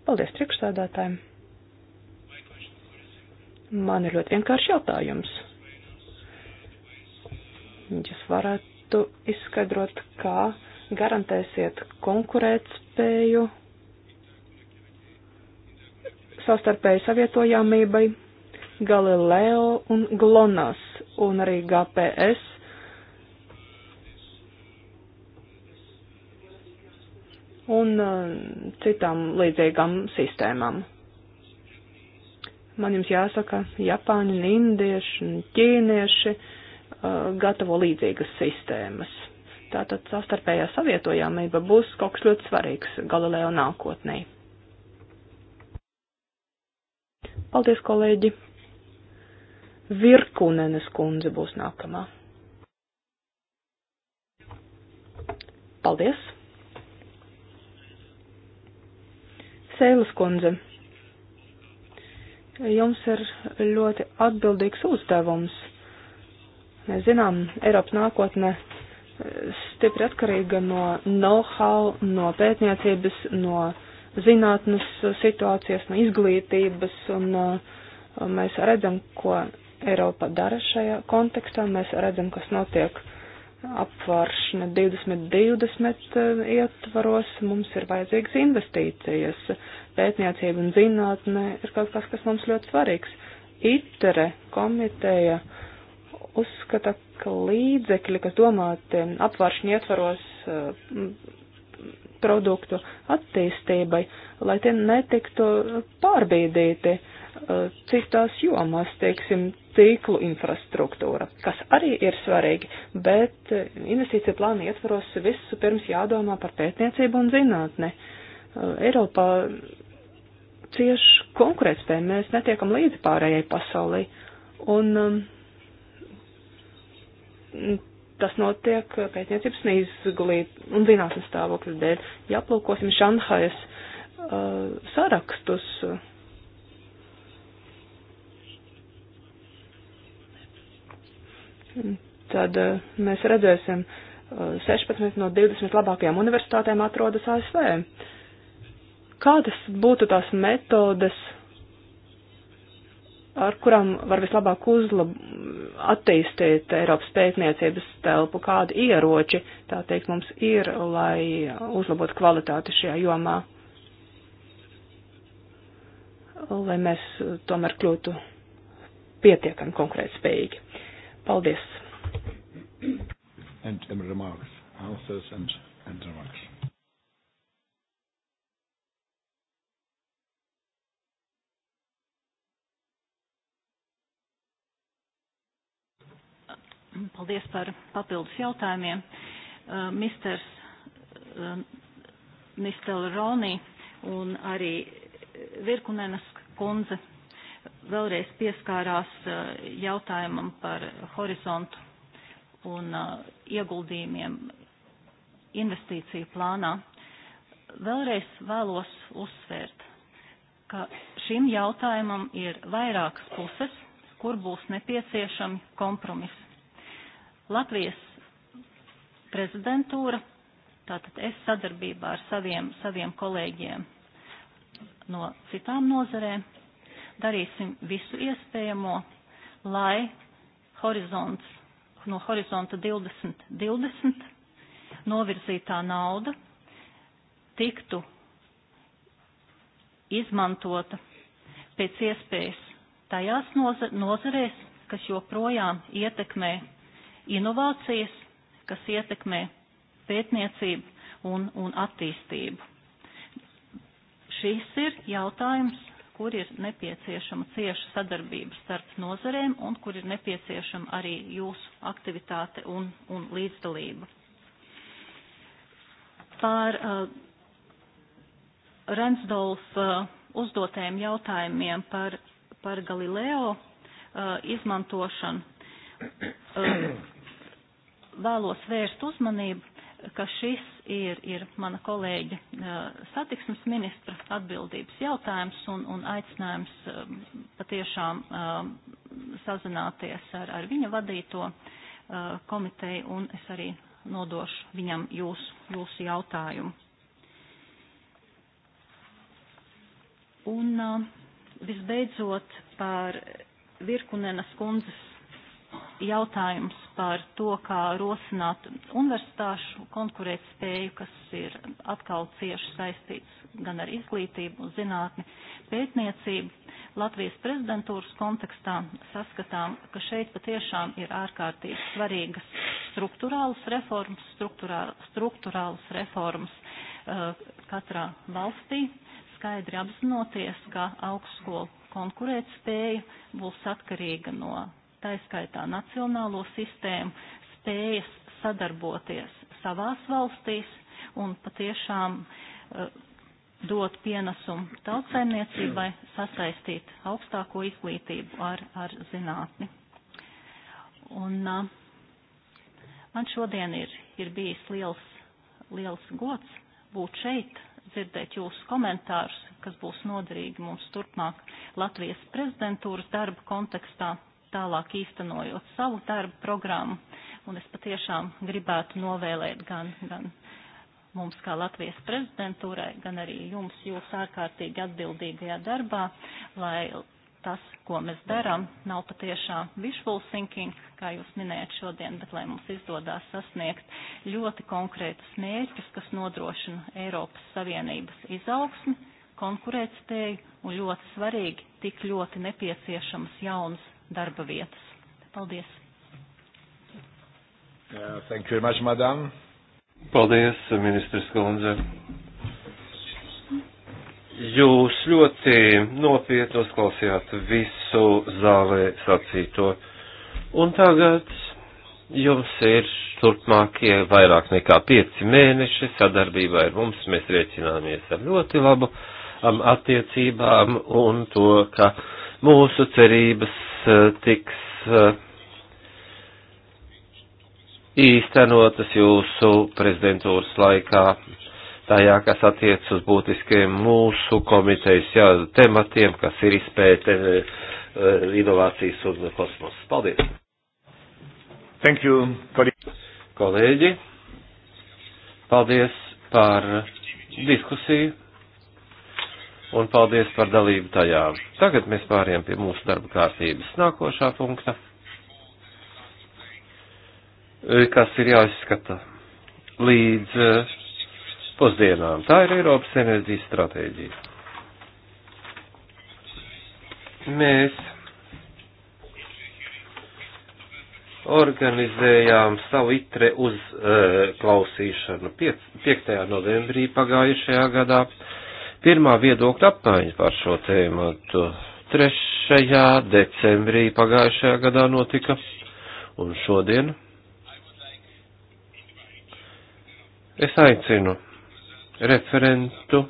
Paldies priekšsēdētājiem. Man ir ļoti vienkārši jautājums. Jūs varētu izskaidrot, kā garantēsiet konkurētspēju savstarpēji savietojāmībai Galileo un GLONASS un arī GPS un uh, citām līdzīgām sistēmām. Man jums jāsaka, Japāņi, Indieši un Ķīnieši uh, gatavo līdzīgas sistēmas. Tātad sastarpējā savietojamība būs kaut kas ļoti svarīgs Galileo nākotnē. Paldies, kolēģi! Virkunenes kundze būs nākamā. Paldies! Cēlas kundze, jums ir ļoti atbildīgs uzdevums. Mēs zinām, Eiropas nākotne eh, stipri atkarīga no know-how, no pētniecības, no zinātnes situācijas, no izglītības, un eh, mēs redzam, ko Eiropa dara šajā kontekstā, mēs redzam, kas notiek apvāršana 2020 eh, ietvaros mums ir vajadzīgas investīcijas. Pētniecība un zinātne ir kaut kas, kas mums ļoti svarīgs. ITRE komiteja uzskata, ka līdzekļi, kas domāti apvāršana ietvaros eh, produktu attīstībai, lai tie netiktu pārbīdīti. Uh, Eh, citās jomās, teiksim, tīklu infrastruktūra, kas arī ir svarīgi, bet eh, investīcija plāna ietvaros visu pirms jādomā par pētniecību un zinātni. Eh, Eiropā cieši konkurētspēja, mēs netiekam līdzi pārējai pasaulē, un um, tas notiek pētniecības un izglīt un zinātnes stāvokļa dēļ. Ja aplūkosim Šanhajas uh, sarakstus, uh, tad eh, mēs redzēsim, 16 eh, no 20 labākajām universitātēm atrodas ASV. Kādas būtu tās metodes, ar kurām var vislabāk uzlab attīstīt Eiropas pētniecības telpu, kādi ieroči, tā teikt, mums ir, lai uzlabotu kvalitāti šajā jomā, lai mēs tomēr kļūtu pietiekami konkrētspējīgi. Paldies! And, and remarks, answers and, and remarks. Paldies par papildus jautājumiem. Uh, Misters uh, Nistelroni un arī Virkunenas kundze vēlreiz pieskārās eh, jautājumam par horizontu un eh, ieguldījumiem investīciju plānā. Vēlreiz vēlos uzsvērt, ka šim jautājumam ir vairākas puses, kur būs nepieciešami kompromisi. Latvijas prezidentūra, tātad es sadarbībā ar saviem, saviem kolēģiem no citām nozarēm, darīsim visu iespējamo, lai horizonts, no horizonta 2020 novirzītā nauda tiktu izmantota pēc iespējas tajās nozarēs, kas joprojām ietekmē inovācijas, kas ietekmē pētniecību un, un attīstību. Šis ir jautājums kur ir nepieciešama cieša sadarbība starp nozarēm un kur ir nepieciešama arī jūsu aktivitāte un, un līdzdalība. Par uh, Rensdolf uh, uzdotajiem jautājumiem par, par Galileo uh, izmantošanu uh, vēlos vērst uzmanību ka šis ir, ir mana kolēģa satiksmes ministra atbildības jautājums un, un aicinājums patiešām sazināties ar, ar viņa vadīto komiteju un es arī nodošu viņam jūs, jūsu jautājumu. Un visbeidzot par Virkunenas kundzes jautājums par to, kā rosināt universitāšu konkurētspēju, kas ir atkal cieši saistīts gan ar izglītību, zinātni, pētniecību. Latvijas prezidentūras kontekstā saskatām, ka šeit patiešām ir ārkārtīgi svarīgas struktūrālas reformas, struktūrālas reformas uh, katrā valstī, skaidri apzinoties, ka augstskolu konkurētspēja būs atkarīga no taiskaitā nacionālo sistēmu, spējas sadarboties savās valstīs un patiešām uh, dot pienesumu tautsēmniecībai, sasaistīt augstāko izglītību ar, ar zinātni. Un uh, man šodien ir, ir bijis liels, liels gods būt šeit, dzirdēt jūsu komentārus, kas būs noderīgi mums turpmāk Latvijas prezidentūras darba kontekstā tālāk īstenojot savu darbu programmu. Un es patiešām gribētu novēlēt gan, gan mums kā Latvijas prezidentūrai, gan arī jums jūs ārkārtīgi atbildīgajā darbā, lai tas, ko mēs darām, nav patiešām visual thinking, kā jūs minējat šodien, bet lai mums izdodās sasniegt ļoti konkrētus mērķus, kas nodrošina Eiropas Savienības izaugsmi, konkurētspēju un ļoti svarīgi tik ļoti nepieciešamas jaunas darba vietas. Paldies! Yeah, thank you very much, madam. Paldies, ministrs Kundze. Jūs ļoti nopietni uzklausījāt visu zālē sacīto. Un tagad jums ir turpmākie vairāk nekā pieci mēneši sadarbībā ar mums. Mēs rēķināmies ar ļoti labu um, attiecībām un to, ka mūsu cerības eh, tiks eh, īstenotas jūsu prezidentūras laikā, tajā, kas attiec uz būtiskiem mūsu komitejas jā, tematiem, kas ir izpēte, eh, inovācijas un kosmos. Paldies! Thank you, kolēģi! Paldies par diskusiju! un paldies par dalību tajā. Tagad mēs pāriem pie mūsu darba kārtības nākošā punkta, e, kas ir jāizskata līdz e, pusdienām. Tā ir Eiropas enerģijas stratēģija. Mēs organizējām savu itre uzklausīšanu e, uh, 5. novembrī pagājušajā gadā. Uh, pirmā viedokļa apmaiņa par šo tēmatu 3. decembrī pagājušajā gadā notika, un šodien es aicinu referentu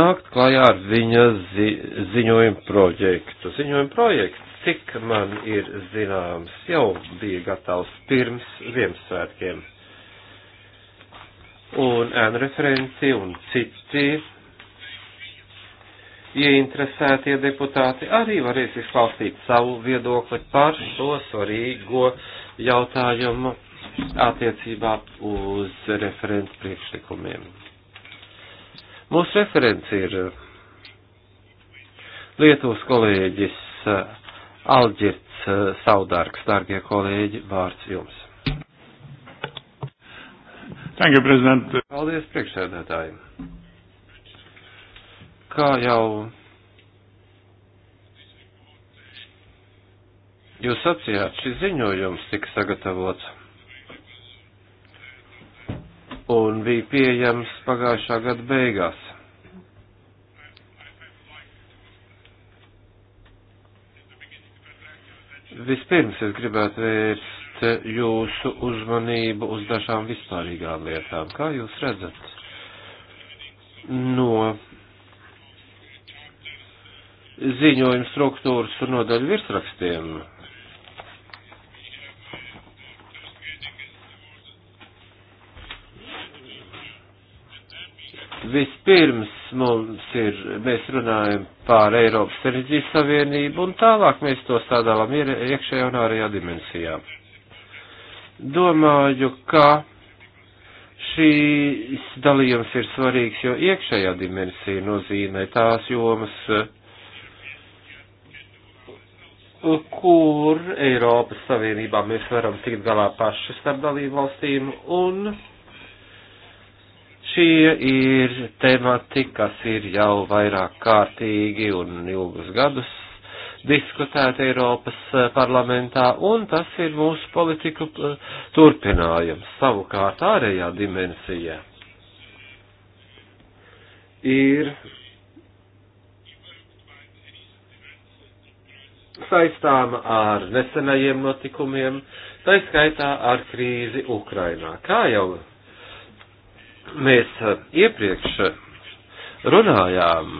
nākt klajā ar viņa zi ziņojumu projektu. Ziņojumu projekts, cik man ir zināms, jau bija gatavs pirms Ziemassvētkiem. Un ēnu referenti un citi ieinteresētie deputāti arī varēs izklausīt savu viedokli par šo svarīgo jautājumu attiecībā uz referents priekšlikumiem. Mūsu referents ir Lietuvas kolēģis eh, Alģirts eh, Saudārgs. Dārgie kolēģi, vārds jums. Thank you, President. Paldies priekšsēdētājiem kā jau jūs sacījāt, šis ziņojums tika sagatavots un bija pieejams pagājušā gada beigās. Vispirms es gribētu vērst jūsu uzmanību uz dažām vispārīgām lietām. Kā jūs redzat? No ziņojumu struktūras un nodaļu virsrakstiem. Vispirms mums ir, mēs runājam pār Eiropas enerģijas savienību un tālāk mēs to sadalām iekšējā un ārējā dimensijā. Domāju, ka šīs dalījums ir svarīgs, jo iekšējā dimensija nozīmē tās jomas, kur Eiropas Savienībā mēs varam tikt galā paši starp dalību valstīm, un šie ir temati, kas ir jau vairāk kārtīgi un ilgus gadus diskutēti Eiropas eh, parlamentā, un tas ir mūsu politiku eh, turpinājums savukārt ārējā dimensijā. Ir saistām ar nesenajiem notikumiem, tā skaitā ar krīzi Ukrainā. Kā jau mēs uh, iepriekš runājām,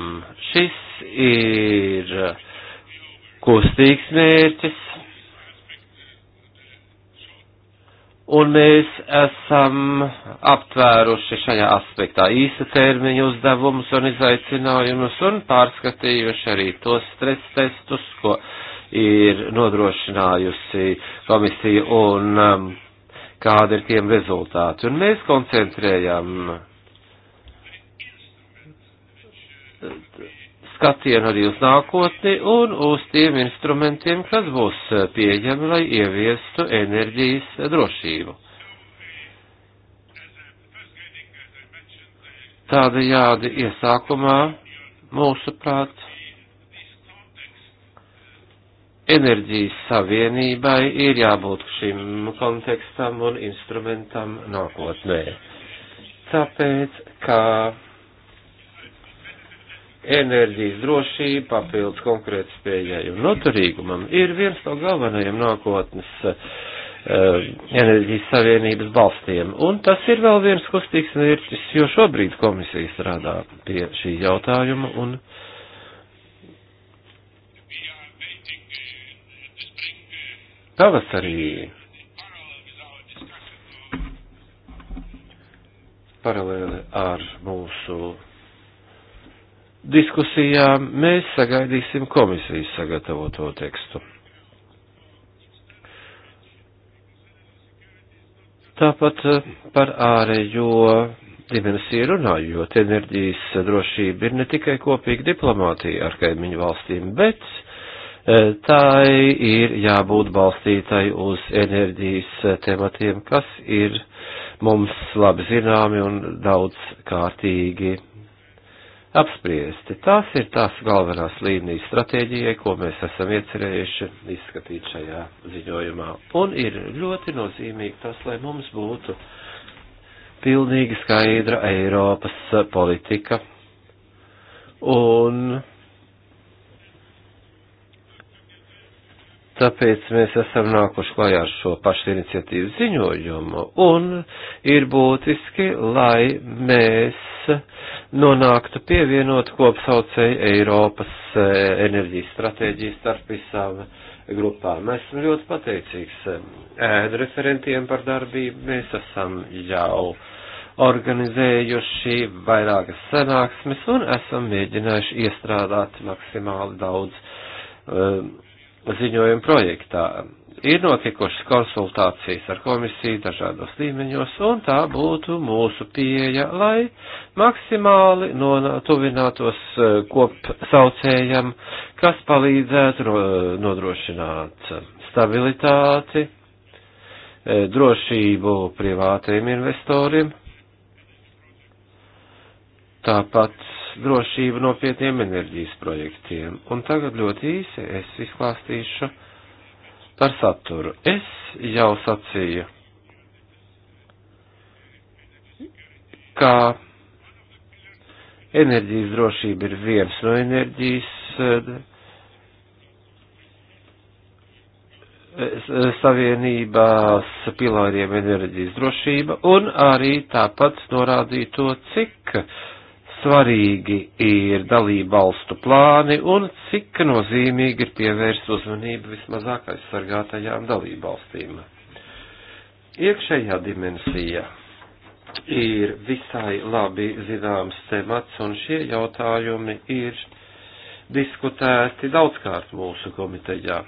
šis ir kustīgs mērķis, un mēs esam aptvēruši šajā aspektā īsa termiņa uzdevumus un izaicinājumus un pārskatījuši arī tos stres testus, ko ir nodrošinājusi komisija un um, kāda ir tiem rezultāti. Un mēs koncentrējam skatienu arī uz nākotni un uz tiem instrumentiem, kas būs pieejami, lai ieviestu enerģijas drošību. Tādējādi iesākumā mūsu prāt enerģijas savienībai ir jābūt šim kontekstam un instrumentam nākotnē. Tāpēc, ka enerģijas drošība, papildus konkurētspējai un noturīgumam ir viens no galvenajiem nākotnes eh, enerģijas savienības balstiem. Un tas ir vēl viens kustīgs mērķis, jo šobrīd komisija strādā pie šī jautājuma un uh, pavasarī paralēli ar mūsu diskusijām mēs sagaidīsim komisijas sagatavoto tekstu. Tāpat par ārējo dimensiju runāju, jo enerģijas drošība ir ne tikai kopīga diplomātija ar kaimiņu valstīm, bet Eh, tai ir jābūt balstītai uz enerģijas eh, tematiem, kas ir mums labi zināmi un daudz kārtīgi apspriesti. Tās ir tās galvenās līnijas stratēģijai, ko mēs esam iecerējuši izskatīt šajā ziņojumā. Un ir ļoti nozīmīgi tas, lai mums būtu pilnīgi skaidra Eiropas politika. Un Tāpēc mēs esam nākuši klajā ar šo pašiniciatīvu ziņojumu, un ir būtiski, lai mēs nonāktu pievienot kopsaucēju Eiropas eh, enerģijas stratēģiju starp visām grupām. Esmu ļoti pateicīgs eh, ēdu referentiem par darbību. Mēs esam jau organizējuši vairākas sanāksmes un esam mēģinājuši iestrādāt maksimāli daudz. Um, ziņojuma projektā. Ir notikušas konsultācijas ar komisiju dažādos līmeņos, un tā būtu mūsu pieeja, lai maksimāli tuvinātos e, kopsaucējam, kas palīdzētu nodrošināt stabilitāti, e, drošību privātajiem investoriem, tāpat drošību nopietniem enerģijas projektiem. Un tagad ļoti īsi es izklāstīšu par saturu. Es jau sacīju, ka enerģijas drošība ir viens no enerģijas eh, eh, savienībās pilāriem enerģijas drošība, un arī tāpat norādīja to, cik uh, svarīgi ir dalība valstu plāni un cik nozīmīgi ir pievērst uzmanību vismazāk aizsargātajām dalība valstīm. Iekšējā dimensija ir visai labi zināms temats, un šie jautājumi ir diskutēti daudzkārt mūsu komitejā.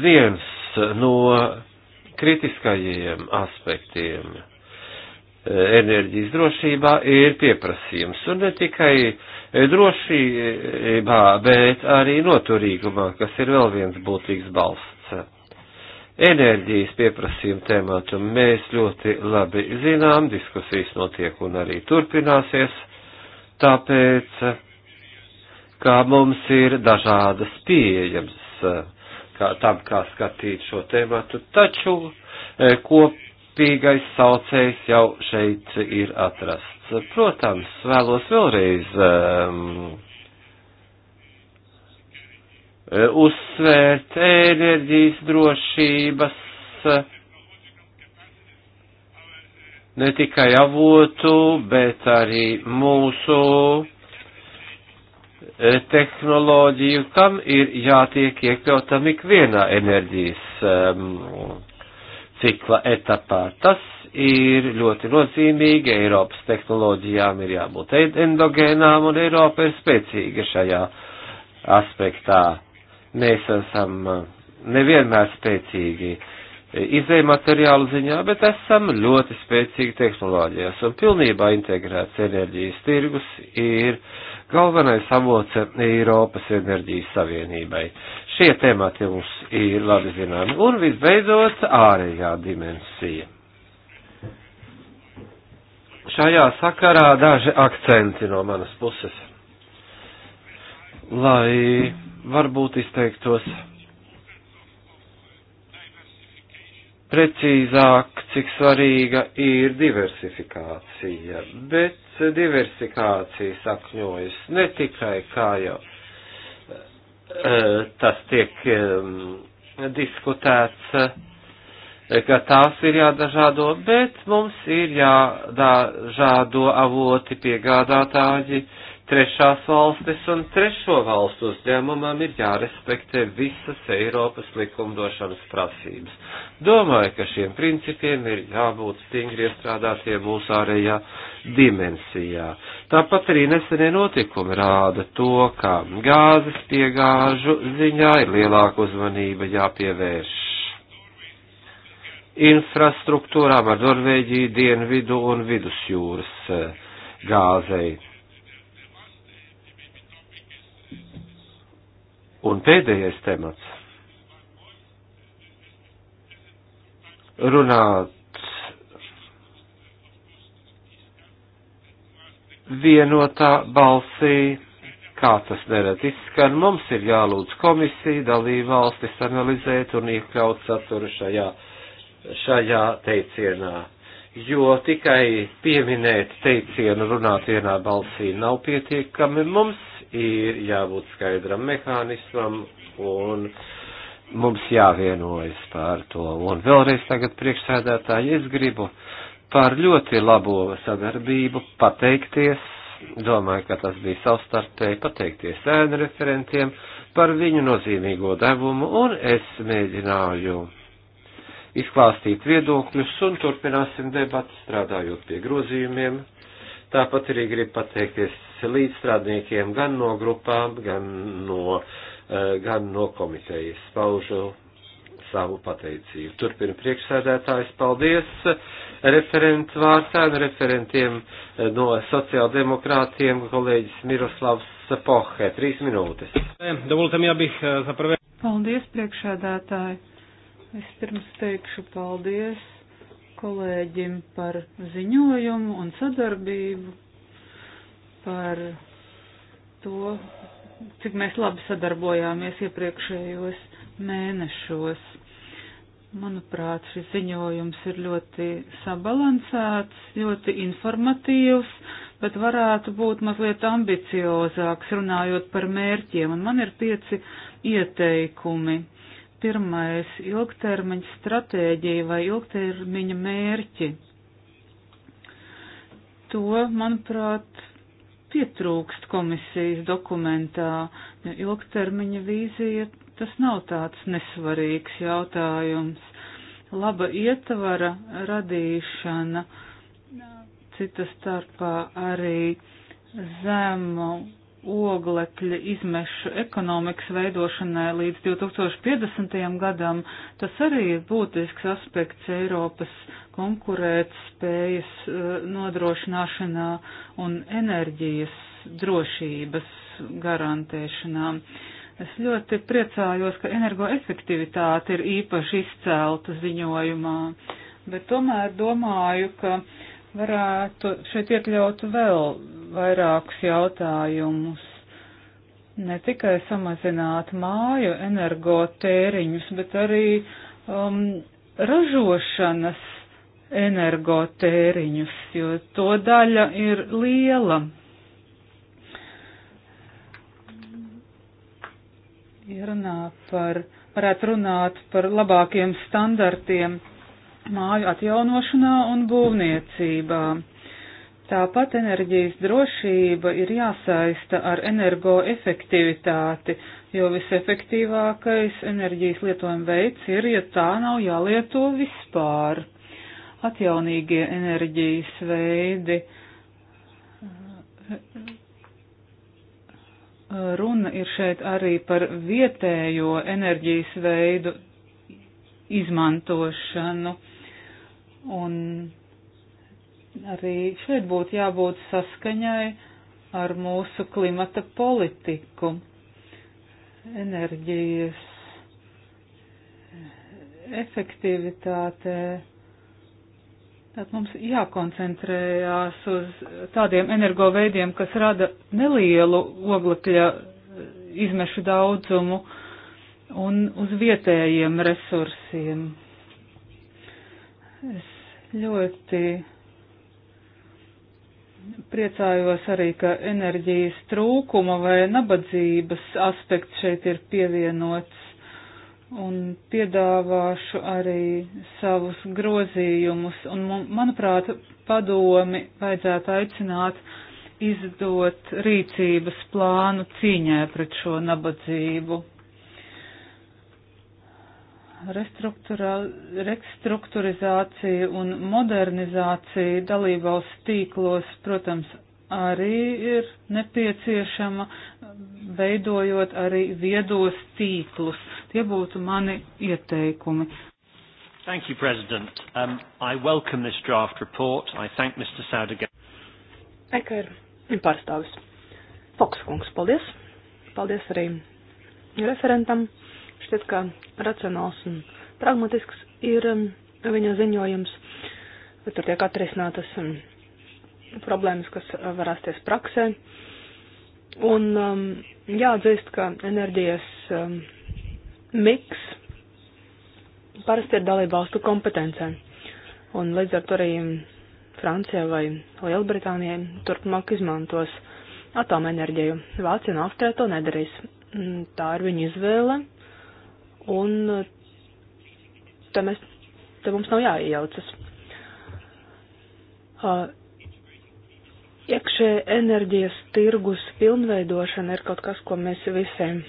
Viens no kritiskajiem aspektiem enerģijas drošībā ir pieprasījums. Un ne tikai drošībā, bet arī noturīgumā, kas ir vēl viens būtīgs balsts. Enerģijas pieprasījuma tēmātu mēs ļoti labi zinām, diskusijas notiek un arī turpināsies, tāpēc, kā mums ir dažādas pieejamas kā, tam, kā skatīt šo tēmatu, taču e, kopīgais saucējs jau šeit ir atrasts. Protams, vēlos vēlreiz um, uzsvērt enerģijas drošības ne tikai avotu, bet arī mūsu tehnoloģiju, kam ir jātiek iekļautam ikvienā enerģijas um, cikla etapā. Tas ir ļoti nozīmīgi, Eiropas tehnoloģijām ir jābūt endogēnām, un Eiropa ir spēcīga šajā aspektā. Mēs esam nevienmēr spēcīgi. Uh, izēju materiālu ziņā, bet esam ļoti spēcīgi tehnoloģijās un pilnībā integrēts enerģijas tirgus ir galvenais avots Eiropas enerģijas savienībai. Šie temati mums ir labi zināmi. Un visbeidzot, ārējā dimensija. Šajā sakarā daži akcenti no manas puses, lai varbūt izteiktos precīzāk, cik svarīga ir diversifikācija, bet diversifikācija sakņojas ne tikai kā jau e, tas tiek e, diskutēts, e, ka tās ir jādažādo, bet mums ir jādažādo avoti piegādātāji, trešās valstis un trešo valstu uzņēmumam ir jārespektē visas Eiropas likumdošanas prasības. Domāju, ka šiem principiem ir jābūt stingri iestrādātiem mūsu ārējā dimensijā. Tāpat arī nesenie notikumi rāda to, ka gāzes piegāžu ziņā ir lielāka uzmanība jāpievērš infrastruktūrām ar Norvēģiju, Dienvidu un Vidusjūras eh, gāzei Un pēdējais temats. Runāt vienotā balsī, kā tas nerad izskan, mums ir jālūdz komisija, dalībvalstis analizēt un iekļaut saturu šajā, šajā teicienā jo tikai pieminēt teicienu runāt vienā balsī nav pietiekami. Mums ir jābūt skaidram mehānismam un mums jāvienojas par to. Un vēlreiz tagad priekšsēdētāji es gribu par ļoti labo sadarbību pateikties. Domāju, ka tas bija savstarpēji pateikties ēnu referentiem par viņu nozīmīgo devumu un es mēģināju izklāstīt viedokļus un turpināsim debatu strādājot pie grozījumiem. Tāpat arī gribu pateikties līdzstrādniekiem gan no grupām, gan no, eh, gan no komitejas. Paužu savu pateicību. Turpina priekšsēdētājs, paldies eh, referentu vārtām, referentiem eh, no sociāldemokrātiem, kolēģis Miroslavs Pohe. Trīs minūtes. Paldies priekšsēdētāji. Vispirms teikšu paldies kolēģim par ziņojumu un sadarbību, par to, cik mēs labi sadarbojāmies iepriekšējos mēnešos. Manuprāt, šis ziņojums ir ļoti sabalansēts, ļoti informatīvs, bet varētu būt mazliet ambiciozāks runājot par mērķiem, un man ir pieci ieteikumi. Pirmais - ilgtermiņa stratēģija vai ilgtermiņa mērķi. To, manuprāt, pietrūkst komisijas dokumentā, jo ilgtermiņa vīzija tas nav tāds nesvarīgs jautājums. Laba ietvara radīšana, cita starpā arī zemu oglekļa izmešu ekonomikas veidošanai līdz 2050. gadam, tas arī ir būtisks aspekts Eiropas konkurētspējas eh, nodrošināšanā un enerģijas drošības garantēšanā. Es ļoti priecājos, ka energoefektivitāte ir īpaši izcēlta ziņojumā, bet tomēr domāju, ka varētu šeit iekļaut vēl vairākus jautājumus. Ne tikai samazināt māju energotēriņus, bet arī um, ražošanas energotēriņus, jo to daļa ir liela. Ja runā par, varētu runāt par labākiem standartiem māju atjaunošanā un būvniecībā. Tāpat enerģijas drošība ir jāsaista ar energoefektivitāti, jo visefektīvākais enerģijas lietojuma veids ir, ja tā nav jālieto vispār. Atjaunīgie enerģijas veidi. Runa ir šeit arī par vietējo enerģijas veidu izmantošanu. Un Arī šeit būtu jābūt saskaņai ar mūsu klimata politiku, enerģijas efektivitātē. Tad mums jākoncentrējās uz tādiem energoveidiem, kas rada nelielu oglekļa izmešu daudzumu un uz vietējiem resursiem. Es ļoti priecājos arī, ka enerģijas trūkuma vai nabadzības aspekts šeit ir pievienots. Un piedāvāšu arī savus grozījumus. Un, manuprāt, padomi vajadzētu aicināt izdot rīcības plānu cīņai pret šo nabadzību restruktūrizācija un modernizācija dalībvalsts tīklos, protams, arī ir nepieciešama, veidojot arī viedos tīklus. Tie būtu mani ieteikumi. Thank you, President. Um, I welcome this draft report. I thank Mr. Saudagan. Ekar, pārstāvis. Fokskungs, paldies. Paldies arī referentam šķiet, ka racionāls un pragmatisks ir um, viņa ziņojums. Tur tiek atrisinātas um, problēmas, kas uh, var rasties praksē. Un um, jāatzīst, ka enerģijas um, miks parasti ir dalība valstu kompetencē. Un līdz ar to arī Francija vai Lielbritānija turpmāk izmantos atomenerģiju. Vācija un Austrija to nedarīs. Mm, tā ir viņa izvēle un te, mēs, te mums nav jāiejaucas. Uh, iekšē enerģijas tirgus pilnveidošana ir kaut kas, ko mēs visiem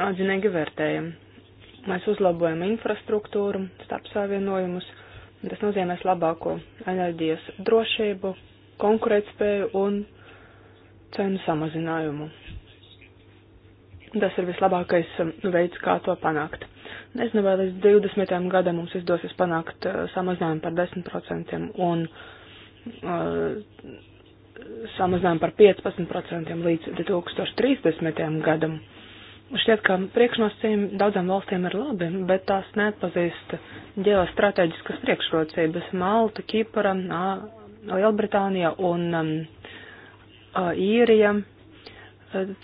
atzinīgi vērtējam. Mēs uzlabojam infrastruktūru, starp savienojumus, un tas nozīmēs labāko enerģijas drošību, konkurētspēju un cenu samazinājumu. Tas ir vislabākais um, veids, kā to panākt. Nezinu, vai līdz 20. gadam mums izdosies panākt uh, samazinājumu par 10% un uh, samazinājumu par 15% līdz 2030. gadam. Šķiet, ka priekšnosacījumi daudzām valstīm ir labi, bet tās neatpazīst ģeostrateģiskas priekšrocības - Malta, Kipra, Lielbritānija un um, Īrija. Uh,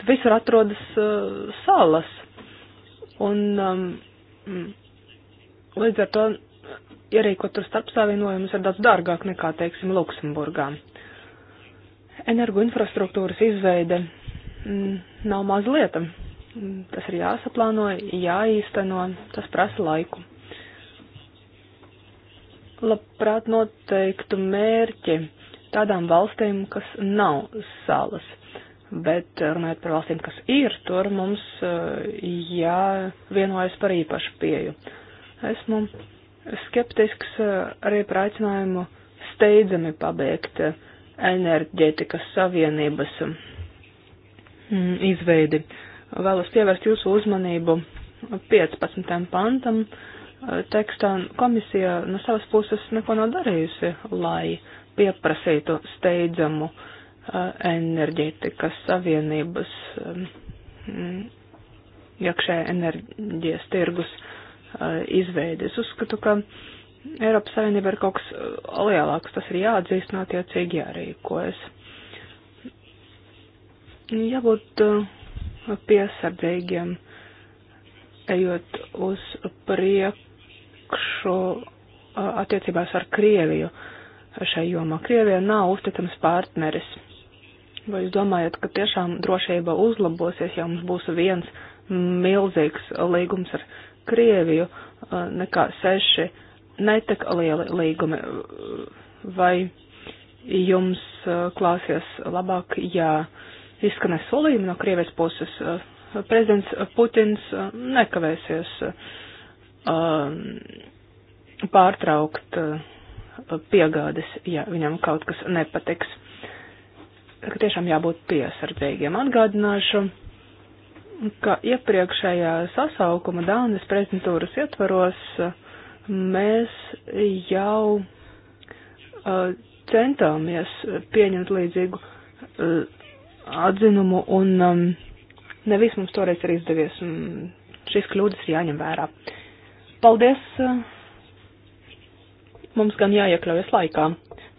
visur atrodas uh, salas. Un um, mm, līdz ar to ierīkot tur starpsavienojumus ir daudz dārgāk nekā, teiksim, Luksemburgā. Energoinfrastruktūras izveide mm, nav maz lieta. Mm, tas ir jāsaplāno, jāīsteno, tas prasa laiku. Labprāt noteiktu mērķi tādām valstīm, kas nav salas Bet eh, runājot par valstīm, kas ir, tur mums eh, jāvienojas par īpašu pieju. Esmu skeptisks eh, arī par aicinājumu steidzami pabeigt enerģētikas savienības mm, izveidi. Vēlos pievērst jūsu uzmanību 15. pantam tekstā. Komisija no savas puses neko nav darījusi, lai pieprasītu steidzamu uh, enerģētikas savienības um, iekšējā enerģijas tirgus uh, izveides. Uzskatu, ka Eiropas Savienība ir kaut kas uh, lielāks, tas ir jāatzīst un attiecīgi jārīkojas. Jābūt uh, piesardzīgiem, ejot uz priekšu attiecībās ar Krieviju šai jomā. Krievija nav uzticams partneris Vai jūs domājat, ka tiešām drošība uzlabosies, ja mums būs viens milzīgs līgums ar Krieviju, nekā seši netek lieli līgumi? Vai jums klāsies labāk, ja izskanēs solījumi no Krievijas puses? Prezidents Putins nekavēsies pārtraukt piegādes, ja viņam kaut kas nepatiks ka tiešām jābūt piesardzīgiem. Atgādināšu, ka iepriekšējā sasaukuma Dānijas prezidentūras ietvaros uh, mēs jau uh, centāmies pieņemt līdzīgu uh, atzinumu un um, nevis mums toreiz ir izdevies. Un šīs kļūdas ir jāņem vērā. Paldies! Uh, mums gan jāiekļaujas laikā.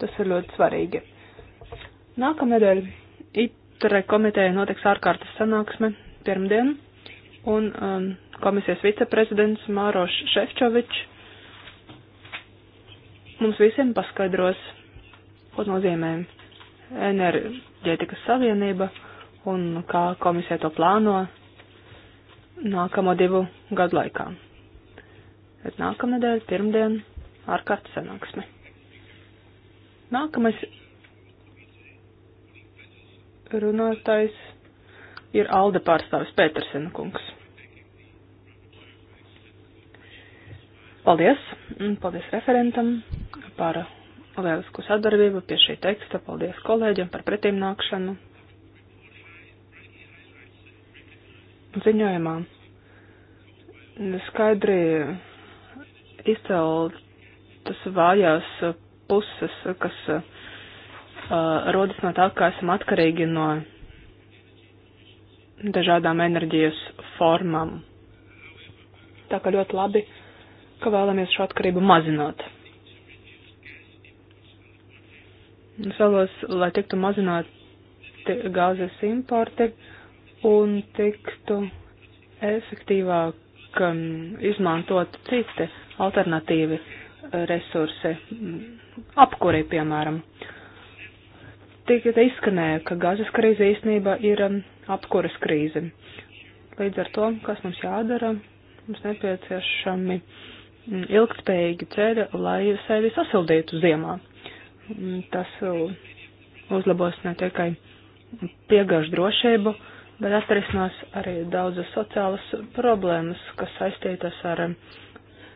Tas ir ļoti svarīgi. Nākamnedēļ ITRE komiteja notiks ārkārtas sanāksme pirmdien, un um, komisijas viceprezidents Māroš Šefčovičs mums visiem paskaidros, ko nozīmē enerģētikas savienība un kā komisija to plāno nākamo divu gadu laikā. Bet nākamnedēļ, pirmdien, ārkārtas sanāksme. Nākamais runātājs ir Alde pārstāvis Pētersena kungs. Paldies, paldies referentam par lielisku sadarbību pie šī teksta, paldies kolēģiem par pretimnākšanu. Ziņojumā skaidri izceltas vājās puses, kas uh, Uh, rodas no tā, ka esam atkarīgi no dažādām enerģijas formām. Tā kā ļoti labi, ka vēlamies šo atkarību mazināt. Es vēlos, lai tiktu mazināti gāzes importi un tiktu efektīvāk um, izmantot citi alternatīvi resursi, apkuri, piemēram. Uh, tika te izskanēja, ka gāzes krīze īstenībā ir um, apkuras krīze. Līdz ar to, kas mums jādara, mums nepieciešami mm, ilgspējīgi ceļi, lai sevi sasildītu ziemā. Mm, tas uh, uzlabos ne tikai piegāžu drošību, bet atrisinās arī daudzas sociālas problēmas, kas saistītas ar um,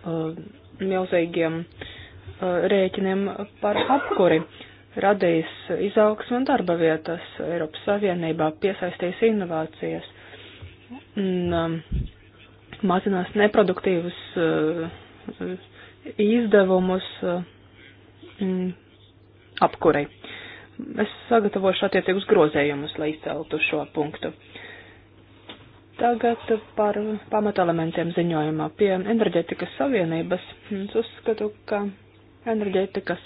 uh, milzīgiem uh, rēķiniem par apkuri. Uh, radīs izaugsmu un darba vietas Eiropas Savienībā, piesaistīs inovācijas un um, mazinās neproduktīvus uh, izdevumus uh, um, apkurei. Es sagatavošu attiecīgus grozējumus, lai izceltu šo punktu. Tagad par pamatelementiem ziņojumā. Pie enerģetikas savienības es uzskatu, ka enerģetikas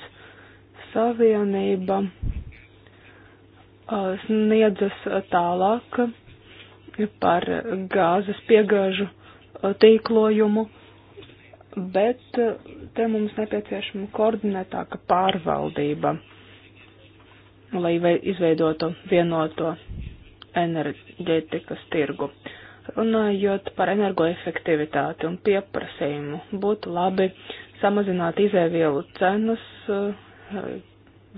Savienība uh, sniedzas uh, tālāk uh, par gāzes piegāžu tīklojumu, bet te mums nepieciešama koordinētāka pārvaldība, lai izveidotu vienoto enerģētikas tirgu. Runājot par energoefektivitāti un pieprasījumu, būtu labi samazināt izēvielu cenas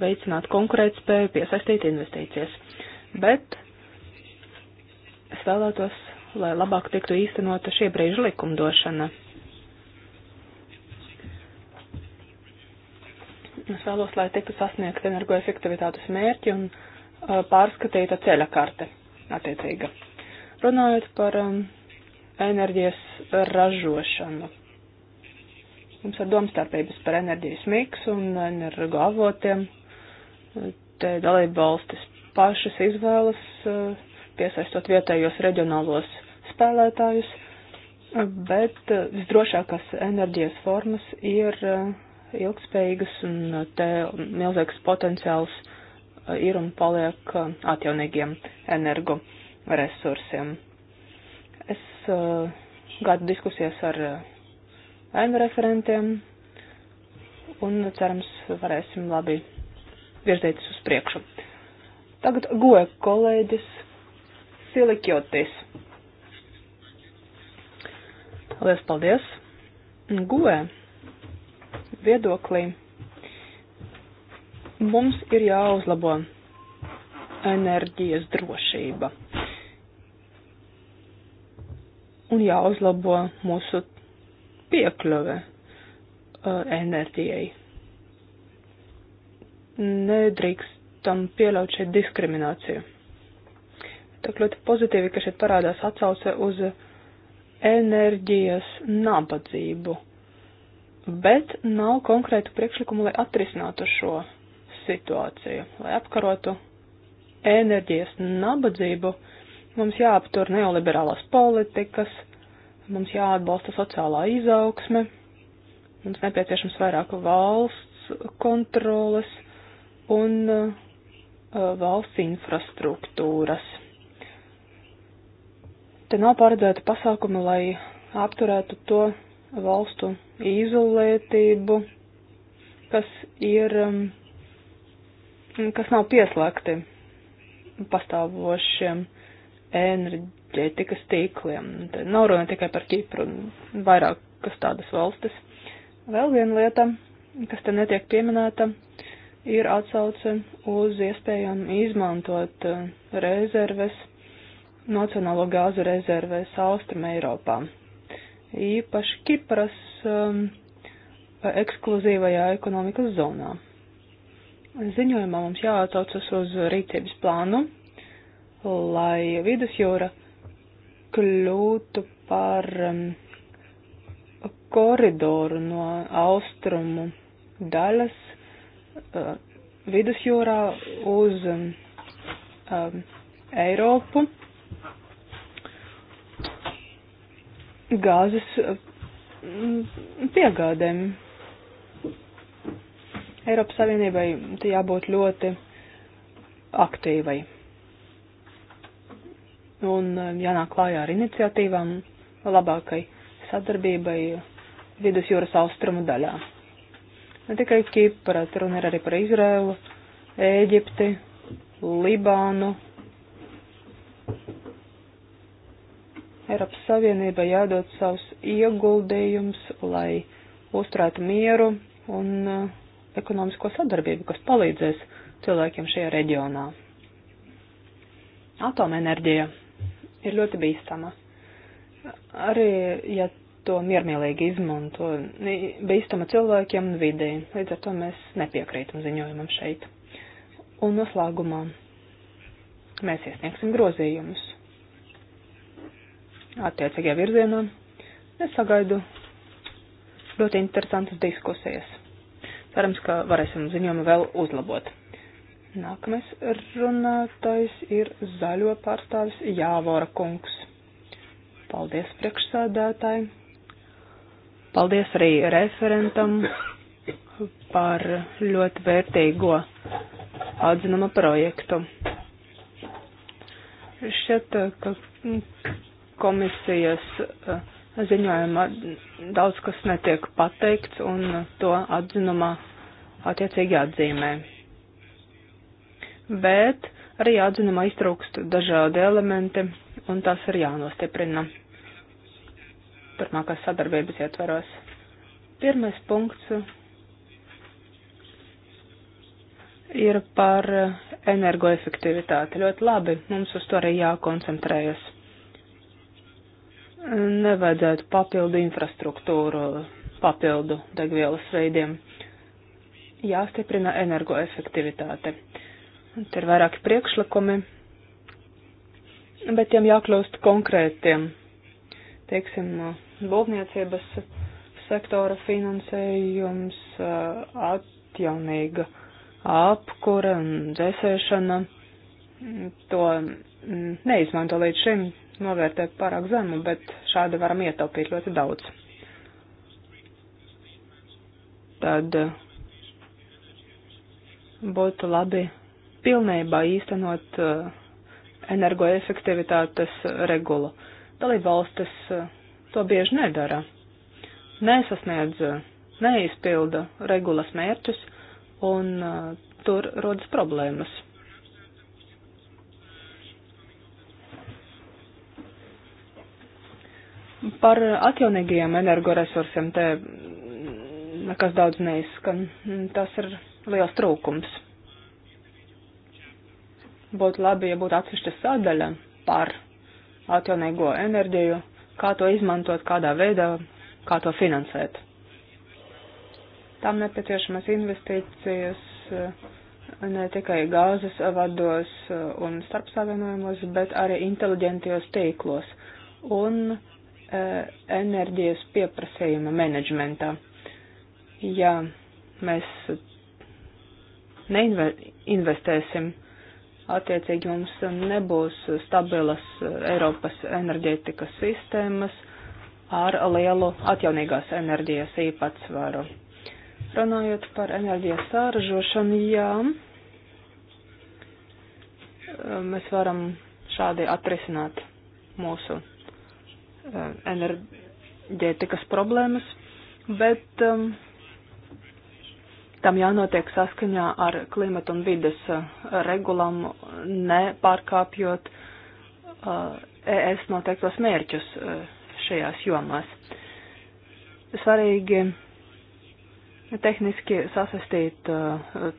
veicināt konkurētspēju, piesaistīt investīcijas. Bet es vēlētos, lai labāk tiktu īstenota šie brīža likumdošana. Es vēlos, lai tiktu sasniegt energoefektivitātes mērķi un uh, pārskatīta ceļa karte attiecīga. Runājot par um, enerģijas ražošanu, Mums ir domstarpības par enerģijas miksu un energo avotiem. Te dalība valstis pašas izvēlas, eh, piesaistot vietējos reģionālos spēlētājus, bet eh, visdrošākās enerģijas formas ir eh, ilgspējīgas un te milzīgs potenciāls ir un paliek atjaunīgiem energoresursiem. Es gadu diskusijas ar ēnu referentiem un cerams varēsim labi virzīties uz priekšu. Tagad goja kolēģis Silikjotis. Lielas paldies! Goja viedoklī mums ir jāuzlabo enerģijas drošība un jāuzlabo mūsu piekļuve uh, enerģijai. Nedrīkstam pieļaut šeit diskrimināciju. Tā ļoti pozitīvi, ka šeit parādās atsauce uz enerģijas nabadzību, bet nav konkrētu priekšlikumu, lai atrisinātu šo situāciju, lai apkarotu enerģijas nabadzību. Mums jāaptur neoliberālās politikas, Mums jāatbalsta sociālā izaugsme, mums nepieciešams vairāk valsts kontroles un uh, valsts infrastruktūras. Te nav paredzēta pasākuma, lai apturētu to valstu izolētību, kas ir, um, kas nav pieslēgti pastāvošiem enerģijas enerģētikas tīkliem. Te nav runa tikai par Kipru un vairākas tādas valstis. Vēl viena lieta, kas te netiek pieminēta, ir atsauce uz iespējām izmantot eh, rezerves, nacionālo gāzu rezerves Austrum Eiropā. Īpaši Kipras um, ekskluzīvajā ekonomikas zonā. Ziņojumā mums jāatsaucas uz rīcības plānu, lai vidusjūra kļūtu par um, koridoru no austrumu daļas uh, vidusjūrā uz um, um, Eiropu. gāzes mm, piegādēm. Eiropas Savienībai jābūt ļoti aktīvai un eh, jānāk klājā ar iniciatīvām labākai sadarbībai vidusjūras austrumu daļā. Ne tikai Kipra, te runa ir arī par Izrēlu, Ēģipti, Libānu. Eiropas Savienība jādod savus ieguldījums, lai uzturētu mieru un uh, ekonomisko sadarbību, kas palīdzēs cilvēkiem šajā reģionā. Atomenerģija ir ļoti bīstama. Arī, ja to miermīlīgi izmanto, bīstama cilvēkiem un videi. Līdz ar to mēs nepiekrītam ziņojumam šeit. Un noslēgumā mēs iesniegsim grozījumus. Attiecīgajā virzienā es sagaidu ļoti interesantas diskusijas. Cerams, ka varēsim ziņojumu vēl uzlabot. Nākamais runātājs ir zaļo pārstāvis Jāvora kungs. Paldies priekšsādātāji. Paldies arī referentam par ļoti vērtīgo atzinuma projektu. Šķiet, ka komisijas eh, ziņojumā daudz kas netiek pateikts un to atzinumā attiecīgi atzīmē bet arī atzinumā iztrūkst dažādi elementi, un tas ir jānostiprina turpmākās sadarbības ietvaros. Pirmais punkts ir par energoefektivitāti. Ļoti labi, mums uz to arī jākoncentrējas. Nevajadzētu papildu infrastruktūru, papildu degvielas veidiem. Jāstiprina energoefektivitāte. Te ir vairāki priekšlikumi, bet tiem jākļūst konkrētiem. Teiksim, būvniecības sektora finansējums, atjaunīga apkura un dzēsēšana. To neizmanto līdz šim, novērtē pārāk zemu, bet šādi varam ietaupīt ļoti daudz. Tad būtu labi pilnībā īstenot uh, energoefektivitātes uh, regulu. Dalība valstis uh, to bieži nedara, nesasniedz, neizpilda regulas mērķus, un tur rodas problēmas. Par atjaunīgajiem energoresursiem te nekas daudz neizskan. Tas ir liels trūkums. Būtu labi, ja būtu atsevišķa sadaļa par atjaunīgo enerģiju, kā to izmantot, kādā veidā, kā to finansēt. Tam nepieciešamas investīcijas eh, ne tikai gāzes vados eh, un starpsavienojumos, bet arī inteliģentajos tīklos un e, enerģijas pieprasījuma menedžmentā. Ja mēs neinvestēsim Attiecīgi mums nebūs stabilas Eiropas enerģētikas sistēmas ar lielu atjaunīgās enerģijas īpatsvaru. Runājot par enerģijas sāražošanu, jā, mēs varam šādi atrisināt mūsu eh, enerģētikas problēmas, bet um, Tam jānotiek saskaņā ar klimatu un vides uh, regulam, nepārkāpjot uh, ES noteiktos mērķus uh, šajās jomās. Svarīgi tehniski sasastīt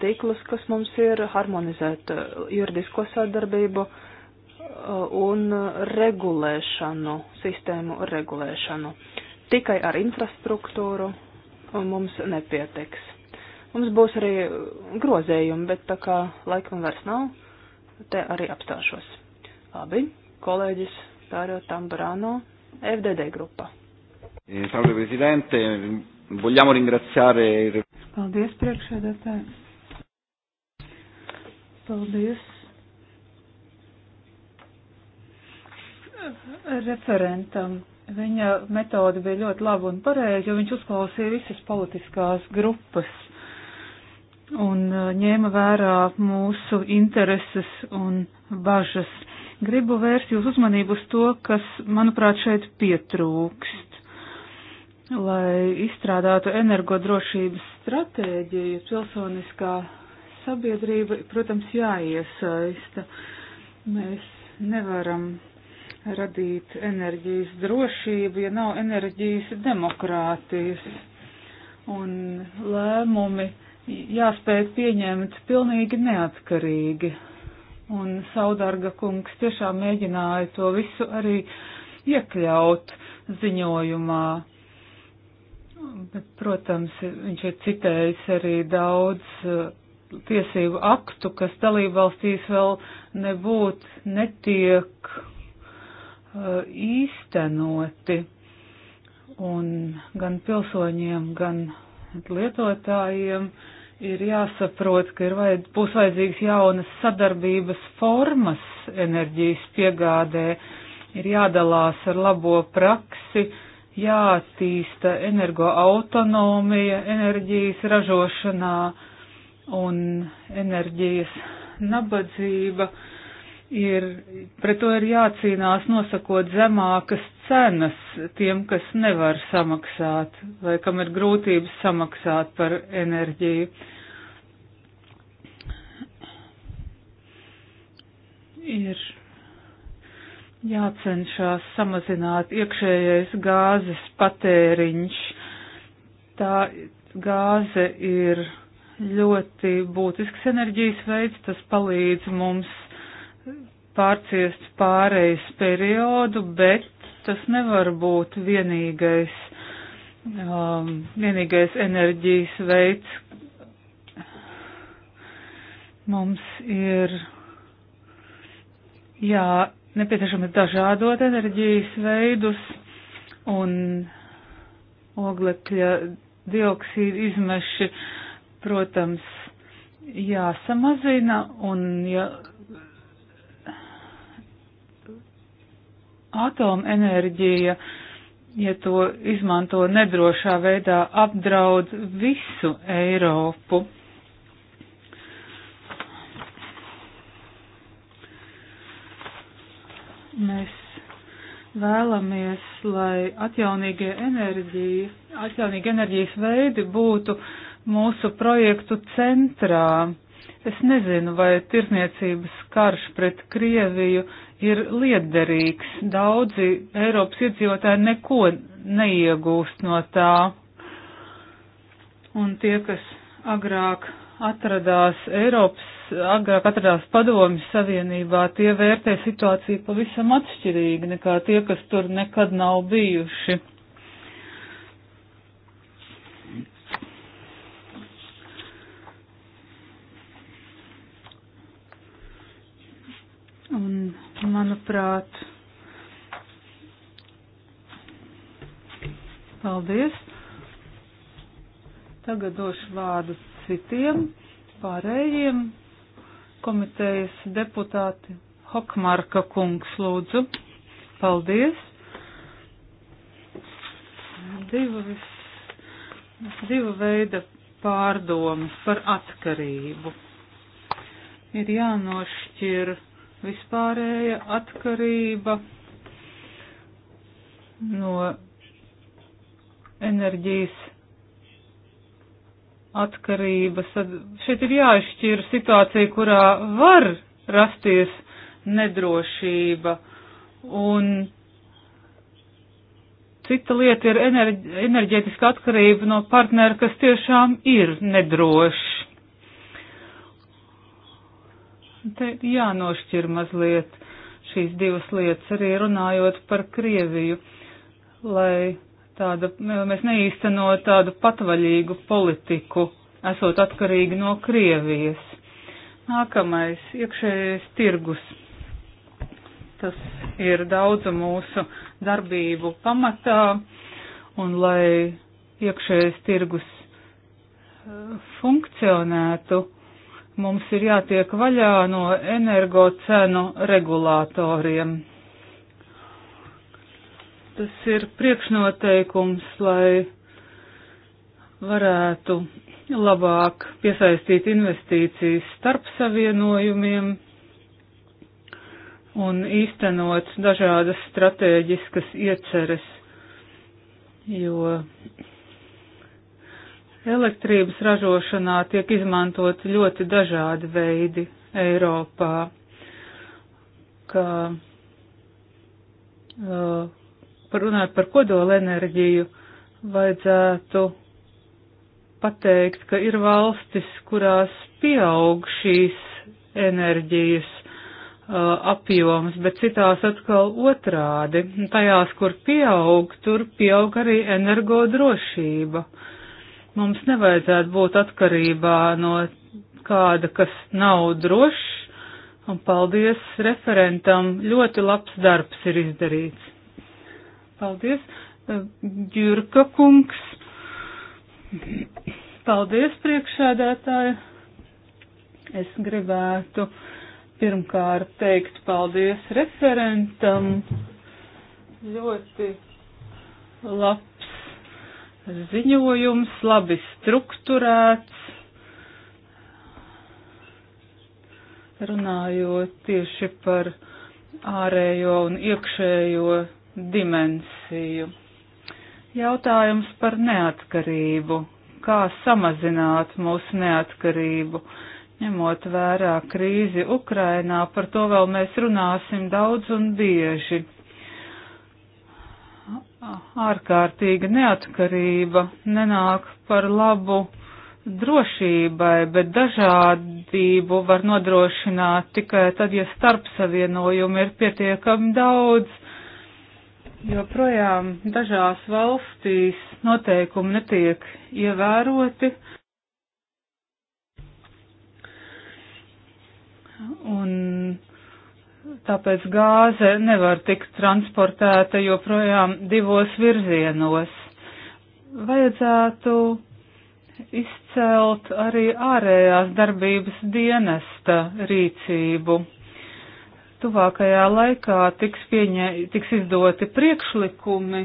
tīklus, kas mums ir, harmonizēt juridisko sadarbību un regulēšanu, sistēmu regulēšanu. Tikai ar infrastruktūru mums nepietiks. Mums būs arī grozējumi, bet tā kā laikam vairs nav, te arī apstāšos. Labi, kolēģis Tārio Tamburano, FDD grupa. Eh, salve, prezidente, vogliamo ringraziare. Paldies, priekšsēdētāji. Paldies. Referentam viņa metode bija ļoti laba un pareiza, jo viņš uzklausīja visas politiskās grupas un uh, ņēma vērā mūsu intereses un bažas. Gribu vērst jūs uzmanību uz to, kas, manuprāt, šeit pietrūkst. Lai izstrādātu energodrošības stratēģiju, pilsoniskā sabiedrība, protams, jāiesaista. Mēs nevaram radīt enerģijas drošību, ja nav enerģijas demokrātijas. Un lēmumi jāspēj pieņemt pilnīgi neatkarīgi. Un Saudarga kungs tiešām mēģināja to visu arī iekļaut ziņojumā. Bet, protams, viņš ir citējis arī daudz uh, tiesību aktu, kas dalībvalstīs vēl nebūtu netiek uh, īstenoti. Un gan pilsoņiem, gan lietotājiem ir jāsaprot, ka ir vajad, būs vajadzīgas jaunas sadarbības formas enerģijas piegādē, ir jādalās ar labo praksi, jātīsta energoautonomija enerģijas ražošanā un enerģijas nabadzība ir, pret to ir jācīnās nosakot zemākas cenas tiem, kas nevar samaksāt vai kam ir grūtības samaksāt par enerģiju. Ir jācenšas samazināt iekšējais gāzes patēriņš. Tā gāze ir ļoti būtisks enerģijas veids, tas palīdz mums pārciest pārejas periodu, bet tas nevar būt vienīgais, um, vienīgais enerģijas veids. Mums ir jā, nepieciešams dažādot enerģijas veidus un oglekļa dioksīda izmeši, protams, jāsamazina un ja atomenerģija, ja to izmanto nedrošā veidā, apdraud visu Eiropu. Mēs vēlamies, lai atjaunīgie enerģija, atjaunīgi enerģijas veidi būtu mūsu projektu centrā. Es nezinu, vai tirzniecības karš pret Krieviju ir liederīgs. Daudzi Eiropas iedzīvotāji neko neiegūst no tā. Un tie, kas agrāk atradās Eiropas, agrāk atradās Padomju Savienībā, tie vērtē situāciju pavisam atšķirīgi nekā tie, kas tur nekad nav bijuši. Un manuprāt. Paldies. Tagad došu vārdu citiem pārējiem komitejas deputāti. Hokmarka kungs, lūdzu. Paldies. Divas, divu veida pārdomas par atkarību. Ir jānošķir vispārēja atkarība no enerģijas atkarības. Tad šeit ir jāizšķir situācija, kurā var rasties nedrošība un cita lieta ir enerģ enerģētiska atkarība no partnera, kas tiešām ir nedrošs. Te jānošķir mazliet šīs divas lietas, arī runājot par Krieviju, lai tāda, mēs neīstenot tādu patvaļīgu politiku, esot atkarīgi no Krievijas. Nākamais - iekšējais tirgus. Tas ir daudzu mūsu darbību pamatā, un lai iekšējais tirgus eh, funkcionētu, mums ir jātiek vaļā no energocenu regulātoriem. Tas ir priekšnoteikums, lai varētu labāk piesaistīt investīcijas starp savienojumiem un īstenot dažādas stratēģiskas ieceres, jo Elektrības ražošanā tiek izmantot ļoti dažādi veidi Eiropā, kā uh, runājot par kodolenerģiju, vajadzētu pateikt, ka ir valstis, kurās pieaug šīs enerģijas uh, apjoms, bet citās atkal otrādi. Tajās, kur pieaug, tur pieaug arī energodrošība. drošība Mums nevajadzētu būt atkarībā no kāda, kas nav drošs, un paldies referentam. Ļoti labs darbs ir izdarīts. Paldies, Ģurka kungs. Paldies, priekšsēdētāji. Es gribētu pirmkārt teikt paldies referentam. Ļoti labs ziņojums, labi strukturēts, runājot tieši par ārējo un iekšējo dimensiju. Jautājums par neatkarību. Kā samazināt mūsu neatkarību? Ņemot vērā krīzi Ukrainā, par to vēl mēs runāsim daudz un bieži ārkārtīga neatkarība nenāk par labu drošībai, bet dažādību var nodrošināt tikai tad, ja starpsavienojumi ir pietiekami daudz, jo projām dažās valstīs noteikumi netiek ievēroti. Un tāpēc gāze nevar tikt transportēta joprojām divos virzienos. Vajadzētu izcelt arī ārējās darbības dienesta rīcību. Tuvākajā laikā tiks, pieņē, tiks izdoti priekšlikumi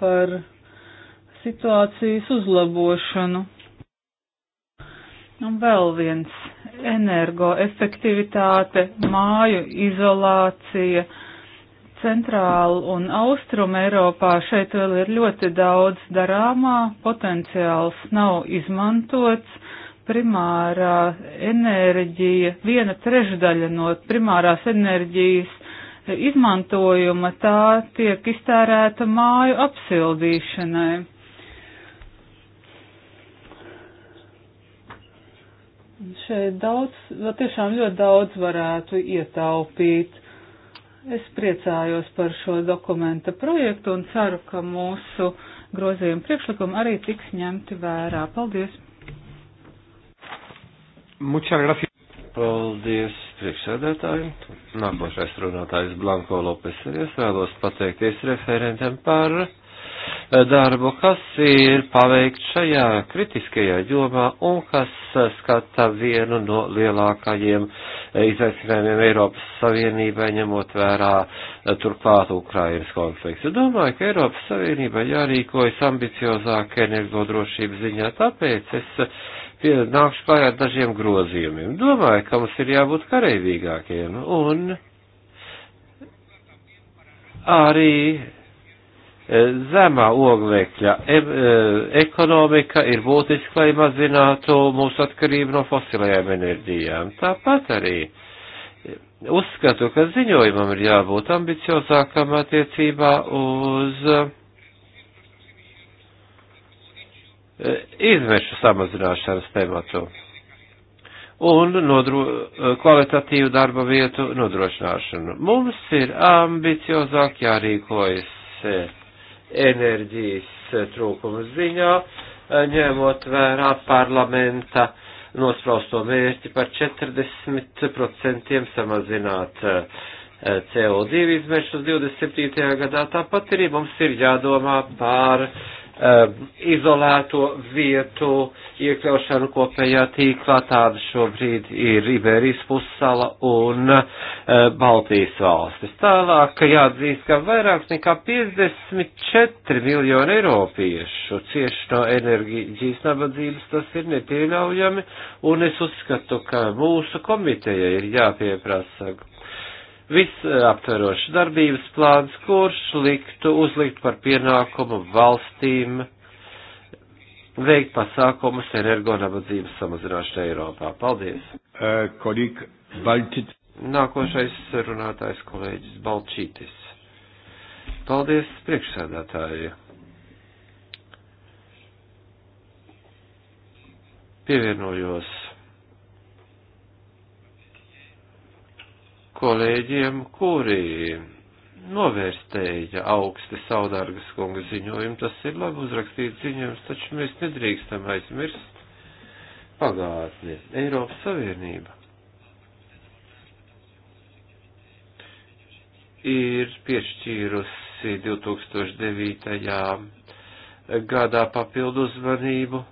par situācijas uzlabošanu. Un vēl viens energoefektivitāte, māju izolācija. Centrāla un Austruma Eiropā šeit vēl ir ļoti daudz darāmā, potenciāls nav izmantots, primārā enerģija, viena trešdaļa no primārās enerģijas izmantojuma tā tiek iztērēta māju apsildīšanai. Šeit daudz, vēl tiešām ļoti daudz varētu ietaupīt. Es priecājos par šo dokumenta projektu un ceru, ka mūsu grozījuma priekšlikumi arī tiks ņemti vērā. Paldies! Muchas gracias. Paldies priekšsēdētāji. Nākošais runātājs Blanko Lopes. Es vēlos pateikties referentam par darbu, kas ir paveikts šajā kritiskajā jomā un kas skata vienu no lielākajiem izaicinājumiem Eiropas Savienībai, ņemot vērā eh, turklāt Ukrainas konfliktu. Domāju, ka Eiropas Savienībai jārīkojas ambiciozāk energodrošības ziņā, tāpēc es eh, nākšu klājā ar dažiem grozījumiem. Domāju, ka mums ir jābūt kareivīgākiem un arī Eh, zemā oglekļa e ekonomika ir būtiski, lai mazinātu mūsu atkarību no fosilējām enerģijām. Tāpat arī eh, uzskatu, ka ziņojumam ir jābūt ambiciozākam attiecībā uz izmešu samazināšanas tematu un nodro, kvalitatīvu darba vietu nodrošināšanu. Mums ir ambiciozāk jārīkojas enerģijas eh, trūkuma ziņā, eh, ņemot vērā parlamenta nosprausto mērķi par 40% samazināt eh, CO2 izmešus 27. gadā. Tāpat arī mums ir jādomā par uh, Um, izolēto vietu iekļaušanu kopējā tīklā. Tāda šobrīd ir Iberijas pussala un uh, Baltijas valstis. Tālāk jāatzīst, ka vairāk nekā 54 miljoni eiropiešu cieši no enerģijas nabadzības. Tas ir nepieļaujami un es uzskatu, ka mūsu komiteja ir jāpieprasa visaptverošs darbības plāns, kurš liktu uzlikt par pienākumu valstīm veikt pasākumus energonabadzības samazināšanai Eiropā. Paldies! Eh, Kolīk Balčit. Nākošais runātājs kolēģis Balčītis. Paldies, priekšsēdētāji! Pievienojos kolēģiem, kuri novērstēja augsti saudārgas kunga ziņojumu. Tas ir labi uzrakstīts ziņojums, taču mēs nedrīkstam aizmirst pagātni. Eiropas Savienība ir piešķīrusi 2009. gadā papildu uzmanību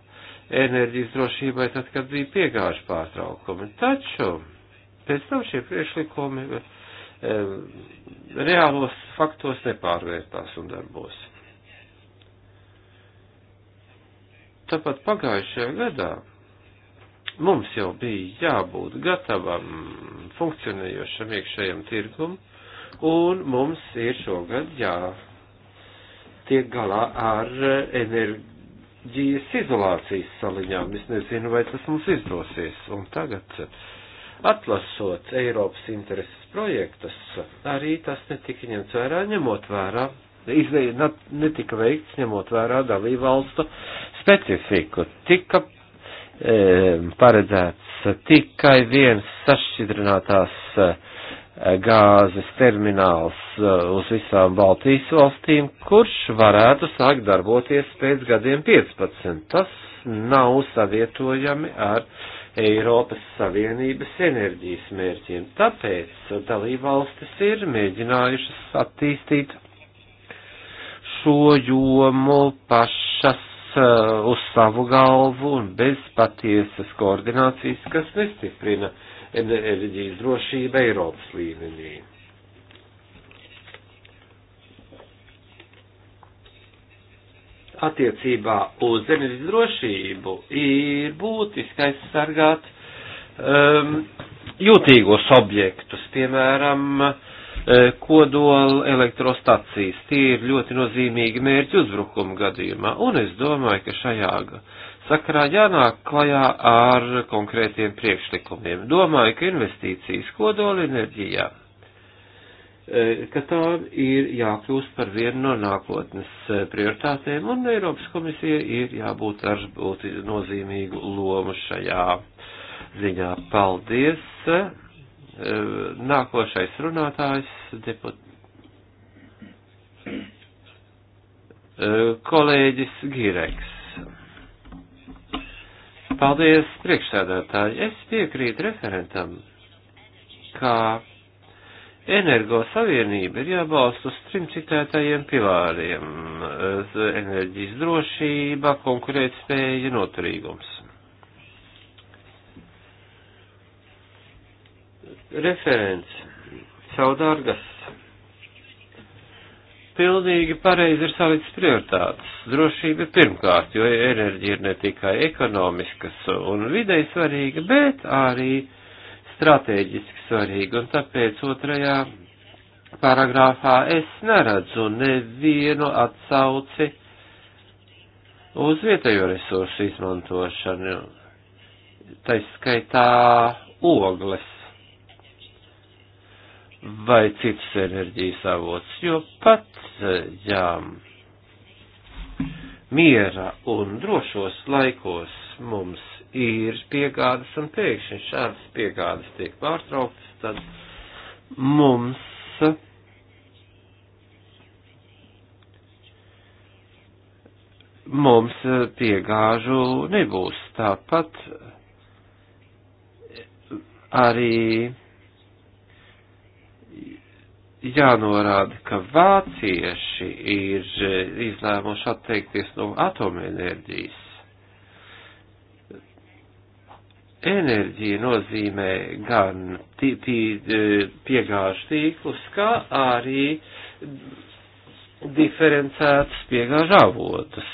enerģijas drošībai, tad, kad bija piegāžu pārtraukumi. Taču Pēc tam šie priešlikumi e, reālos faktos nepārvērtās un darbos. Tāpat pagājušajā gadā mums jau bija jābūt gatavam funkcionējošam iekšējam tirgum, un mums ir šogad jātiek galā ar eh, enerģijas izolācijas saliņām. Es nezinu, vai tas mums izdosies. Un tagad Atlasot Eiropas intereses projektus, arī tas netika ņemts vērā, ņemot vērā, izveid, netika veikts ņemot vērā dalību valstu specifiku. Tika e, paredzēts tikai viens sašķidrinātās e, gāzes termināls e, uz visām Baltijas valstīm, kurš varētu sākt darboties pēc gadiem 15. Tas nav savietojami ar Eiropas Savienības enerģijas mērķiem. Tāpēc dalībvalstis ir mēģinājušas attīstīt šo jomu pašas uh, uz savu galvu un bez patiesas koordinācijas, kas nestiprina enerģijas drošību Eiropas līmenī. attiecībā uz enerģijas drošību ir būtiski aizsargāt um, jūtīgos objektus, piemēram, uh, kodola elektrostacijas. Tie ir ļoti nozīmīgi mērķi uzbrukuma gadījumā, un es domāju, ka šajā sakarā jānāk klajā ar konkrētiem priekšlikumiem. Domāju, ka investīcijas kodola enerģijā Eh, ka tām ir jākļūst par vienu no nākotnes eh, prioritātēm, un Eiropas komisija ir jābūt ar būtu nozīmīgu lomu šajā ziņā. Paldies! Eh, nākošais runātājs, deput... kolēģis Gireks. Paldies, priekšsēdētāji! Es piekrītu referentam, kā Energo savienība ir jābalsta uz trim citētajiem pilāriem - enerģijas drošība, konkurētspēja, noturīgums. Referents Saudārgas pilnīgi pareizi ir savits prioritātes. Drošība pirmkārt, jo enerģija ir ne tikai ekonomiskas un videi svarīga, bet arī uh, stratēģiski svarīga, un tāpēc otrajā paragrāfā es neredzu nevienu atsauci uz vietējo resursu izmantošanu, taiskaitā ogles vai citas enerģijas avots, jo pat, jā, miera un drošos laikos mums ir piegādas un pēkšņi šādas piegādas tiek pārtrauktas, tad mums mums piegāžu nebūs. Tāpat arī jānorāda, ka vācieši ir izlēmuši atteikties no atomenerģijas. Enerģija nozīmē gan tī, tī, e, piegāžu tīklus, kā arī diferencētus piegāžu avotus.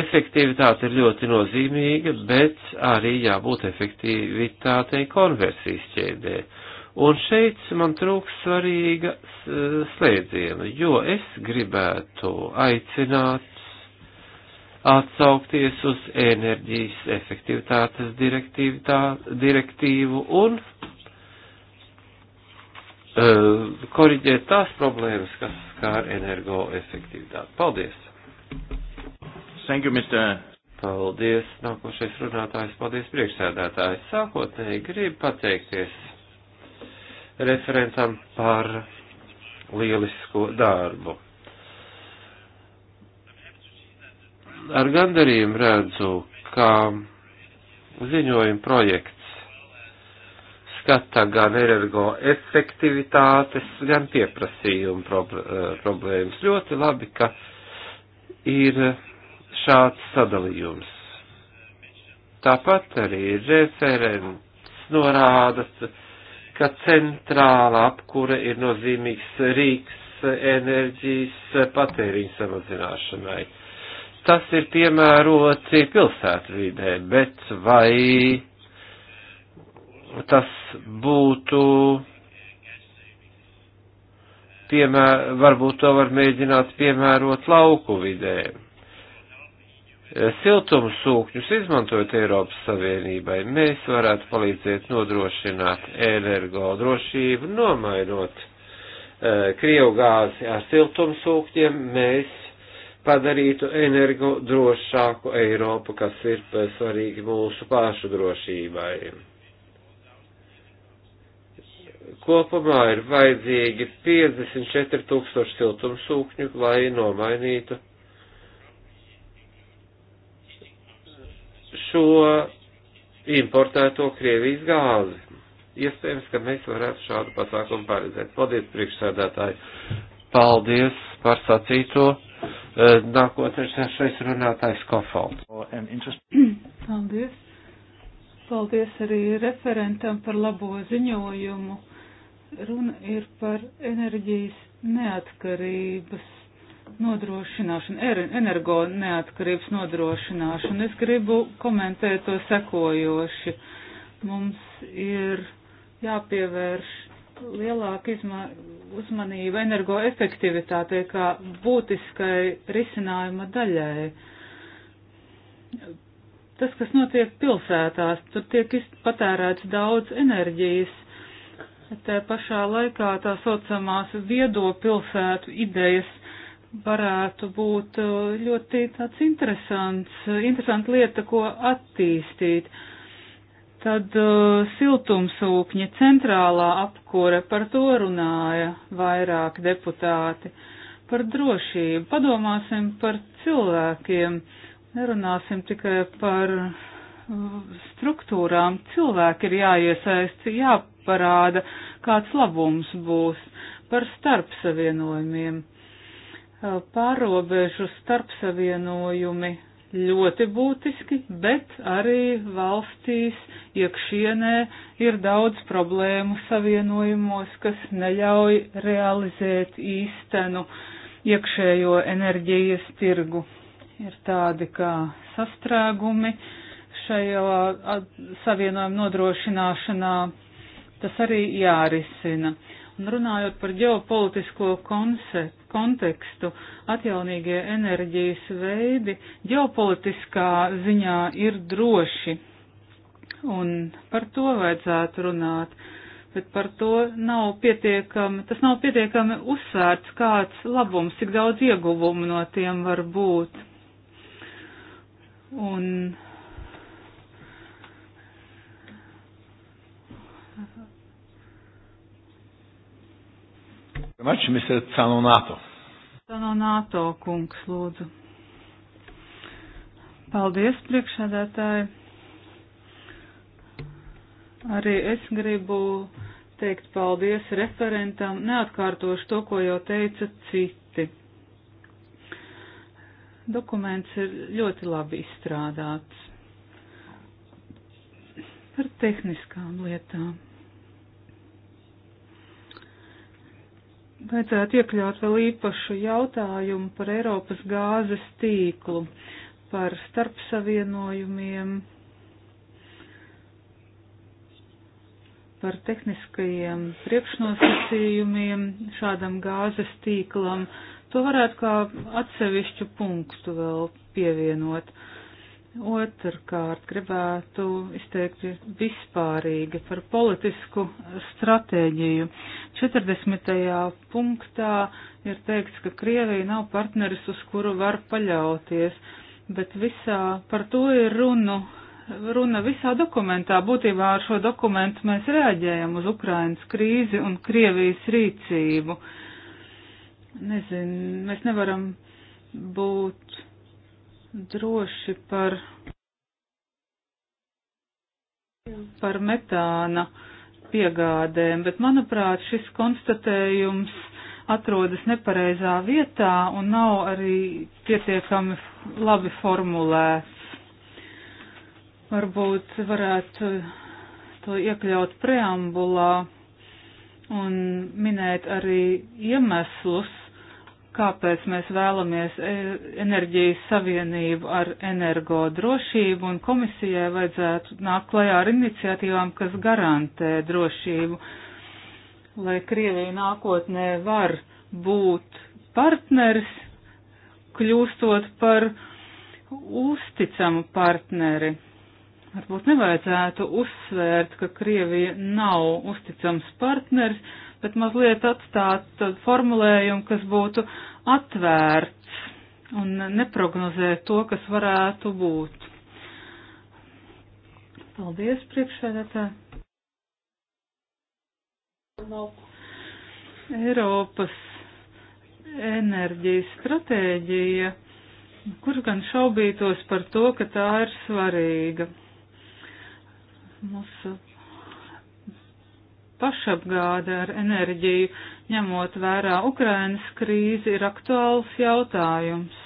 Efektivitāte ir ļoti nozīmīga, bet arī jābūt efektivitātei konversijas ķēdē. Un šeit man trūks svarīga e, slēdziena, jo es gribētu aicināt atsaukties uz enerģijas efektivitātes direktīvu, tā, direktīvu un uh, koriģēt tās problēmas, kas skār energoefektivitāti. Paldies! Thank you, Mr. Paldies, nākošais runātājs, paldies priekšsēdētājs. Sākotnēji gribu pateikties referentam par lielisko darbu ar gandarījumu redzu, ka ziņojuma projekts skata gan energo efektivitātes, gan pieprasījumu eh, problēmas. Ļoti labi, ka ir šāds sadalījums. Tāpat arī referents norādas, ka centrāla apkure ir nozīmīgs rīks enerģijas patēriņa samazināšanai tas ir piemēroti pilsētvidē, bet vai tas būtu piemēr, varbūt to var mēģināt piemērot lauku vidē. Siltumu sūkņus izmantojot Eiropas Savienībai, mēs varētu palīdzēt nodrošināt energo drošību, nomainot uh, eh, Krievu gāzi ar siltumsūkņiem, mēs padarītu energo drošāku Eiropu, kas ir eh, svarīgi mūsu pašu drošībai. Kopumā ir vajadzīgi 54 tūkstoši siltumsūkņu, lai nomainītu šo importēto Krievijas gāzi. Iespējams, ka mēs varētu šādu pasākumu paredzēt. Paldies, priekšsēdētāji! Paldies par sacīto! Uh, nākotnes trešais runātājs Kofalds. Paldies. Paldies arī referentam par labo ziņojumu. Runa ir par enerģijas neatkarības nodrošināšanu, er-, energo neatkarības nodrošināšanu. Es gribu komentēt to sekojoši. Mums ir jāpievērš lielāka izma, uzmanība energoefektivitātei kā būtiskai risinājuma daļai. Tas, kas notiek pilsētās, tur tiek patērēts daudz enerģijas. Tā pašā laikā tā saucamās viedo pilsētu idejas varētu būt uh, ļoti tāds interesants, interesanta lieta, ko attīstīt. Uh, Tad uh, siltumsūkņi centrālā apkūre par to runāja vairāk deputāti. Par drošību padomāsim par cilvēkiem, nerunāsim tikai par uh, struktūrām. Cilvēki ir jāiesaist, jāparāda, kāds labums būs par starpsavienojumiem. Uh, pārobežu starpsavienojumi ļoti būtiski, bet arī valstīs iekšienē ir daudz problēmu savienojumos, kas neļauj realizēt īstenu iekšējo enerģijas tirgu. Ir tādi kā sastrēgumi šajā savienojuma nodrošināšanā. Tas arī jārisina. Un runājot par ģeopolitisko koncept, kontekstu, atjaunīgie enerģijas veidi ģeopolitiskā ziņā ir droši. Un par to vajadzētu runāt, bet par to nav pietiekami, tas nav pietiekami uzsvērts, kāds labums, cik daudz ieguvumu no tiem var būt. Un Mačs, Mr. Canonato. Canonato kungs, lūdzu. Paldies, priekšsēdētāji. Arī es gribu teikt paldies referentam, neatkārtošu to, ko jau teica citi. Dokuments ir ļoti labi izstrādāts par tehniskām lietām. vajadzētu iekļaut vēl īpašu jautājumu par Eiropas gāzes tīklu, par starpsavienojumiem, par tehniskajiem priekšnosacījumiem šādam gāzes tīklam. To varētu kā atsevišķu punktu vēl pievienot. Uh, Otrkārt, gribētu izteikti vispārīgi par politisku stratēģiju. 40. punktā ir teikts, ka Krievija nav partneris, uz kuru var paļauties, bet visā par to ir runu, runa visā dokumentā. Būtībā ar šo dokumentu mēs reaģējam uz Ukrainas krīzi un Krievijas rīcību. Nezinu, mēs nevaram būt droši par, par metāna piegādēm, bet manuprāt šis konstatējums atrodas nepareizā vietā un nav arī pietiekami labi formulēts. Varbūt varētu to iekļaut preambulā un minēt arī iemeslus, kāpēc mēs vēlamies e, enerģijas savienību ar energo drošību, un komisijai vajadzētu nākt klajā ar iniciatīvām, kas garantē drošību, lai Krievija nākotnē var būt partners, kļūstot par uzticamu partneri. Varbūt nevajadzētu uzsvērt, ka Krievija nav uzticams partners, bet mazliet atstāt formulējumu, kas būtu atvērts un neprognozēt to, kas varētu būt. Paldies, priekšsēdētāji. Eiropas enerģijas stratēģija, kur gan šaubītos par to, ka tā ir svarīga. Mūsu pašapgāde ar enerģiju, ņemot vērā Ukrainas krīzi, ir aktuāls jautājums.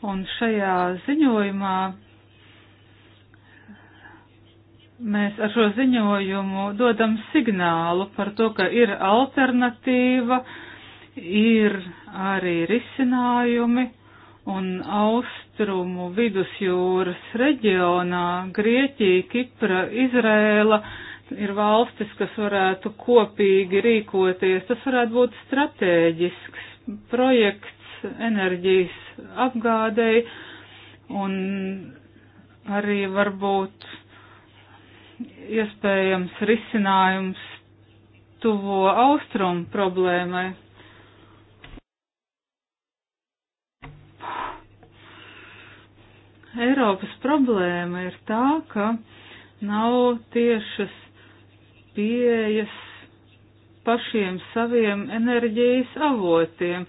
Un šajā ziņojumā mēs ar šo ziņojumu dodam signālu par to, ka ir alternatīva, ir arī risinājumi un austrumu vidusjūras reģionā Grieķija, Kipra, Izrēla ir valstis, kas varētu kopīgi rīkoties. Tas varētu būt strateģisks projekts enerģijas apgādei un arī varbūt iespējams risinājums tuvo austrumu problēmai. Eiropas problēma ir tā, ka nav tiešas pieejas pašiem saviem enerģijas avotiem,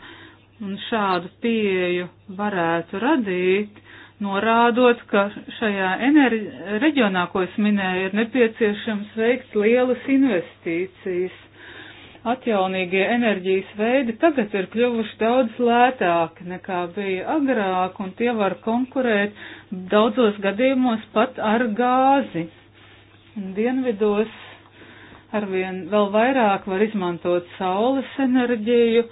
un šādu pieeju varētu radīt, norādot, ka šajā reģionā, ko es minēju, ir nepieciešams veikt lielas investīcijas atjaunīgie enerģijas veidi tagad ir kļuvuši daudz lētāki nekā bija agrāk, un tie var konkurēt daudzos gadījumos pat ar gāzi. Dienvidos arvien vēl vairāk var izmantot saules enerģiju,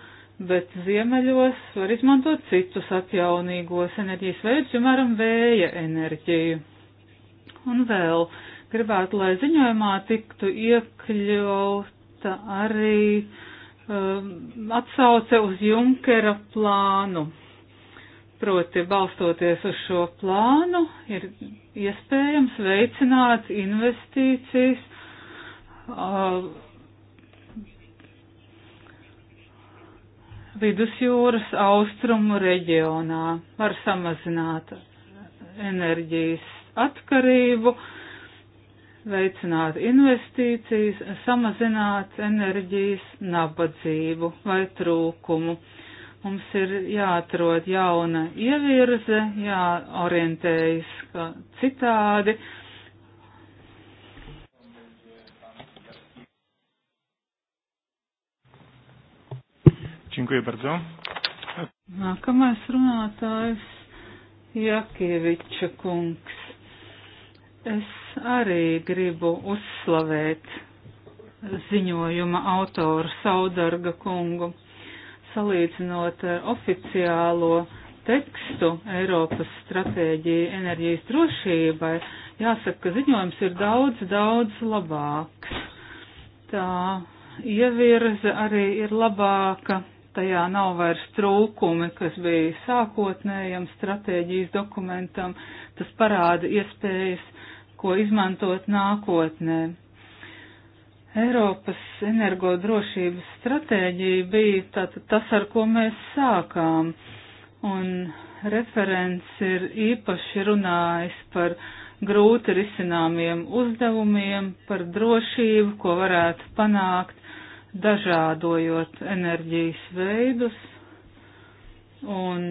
bet ziemeļos var izmantot citus atjaunīgos enerģijas veidus, piemēram, vēja enerģiju. Un vēl gribētu, lai ziņojumā tiktu iekļaut minēta arī um, atsauce uz Junkera plānu. Proti, balstoties uz šo plānu, ir iespējams veicināt investīcijas uh, vidusjūras austrumu reģionā, var samazināt enerģijas atkarību, uh, veicināt investīcijas, samazināt enerģijas nabadzību vai trūkumu. Mums ir jāatrod jauna ievirze, jāorientējas citādi. Dziękuję bardzo. Nākamais runātājs Jakieviča kungs. Es arī gribu uzslavēt ziņojuma autoru Saudarga kungu. Salīdzinot ar oficiālo tekstu Eiropas stratēģija enerģijas drošībai, jāsaka, ka ziņojums ir daudz, daudz labāks. Tā ievirze arī ir labāka, tajā nav vairs trūkumi, kas bija sākotnējam stratēģijas dokumentam, tas parāda iespējas ko izmantot nākotnē. Eiropas energodrošības stratēģija bija tātad tas, ar ko mēs sākām, un referents ir īpaši runājis par grūti risināmiem uzdevumiem, par drošību, ko varētu panākt, dažādojot enerģijas veidus, un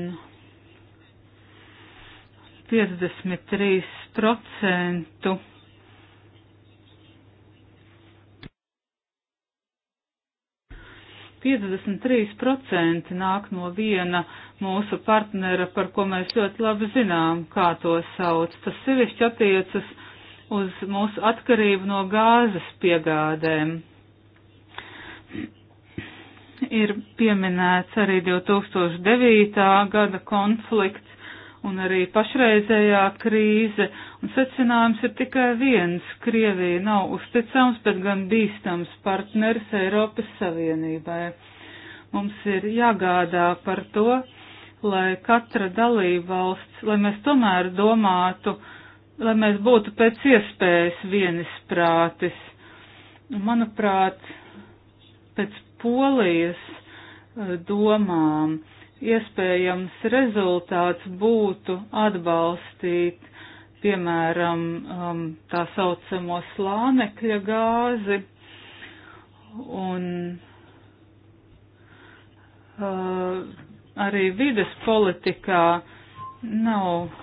53%. Piecdesmit trīs procenti nāk no viena mūsu partnera, par ko mēs ļoti labi zinām, kā to sauc. Tas sevišķi attiecas uz mūsu atkarību no gāzes piegādēm ir pieminēts arī 2009. gada konflikts, un arī pašreizējā krīze, un secinājums ir tikai viens - Krievija nav uzticams, bet gan bīstams partners Eiropas Savienībai. Mums ir jāgādā par to, lai katra dalībvalsts, lai mēs tomēr domātu, lai mēs būtu pēc iespējas vienisprātis. Manuprāt, pēc polijas eh, domām iespējams rezultāts būtu atbalstīt, piemēram, um, tā saucamo slānekļa gāzi un uh, arī vides politikā nav,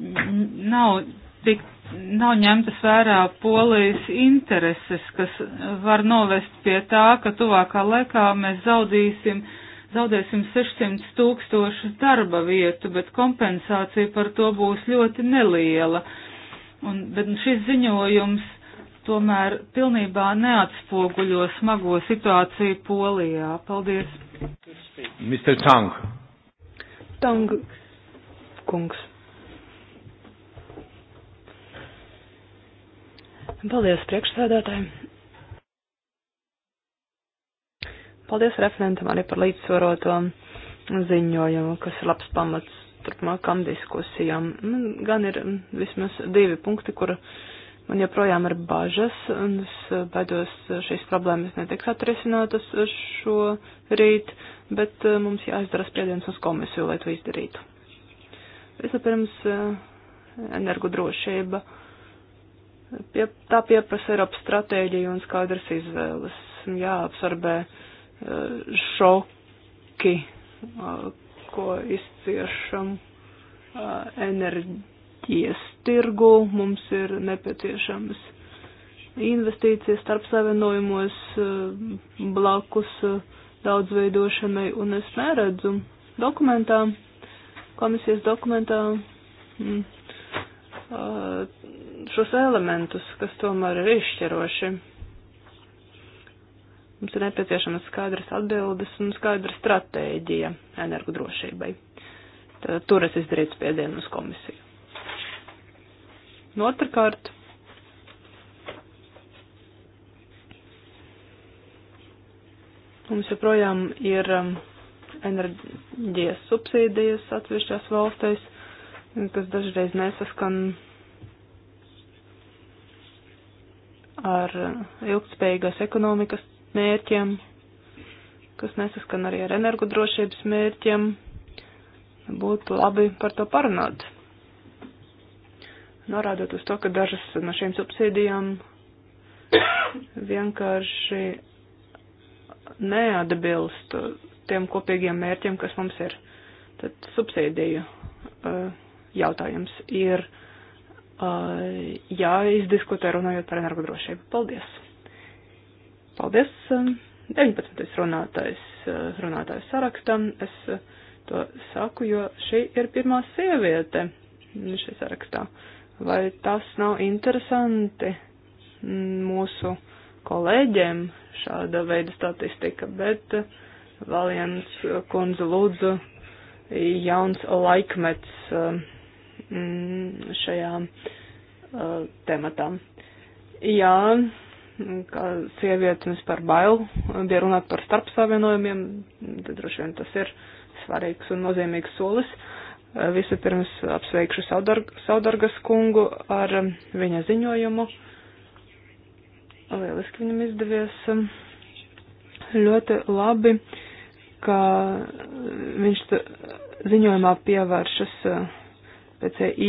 nav tik nav ņemtas vērā polijas intereses, kas var novest pie tā, ka tuvākā laikā mēs zaudīsim, zaudēsim 600 tūkstošu darba vietu, bet kompensācija par to būs ļoti neliela. Un, bet šis ziņojums tomēr pilnībā neatspoguļo smago situāciju Polijā. Paldies. Mr. Tang. Tang kungs. Paldies priekšsēdētājiem. Paldies referentam arī par līdzsvaroto ziņojumu, kas ir labs pamats turpmākām diskusijām. Man gan ir vismaz divi punkti, kur man joprojām ir bažas, un es baidos šīs problēmas netiks atrisinātas šo rīt, bet eh, mums jāizdara spiediens uz komisiju, lai to izdarītu. Vispirms eh, energodrošība. drošība Pie, tā pieprasa Eiropas stratēģiju un skaidrs izvēles. Jāapsarbē eh, šoki, eh, ko izciešam eh, enerģijas tirgu. Mums ir nepieciešamas investīcijas starp savienojumos blakus daudzveidošanai, un es neredzu dokumentā, komisijas dokumentā. Mm, uh, šos elementus, kas tomēr ir izšķiroši. Mums ir nepieciešamas skaidras atbildes un skaidra stratēģija energodrošībai. Tad tur es izdarītu spiedienu uz komisiju. Un otrkārt, mums joprojām ir um, enerģijas subsīdijas atsevišķās valstīs, kas dažreiz nesaskan ar ilgspējīgās ekonomikas mērķiem, kas nesaskan arī ar energodrošības mērķiem, būtu labi par to parunāt. Norādot uz to, ka dažas no šīm subsīdijām vienkārši neatbilst tiem kopīgiem mērķiem, kas mums ir. Tad subsīdiju eh, jautājums ir Eh, jāizdiskutē runājot par energodrošību. Paldies! Paldies! 19. Eh, runātājs, eh, runātājs sarakstam. Es to saku, jo šī ir pirmā sieviete šajā sarakstā. Vai tas nav interesanti mūsu kolēģiem šāda veida statistika, bet Valiens kundze lūdzu jauns laikmets. Uh, Mm, šajā uh, tematā. Jā, kā sievietes par bailu, bija runāt par starpsavienojumiem, tad droši vien tas ir svarīgs un nozīmīgs solis. Uh, Vispirms apsveikšu Saudargas kungu ar um, viņa ziņojumu. Lieliski viņam izdevies. Um, ļoti labi, ka viņš ziņojumā pievēršas uh, PCI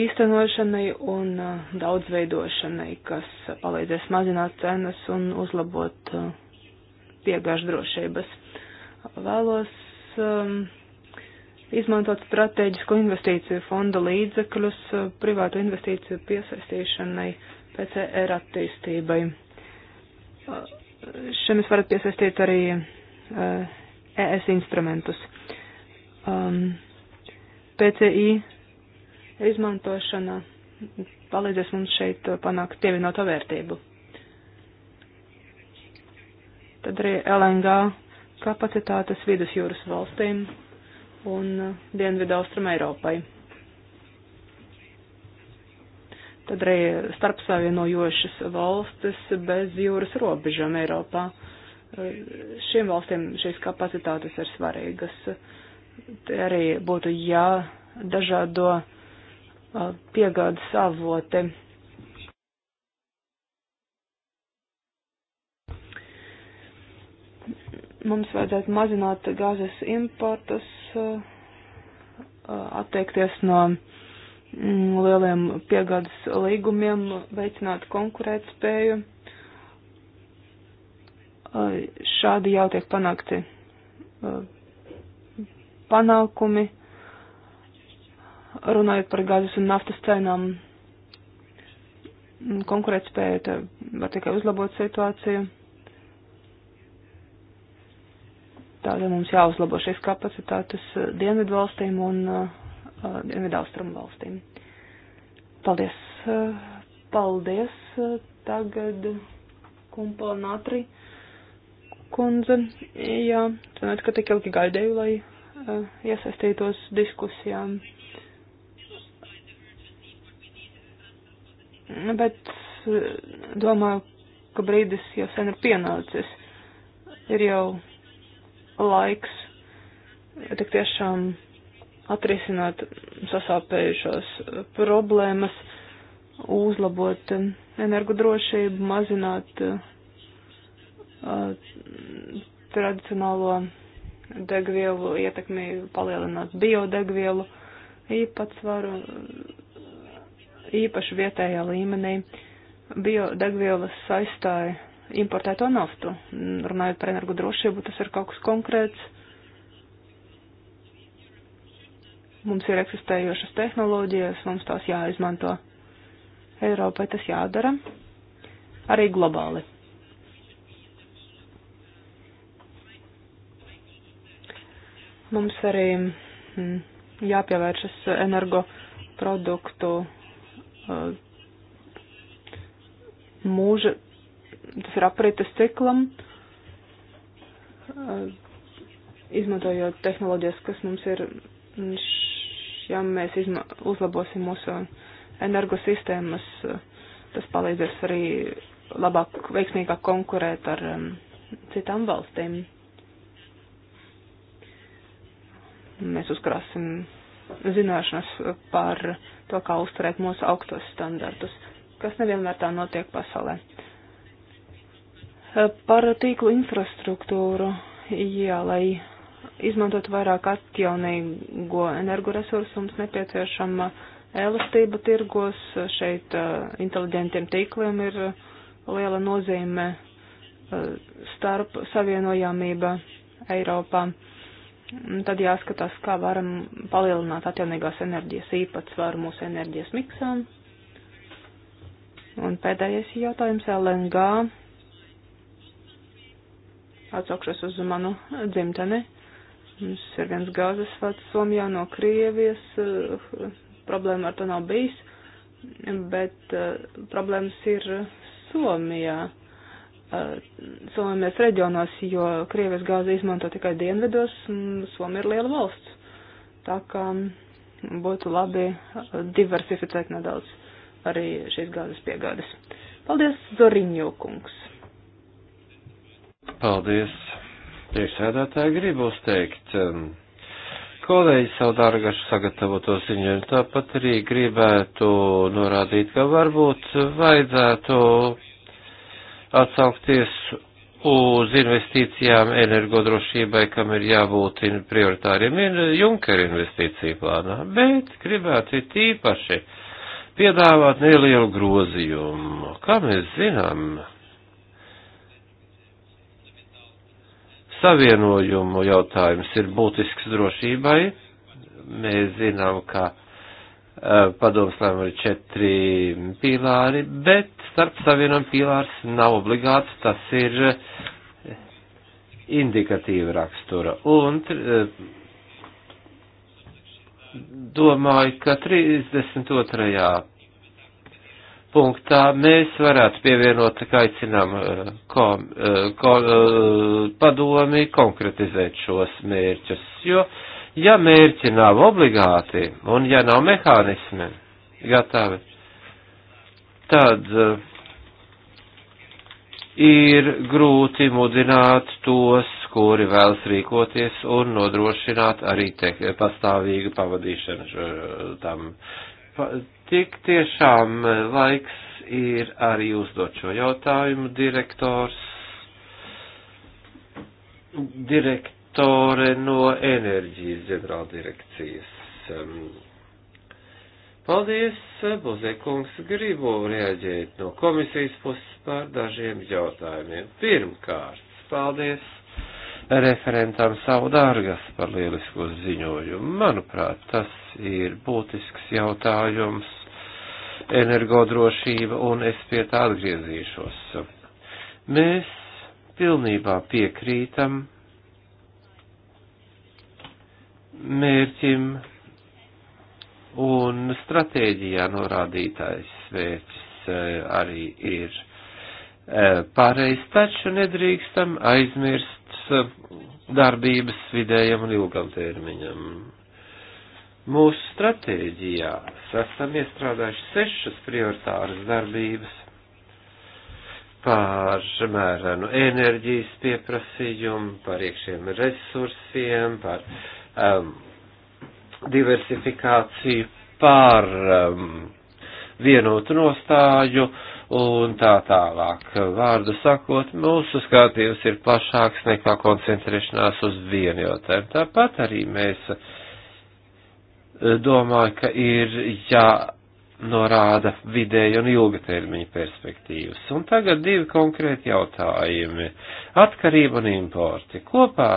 īstenošanai un uh, daudzveidošanai, kas palīdzēs mazināt cenas un uzlabot uh, piegāžu drošības. Vēlos um, izmantot strateģisko investīciju fonda līdzekļus uh, privātu investīciju piesaistīšanai PCR attīstībai. Šiem jūs varat piesaistīt arī ES instrumentus. Um, PCI izmantošana palīdzēs mums šeit panākt pievienoto vērtību. Tad arī LNG kapacitātes vidusjūras valstīm un Dienvidu Austrum Eiropai. Tad arī starpsavienojošas valstis bez jūras robežām Eiropā. Šīm valstīm šīs kapacitātes ir svarīgas. Uh, arī būtu jādažādo piegādes avoti. Mums vajadzētu mazināt gāzes importus, atteikties no mm, lieliem piegādes līgumiem, veicināt konkurētspēju. Šādi jau tiek panākti panākumi, runājot par gāzes un naftas cenām. Konkurētspēja var tikai uzlabot situāciju. Tādēļ mums jāuzlabo šīs kapacitātes dienvidu valstīm un uh, dienvidu austrumu valstīm. Paldies! Uh, paldies! Uh, tagad kumpa natri kundze. Jā, cenot, ka tik ilgi gaidēju, lai Eh, iesaistītos diskusijām. Bet eh, domāju, ka brīdis jau sen ir pienācis. Ir jau laiks tik tiešām atrisināt sasāpējušās problēmas, uzlabot eh, energodrošību, mazināt uh, tradicionālo degvielu ietekmi, palielināt biodegvielu īpatsvaru, īpaši vietējā līmenī. Biodegvielas aizstāja importēto naftu. Runājot par energo drošību, tas ir kaut kas konkrēts. Mums ir eksistējošas tehnoloģijas, mums tās jāizmanto. Eiropai tas jādara arī globāli. Mums arī mm, jāpievēršas energoproduktu eh, mūža, tas ir aprites ciklam, eh, izmantojot tehnoloģijas, kas mums ir, mm, ja mēs izma, uzlabosim mūsu energosistēmas, eh, tas palīdzēs arī labāk, veiksmīgāk konkurēt ar um, citām valstīm. Mēs uzkrāsim zināšanas par to, kā uzturēt mūsu augstos standartus, kas nevienmēr tā notiek pasaulē. Par tīklu infrastruktūru, jā, lai izmantot vairāk atjaunīgo energoresursu, mums nepieciešama elastība tirgos. Šeit eh, inteliģentiem tīkliem ir eh, liela nozīme eh, starp savienojamība Eiropā. Tad jāskatās, kā varam palielināt atjaunīgās enerģijas īpatsvaru mūsu enerģijas miksā. Un pēdējais jautājums LNG. Atsaukšos uz manu dzimteni. Mums ir viens gāzes vats Somijā no Krievijas. Problēma ar to nav bijis, bet eh, problēmas ir Somijā Eh, Somijas reģionos, jo Krievijas gāzi izmanto tikai dienvidos, un mm, Somija ir liela valsts. Tā kā būtu labi eh, diversificēt nedaudz arī šīs gāzes piegādes. Paldies, Zoriņo kungs! Paldies! Priekšsēdētāji gribu uzteikt kolēģi savu dārgašu sagatavoto ziņojumu. Tāpat arī gribētu norādīt, ka varbūt vajadzētu atsaukties uz investīcijām energodrošībai, kam ir jābūt prioritāriem Junker investīciju plānā, bet gribētu tīpaši piedāvāt nelielu grozījumu. Kā mēs zinām, savienojumu jautājums ir būtisks drošībai. Mēs zinām, ka Eh, padomus lēmumi ir četri pīlāri, bet starp savienam pīlārs nav obligāts, tas ir eh, indikatīva rakstura. Un eh, domāju, ka 32. punktā mēs varētu pievienot, ka aicinām kom, kom, padomi konkretizēt šos mērķus, jo uh, Ja mērķi nav obligāti un ja nav mehānismi gatavi, tad eh, ir grūti mudināt tos, kuri vēlas rīkoties un nodrošināt arī te, pastāvīgu pavadīšanu eh, tam. Pa, tik tiešām eh, laiks ir arī uzdot šo jautājumu direktors. Direkt direktore no enerģijas ģenerāldirekcijas. Paldies, Bozekungs, gribu reaģēt no komisijas puses par dažiem jautājumiem. Pirmkārt, paldies referentam savu dārgas par lielisko ziņojumu. Manuprāt, tas ir būtisks jautājums energodrošība, un es pie tā atgriezīšos. Mēs pilnībā piekrītam mērķim un stratēģijā norādītais mērķis eh, arī ir eh, pareiz, taču nedrīkstam aizmirst eh, darbības vidējam un ilgam termiņam. Mūsu stratēģijā esam iestrādājuši sešas prioritāras darbības par mērenu enerģijas pieprasījumu, par iekšiem resursiem, par uh, um, diversifikāciju, par um, vienotu nostāju un tā tālāk. Vārdu sakot, mūsu skatījums ir plašāks nekā koncentrēšanās uz vienu jautājumu. Tāpat arī mēs eh, domāju, ka ir jānorāda ja vidēja un ilgatermiņa perspektīvas. Un tagad divi konkrēti jautājumi. Atkarība un importi. Kopā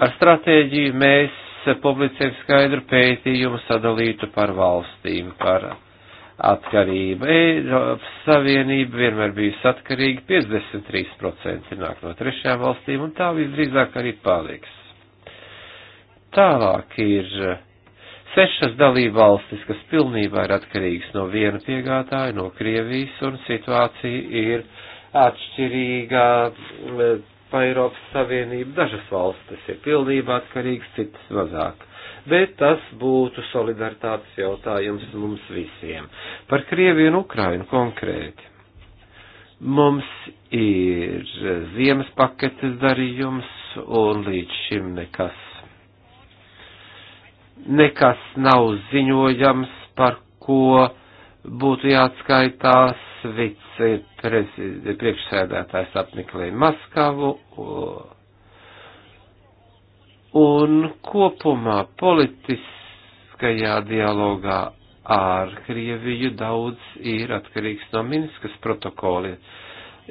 Ar stratēģiju mēs publicējam skaidru pētījumu sadalītu par valstīm, par atkarību. Eiropas Savienība vienmēr bijusi atkarīga, 53% nāk no trešajām valstīm, un tā visdrīzāk arī paliks. Tālāk ir sešas dalība valstis, kas pilnībā ir atkarīgas no viena piegādāja, no Krievijas, un situācija ir atšķirīgā pa Eiropas Savienību. Dažas valstis ir pilnībā atkarīgas, citas mazāk. Bet tas būtu solidaritātes jautājums mums visiem. Par Krieviju un Ukrainu konkrēti. Mums ir ziemas paketes darījums un līdz šim nekas. Nekas nav ziņojams, par ko būtu jāatskaitās. Vits priekšsēdētājs apmeklēja Maskavu un kopumā politiskajā dialogā ar Krieviju daudz ir atkarīgs no Minskas protokola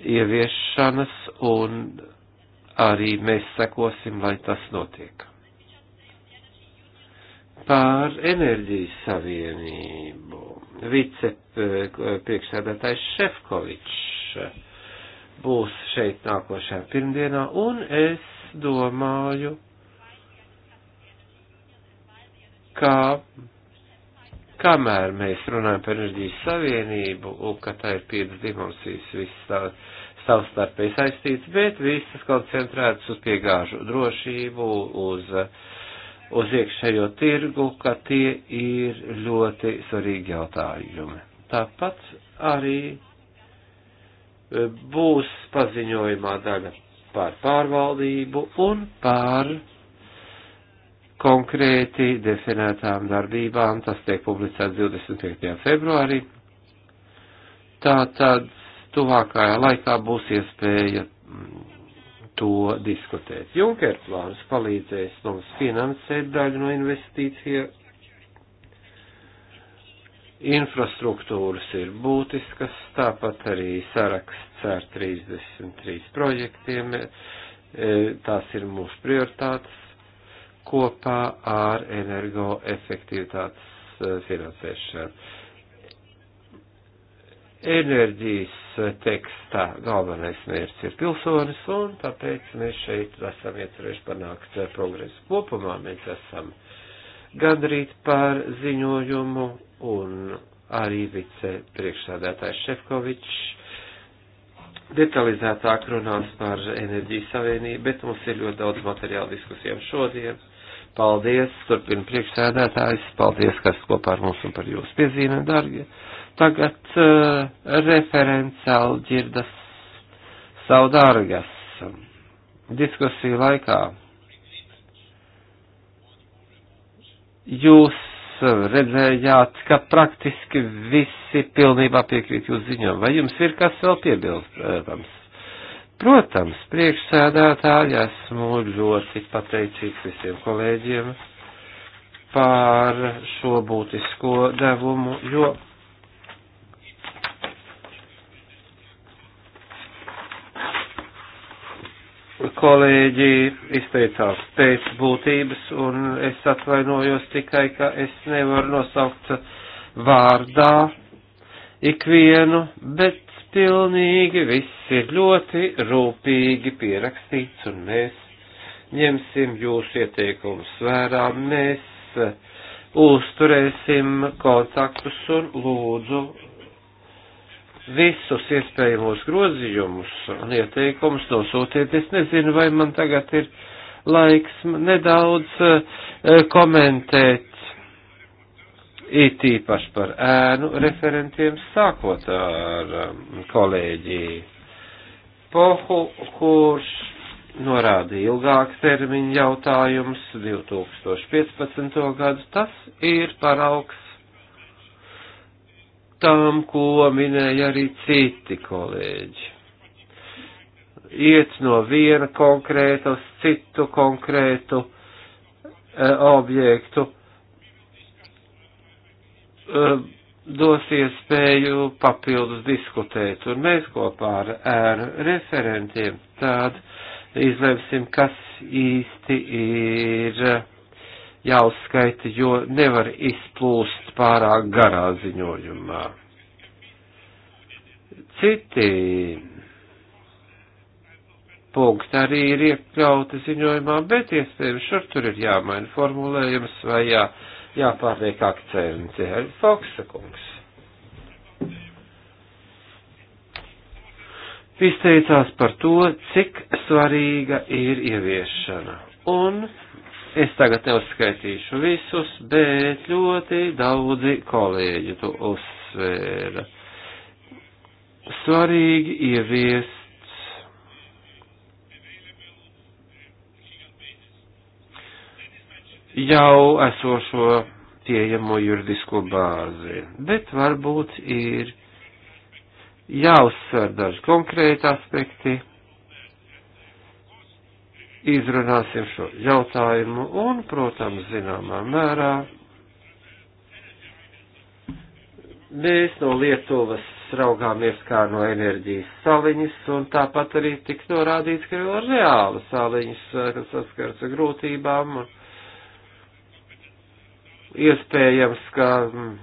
ieviešanas un arī mēs sekosim, lai tas notiek. Pār enerģijas savienību vice priekšsēdētājs Šefkovičs būs šeit nākošajā pirmdienā, un es domāju, ka kamēr mēs runājam par enerģijas savienību, un ka tā ir piecas dimensijas, viss tā, savstarpēji saistīts, bet visas koncentrētas uz piegāžu drošību, uz uh, uz iekšējo tirgu, ka tie ir ļoti svarīgi jautājumi. Tāpat arī e, būs paziņojumā daļa par pārvaldību un par konkrēti definētām darbībām. Tas tiek publicēts 25. februārī. Tā tad tuvākajā laikā būs iespēja mm, to diskutēt. Junker plāns palīdzēs mums finansēt daļu no investīcija. Infrastruktūras ir būtiskas, tāpat arī saraksts ar 33 projektiem. E, tās ir mūsu prioritātes kopā ar energoefektivitātes e, finansēšanu enerģijas tekstā galvenais mērķis ir pilsonis, un tāpēc mēs šeit esam iecerējuši panākt eh, progresu. Kopumā mēs esam gandrīt par ziņojumu, un arī vice priekšsādātājs Šefkovičs detalizētāk runās par enerģijas savienību, bet mums ir ļoti daudz materiālu diskusijām šodien. Paldies, turpina priekšsēdētājs, paldies, kas kopā ar mums un par jūsu piezīmēm, dārgie. Ja Tagad uh, eh, referenciāli dzirdas savu dārgas diskusiju laikā. Jūs redzējāt, ka praktiski visi pilnībā piekrīt jūsu ziņām. Vai jums ir kas vēl piebilstams? Protams, priekšsēdētāji esmu ļoti pateicīgs visiem kolēģiem par šo būtisko devumu, jo kolēģi izteicās pēc būtības, un es atvainojos tikai, ka es nevaru nosaukt vārdā ikvienu, bet pilnīgi viss ir ļoti rūpīgi pierakstīts, un mēs ņemsim jūsu ieteikumus vērā, mēs uh, uzturēsim kontaktus un lūdzu visus iespējamos grozījumus un ieteikumus nosūtiet. Es nezinu, vai man tagad ir laiks nedaudz eh, komentēt it īpaši par ēnu referentiem, sākot ar um, kolēģi Pohu, kurš norādīja ilgāk termiņu jautājums 2015. gadu. Tas ir paraugs lietām, ko minēja arī citi kolēģi. Iet no viena konkrēta uz citu konkrētu e, objektu, e, dos iespēju papildus diskutēt, un mēs kopā ar, ar referentiem tādu izlemsim, kas īsti ir. E, jāuzskaita, jo nevar izplūst pārāk garā ziņojumā. Citi punkti arī ir iekļauti ziņojumā, bet iespējams šur tur ir jāmaina formulējums vai jā, jāpārliek akcenti. Foksa kungs. Izteicās par to, cik svarīga ir ieviešana. Un Es tagad neuzskaitīšu visus, bet ļoti daudzi kolēģi to uzsvēra. Svarīgi ieviest jau esošo pieejamo juridisko bāzi, bet varbūt ir jāuzsver daži konkrēti aspekti, izrunāsim šo jautājumu un, protams, zināmā mērā mēs no Lietuvas raugāmies kā no enerģijas saliņas, un tāpat arī tik norādīts, ka vēl reāli saliņas, eh, kas saskars ar grūtībām, un iespējams, ka mm,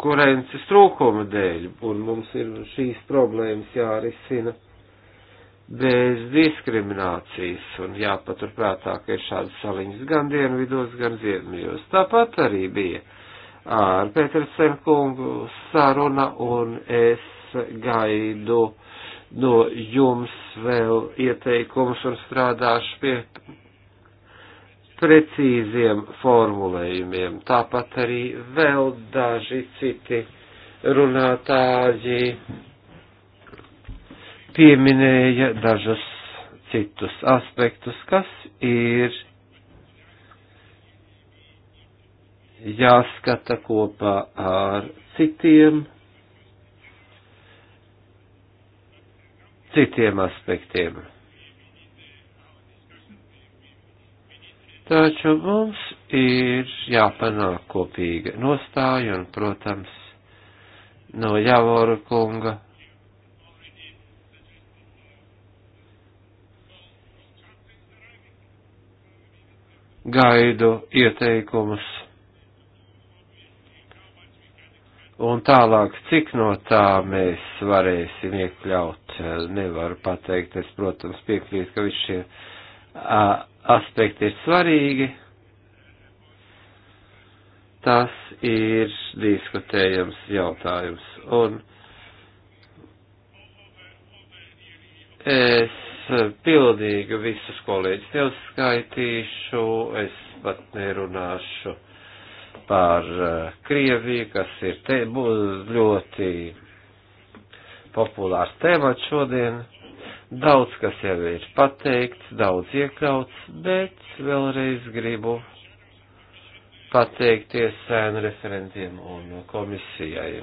konkurences trūkuma dēļ, un mums ir šīs problēmas jārisina bez diskriminācijas, un jāpaturprātā, ka ir šādas saliņas gan dienvidos, gan ziemeļos. Tāpat arī bija ar Petersen kungu saruna, un es gaidu no jums vēl ieteikumus un strādāšu pie precīziem formulējumiem. Tāpat arī vēl daži citi runātāji pieminēja dažas citus aspektus, kas ir jāskata kopā ar citiem, citiem aspektiem. Taču mums ir jāpanāk kopīga nostāja un, protams, no Javora kunga gaidu ieteikumus. Un tālāk, cik no tā mēs varēsim iekļaut, nevaru pateikt. Es, protams, piekrītu, ka visi šie a, aspekti ir svarīgi. Tas ir diskutējams jautājums. Un es pildīgi visus kolēģus neuzskaitīšu, es pat nerunāšu par eh, Krieviju, kas ir te, ļoti populārs tēmats šodien. Daudz, kas jau ir pateikts, daudz iekļauts, bet vēlreiz gribu pateikties sēnu referentiem un komisijai.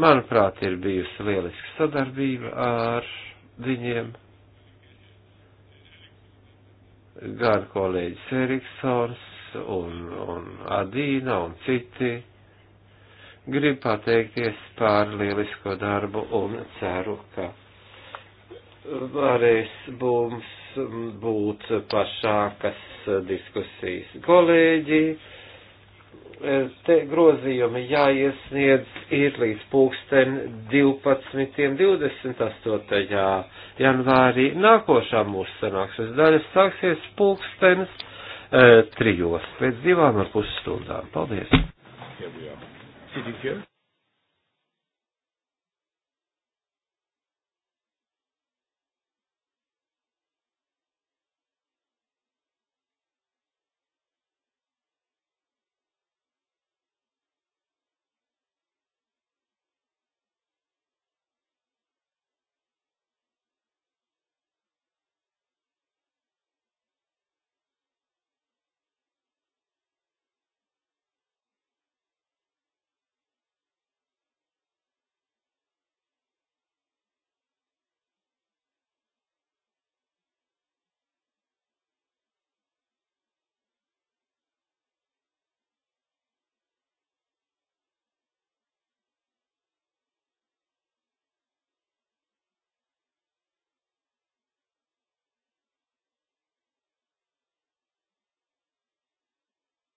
Manuprāt, ir bijusi lieliska sadarbība ar viņiem gan kolēģis Eriksons un, un Adīna un citi. Gribu pateikties par lielisko darbu un ceru, ka varēs mums būt plašākas diskusijas. Kolēģi, E, te grozījumi jāiesniedz ir līdz pulksten 12.28. janvārī. Nākošā mūsu sanāksmes daļa sāksies pulkstenes e, trijos pēc divām ar pusstundām. Paldies! Here we are. Sitting here?